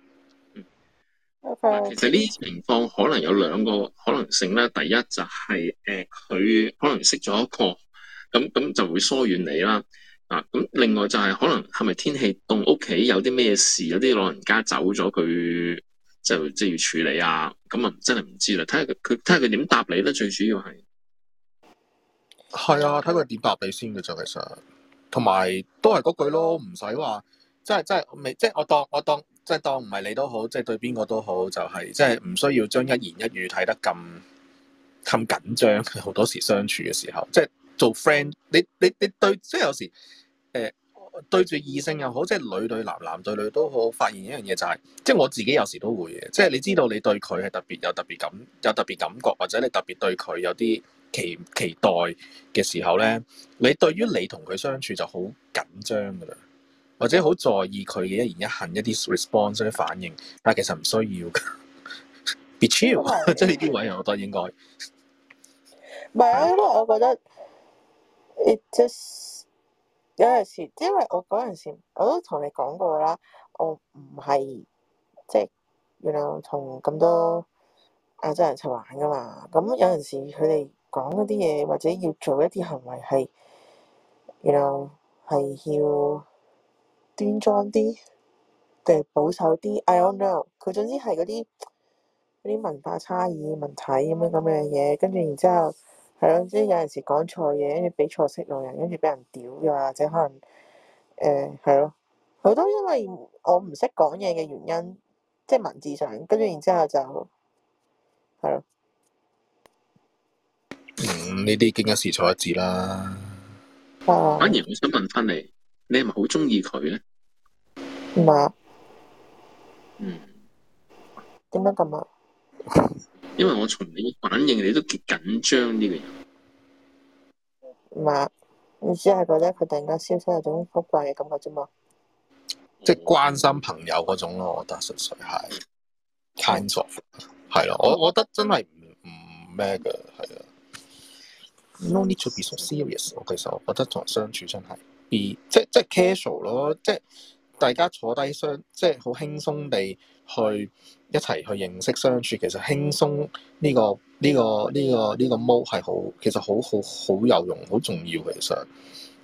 Okay. 其實呢啲情況可能有兩個可能性咧，第一就係誒佢可能識咗一個，咁咁就會疏遠你啦。啊，咁另外就係可能係咪天氣凍，屋企有啲咩事，有啲老人家走咗佢。就即係要處理啊，咁啊真係唔知啦，睇下佢佢睇下佢點答你咧，最主要係係啊，睇佢點答你先嘅就係，同埋都係嗰句咯，唔使話即係即係未即係我當我當即係當唔係你都好，即係對邊個都好，就係、是、即係唔需要將一言一語睇得咁咁緊張，好多時相處嘅時候，即係做 friend，你你你對即係有時。對住異性又好，即係女對男、男對女都好。發現一樣嘢就係、是，即係我自己有時都會嘅。即係你知道你對佢係特別有特別感、有特別感覺，或者你特別對佢有啲期期待嘅時候咧，你對於你同佢相處就好緊張㗎啦，或者好在意佢嘅一言一行、一啲 response、一啲反應。但其實唔需要嘅 ，be chill Okay. 即係呢啲位，我覺得應該。唔係啊，我覺得 it just 有陣時，因為我嗰陣時我都同你講過啦，我唔係即係，原來同咁多亞洲人一齊玩噶嘛。咁有陣時佢哋講嗰啲嘢，或者要做一啲行為係，原來係要端莊啲定係保守啲。I don't know。佢總之係嗰啲嗰啲文化差異問題咁樣咁樣嘢，跟住然之後。係咯，即係有陣時講錯嘢，跟住俾錯識路人，跟住俾人屌嘅，或者可能誒，係、呃、咯，佢都因為我唔識講嘢嘅原因，即係文字上，跟住然之後就係咯。嗯，呢啲經一事錯一字啦。哦、嗯。反而我想問翻你，你係咪好中意佢咧？唔係。嗯。點解咁啊？ 因為我從你嘅反應，你都幾緊張呢個人。唔係、嗯，你只係覺得佢突然間消失有種好怪嘅感覺啫嘛。即係關心朋友嗰種咯，我覺得純粹係 kind of，嗯。kind 係咯，我我覺得真係唔唔咩嘅，係啊。No need to be so serious。我其實我覺得同人相處真係 b 即係即係 casual 咯，即係大家坐低相即係好輕鬆地。去一齊去認識相處，其實輕鬆呢個呢個呢個呢個 mode 係好，其實好好好有用，好重要其實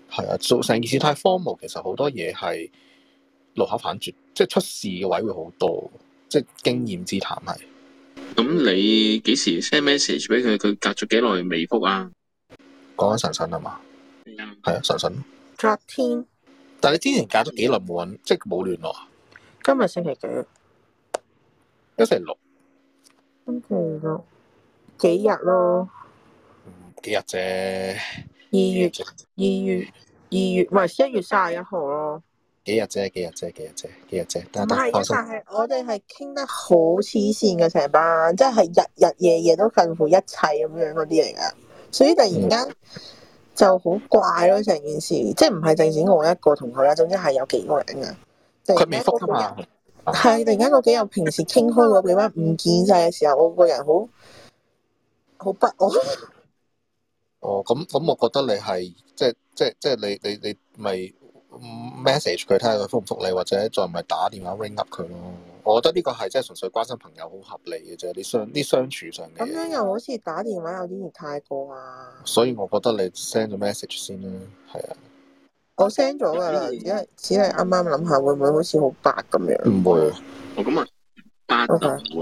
係啊。做成件事太荒謬，其實好多嘢係路口反轉，即係出事嘅位會好多，即係經驗之談係。咁你幾時 send message 俾佢？佢隔咗幾耐未覆啊？講緊神神啊嘛，係啊、嗯，係啊，神神。昨天，但係你之前隔咗幾耐冇即係冇聯絡。今日星期幾？星期六，星期六幾日咯？幾日啫？二月二月二月，唔係一月三十一號咯？幾日啫？幾日啫？幾日啫？幾日啫？但係，但係我哋係傾得好黐線嘅成班，即係日日夜夜都近乎一切咁樣嗰啲嚟噶，所以突然間就好怪咯，成、嗯、件事即係唔係淨止我一個同學啦，總之係有幾個人噶。佢未覆啊人。係，突然間我幾日平時傾開你話唔見晒嘅時候，我個人好好不我。哦，咁咁，我覺得你係即係即係即係你你你咪 message 佢睇下佢覆唔覆你，或者再唔係打電話 ring up 佢咯。我覺得呢個係即係純粹關心朋友，好合理嘅啫。你相啲相處上嘅。咁樣又好似打電話有啲唔太過啊。所以我覺得你 send 咗 message 先啦，係啊。我 send 咗噶啦，而家只係啱啱諗下，會唔會好似好白咁樣？唔會，我咁啊白唔會。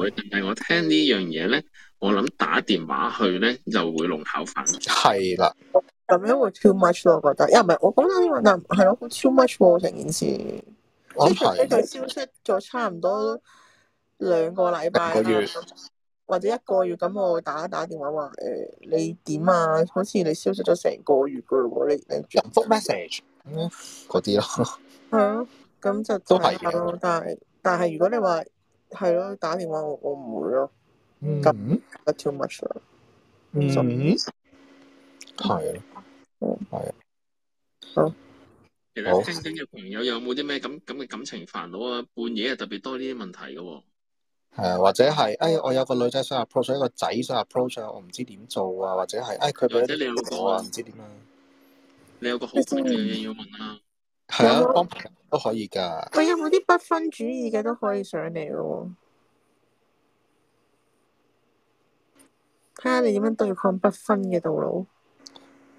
Okay. 但係我聽呢樣嘢咧，我諗打電話去咧，就會弄巧反拙。係啦的，咁樣會 too much 咯，我覺得。又唔係我講得呢個，係咯，too much 喎，成件事。我係。即係呢個消息咗差唔多兩個禮拜啦，或者一個月咁，我會打一打電話話，誒、呃，你點啊？好似你消失咗成個月噶咯喎，你？Instant message。嗰啲咯，係咯、嗯，咁就 都係咯。但係但係，如果你話係咯打電話我，我我唔會咯。咁，get too much 咯。嗯，係咯，係咯，嗯。好聽嘅朋友有冇啲咩咁咁嘅感情煩惱啊？半夜又特別多呢啲問題嘅。係啊，或者係哎，我有個女仔想 approach 一個仔想 approach 我唔知點做啊。或者係哎，佢唔係你老豆啊，唔知點啊。你有個好嘅嘢要問啦，係啊，幫朋友都可以噶。我有冇啲不分主義嘅都可以上嚟咯？睇下你點樣對抗不分嘅道路。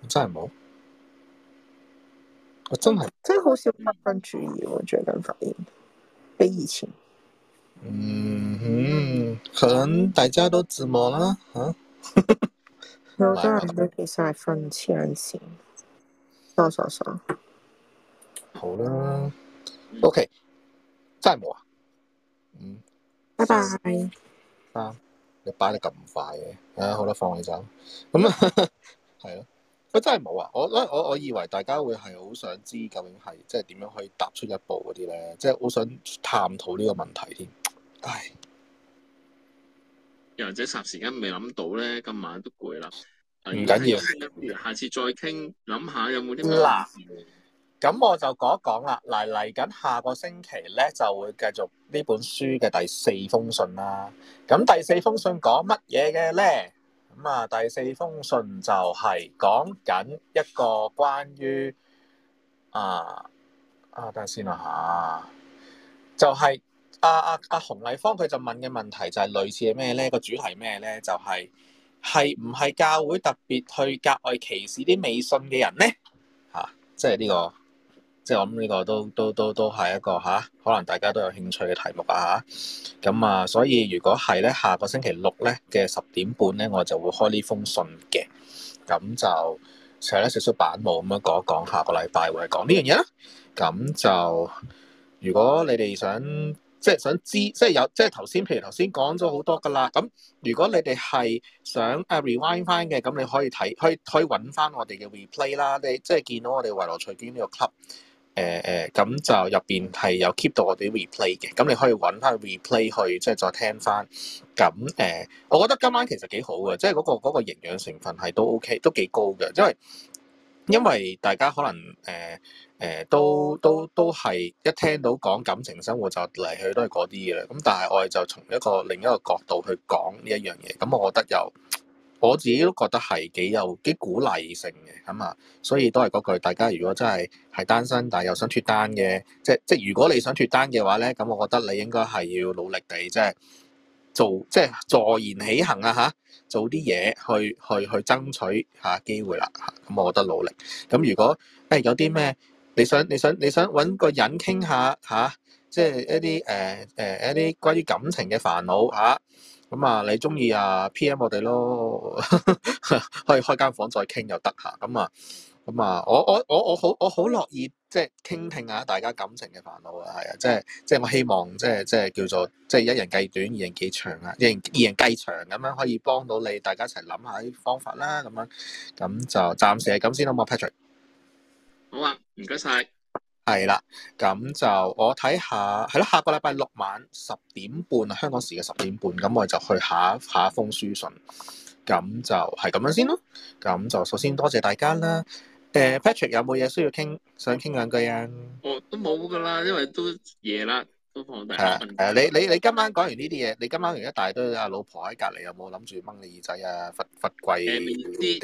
我真係冇，我真係真係好少不分主義。我最近發現，比以前。嗯，嗯可能大家都自摸啦，吓、啊。有 啲人其實係分黐卵傻傻傻，好啦，O K，真係冇啊，嗯，拜拜 bye，啊，你擺得咁快嘅，啊，啊，好啦，放你走，咁，嗯、 啊，係咯，我真係冇啊，我我我以為大家會係好想知究竟係即係點樣可以踏出一步嗰啲咧，即係好想探討呢個問題添，唉，又或者霎時間未諗到咧，今晚都攰啦。唔緊要，下次再傾，諗下有冇啲咩難。咁，嗯，我就講一講啦。嗱，嚟緊下，下個星期咧，就會繼續呢本書嘅第四封信啦。咁第四封信講乜嘢嘅咧？咁啊，第四封信就係講緊一個關於啊啊等下先啊吓，就係阿阿阿洪麗芳佢就問嘅問題就係類似係咩咧？個主題咩咧？就係、是。係唔係教會特別去格外歧視啲未信嘅人呢？嚇、啊，即係呢、這個，即係我諗呢個都都都都係一個吓、啊，可能大家都有興趣嘅題目啊！咁啊，所以如果係咧，下個星期六咧嘅十點半咧，我就會開呢封信嘅。咁就成日咧少少板模咁樣講一講，下個禮拜會講呢樣嘢啦。咁就如果你哋想，即係想知，即係有，即係頭先，譬如頭先講咗好多噶啦。咁如果你哋係想誒 rewind 翻嘅，咁你可以睇，可以可以揾翻我哋嘅 replay 啦。你即係見到我哋維羅隨見呢個 club 誒、呃、誒，咁就入邊係有 keep 到我哋 replay 嘅。咁你可以揾翻 replay 去，即係再聽翻。咁誒、呃，我覺得今晚其實幾好嘅，即係嗰、那個嗰、那個營養成分係都 OK，都幾高嘅，因為因為大家可能誒。呃誒都都都係一聽到講感情生活就嚟去都係嗰啲嘅啦。咁但係我哋就從一個另一個角度去講呢一樣嘢。咁我覺得又我自己都覺得係幾有幾鼓勵性嘅咁啊。所以都係嗰句，大家如果真係係單身，但係又想脫單嘅，即即，即如果你想脫單嘅話咧，咁我覺得你應該係要努力地即係做即係坐言起行啊吓，做啲嘢去去去，去爭取下機會啦。咁我覺得努力咁。如果誒、哎、有啲咩？你想你想你想揾個人傾下嚇，即係一啲誒誒一啲關於感情嘅煩惱嚇。咁啊，你中意啊 PM 我哋咯， 可以開間房再傾又得嚇。咁啊咁啊，啊，我我我我，我好我好樂意即係傾聽下大家感情嘅煩惱啊，係啊，即係即係我希望即係即係叫做即係一人計短，二人計長啊，一人二人計長，咁樣可以幫到你，大家一齊諗下啲方法啦。咁樣咁就暫時係咁先啦，我 Patrick。好啊，唔該晒。係啦，咁就我睇下，係啦，下個禮拜六晚十點半香港時嘅十點半，咁我就去下下封書信。咁就係咁樣先咯。咁就首先多謝，謝大家啦。誒、呃、，Patrick 有冇嘢需要傾？想傾兩句啊？哦，都冇噶啦，因為都夜啦，都放大家的、嗯、你你你今晚講完呢啲嘢，你今晚完一大堆啊，老婆喺隔籬有冇諗住掹你耳仔啊？罰罰跪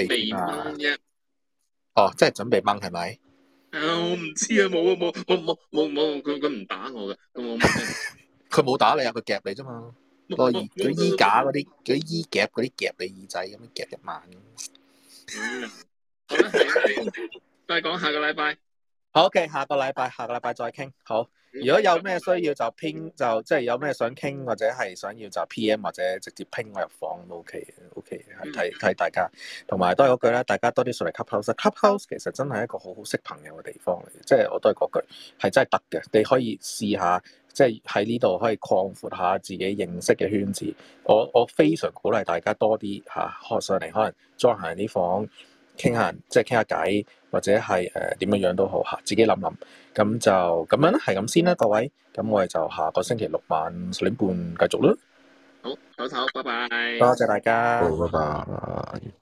地啊？哦、呃，呀 oh, 即係準備掹係咪？誒、 啊，我唔知啊，冇啊，冇，冇，冇，冇，佢佢唔打我嘅。我佢冇打你啊，佢夾你咋嘛，個耳，佢衣架嗰啲，佢衣夾嗰啲夾你耳仔，咁樣夾一晚。 好啦，再、okay, 講下個禮拜。好嘅，下個禮拜，下個禮拜再傾，好。如果有咩需要就拼，就即係有咩想傾或者係想要就 PM 或者直接拼我入房都 OK 嘅，OK 睇睇大家，同埋都係嗰句啦，大家多啲上嚟 clubhouse，clubhouse 其實真係一個好好識朋友嘅地方嚟，即係我都係嗰句係真係得嘅，你可以試下，即係喺呢度可以擴闊下自己認識嘅圈子。我我非常鼓勵大家多啲吓、啊，學上嚟可能裝下啲房。傾下，即係傾下偈，或者係誒點樣樣都好嚇，自己諗諗，咁就咁樣啦，係咁先啦，各位，咁我哋就下個星期六晚十點半繼續啦。好，好，好，拜拜。多謝大家，拜拜。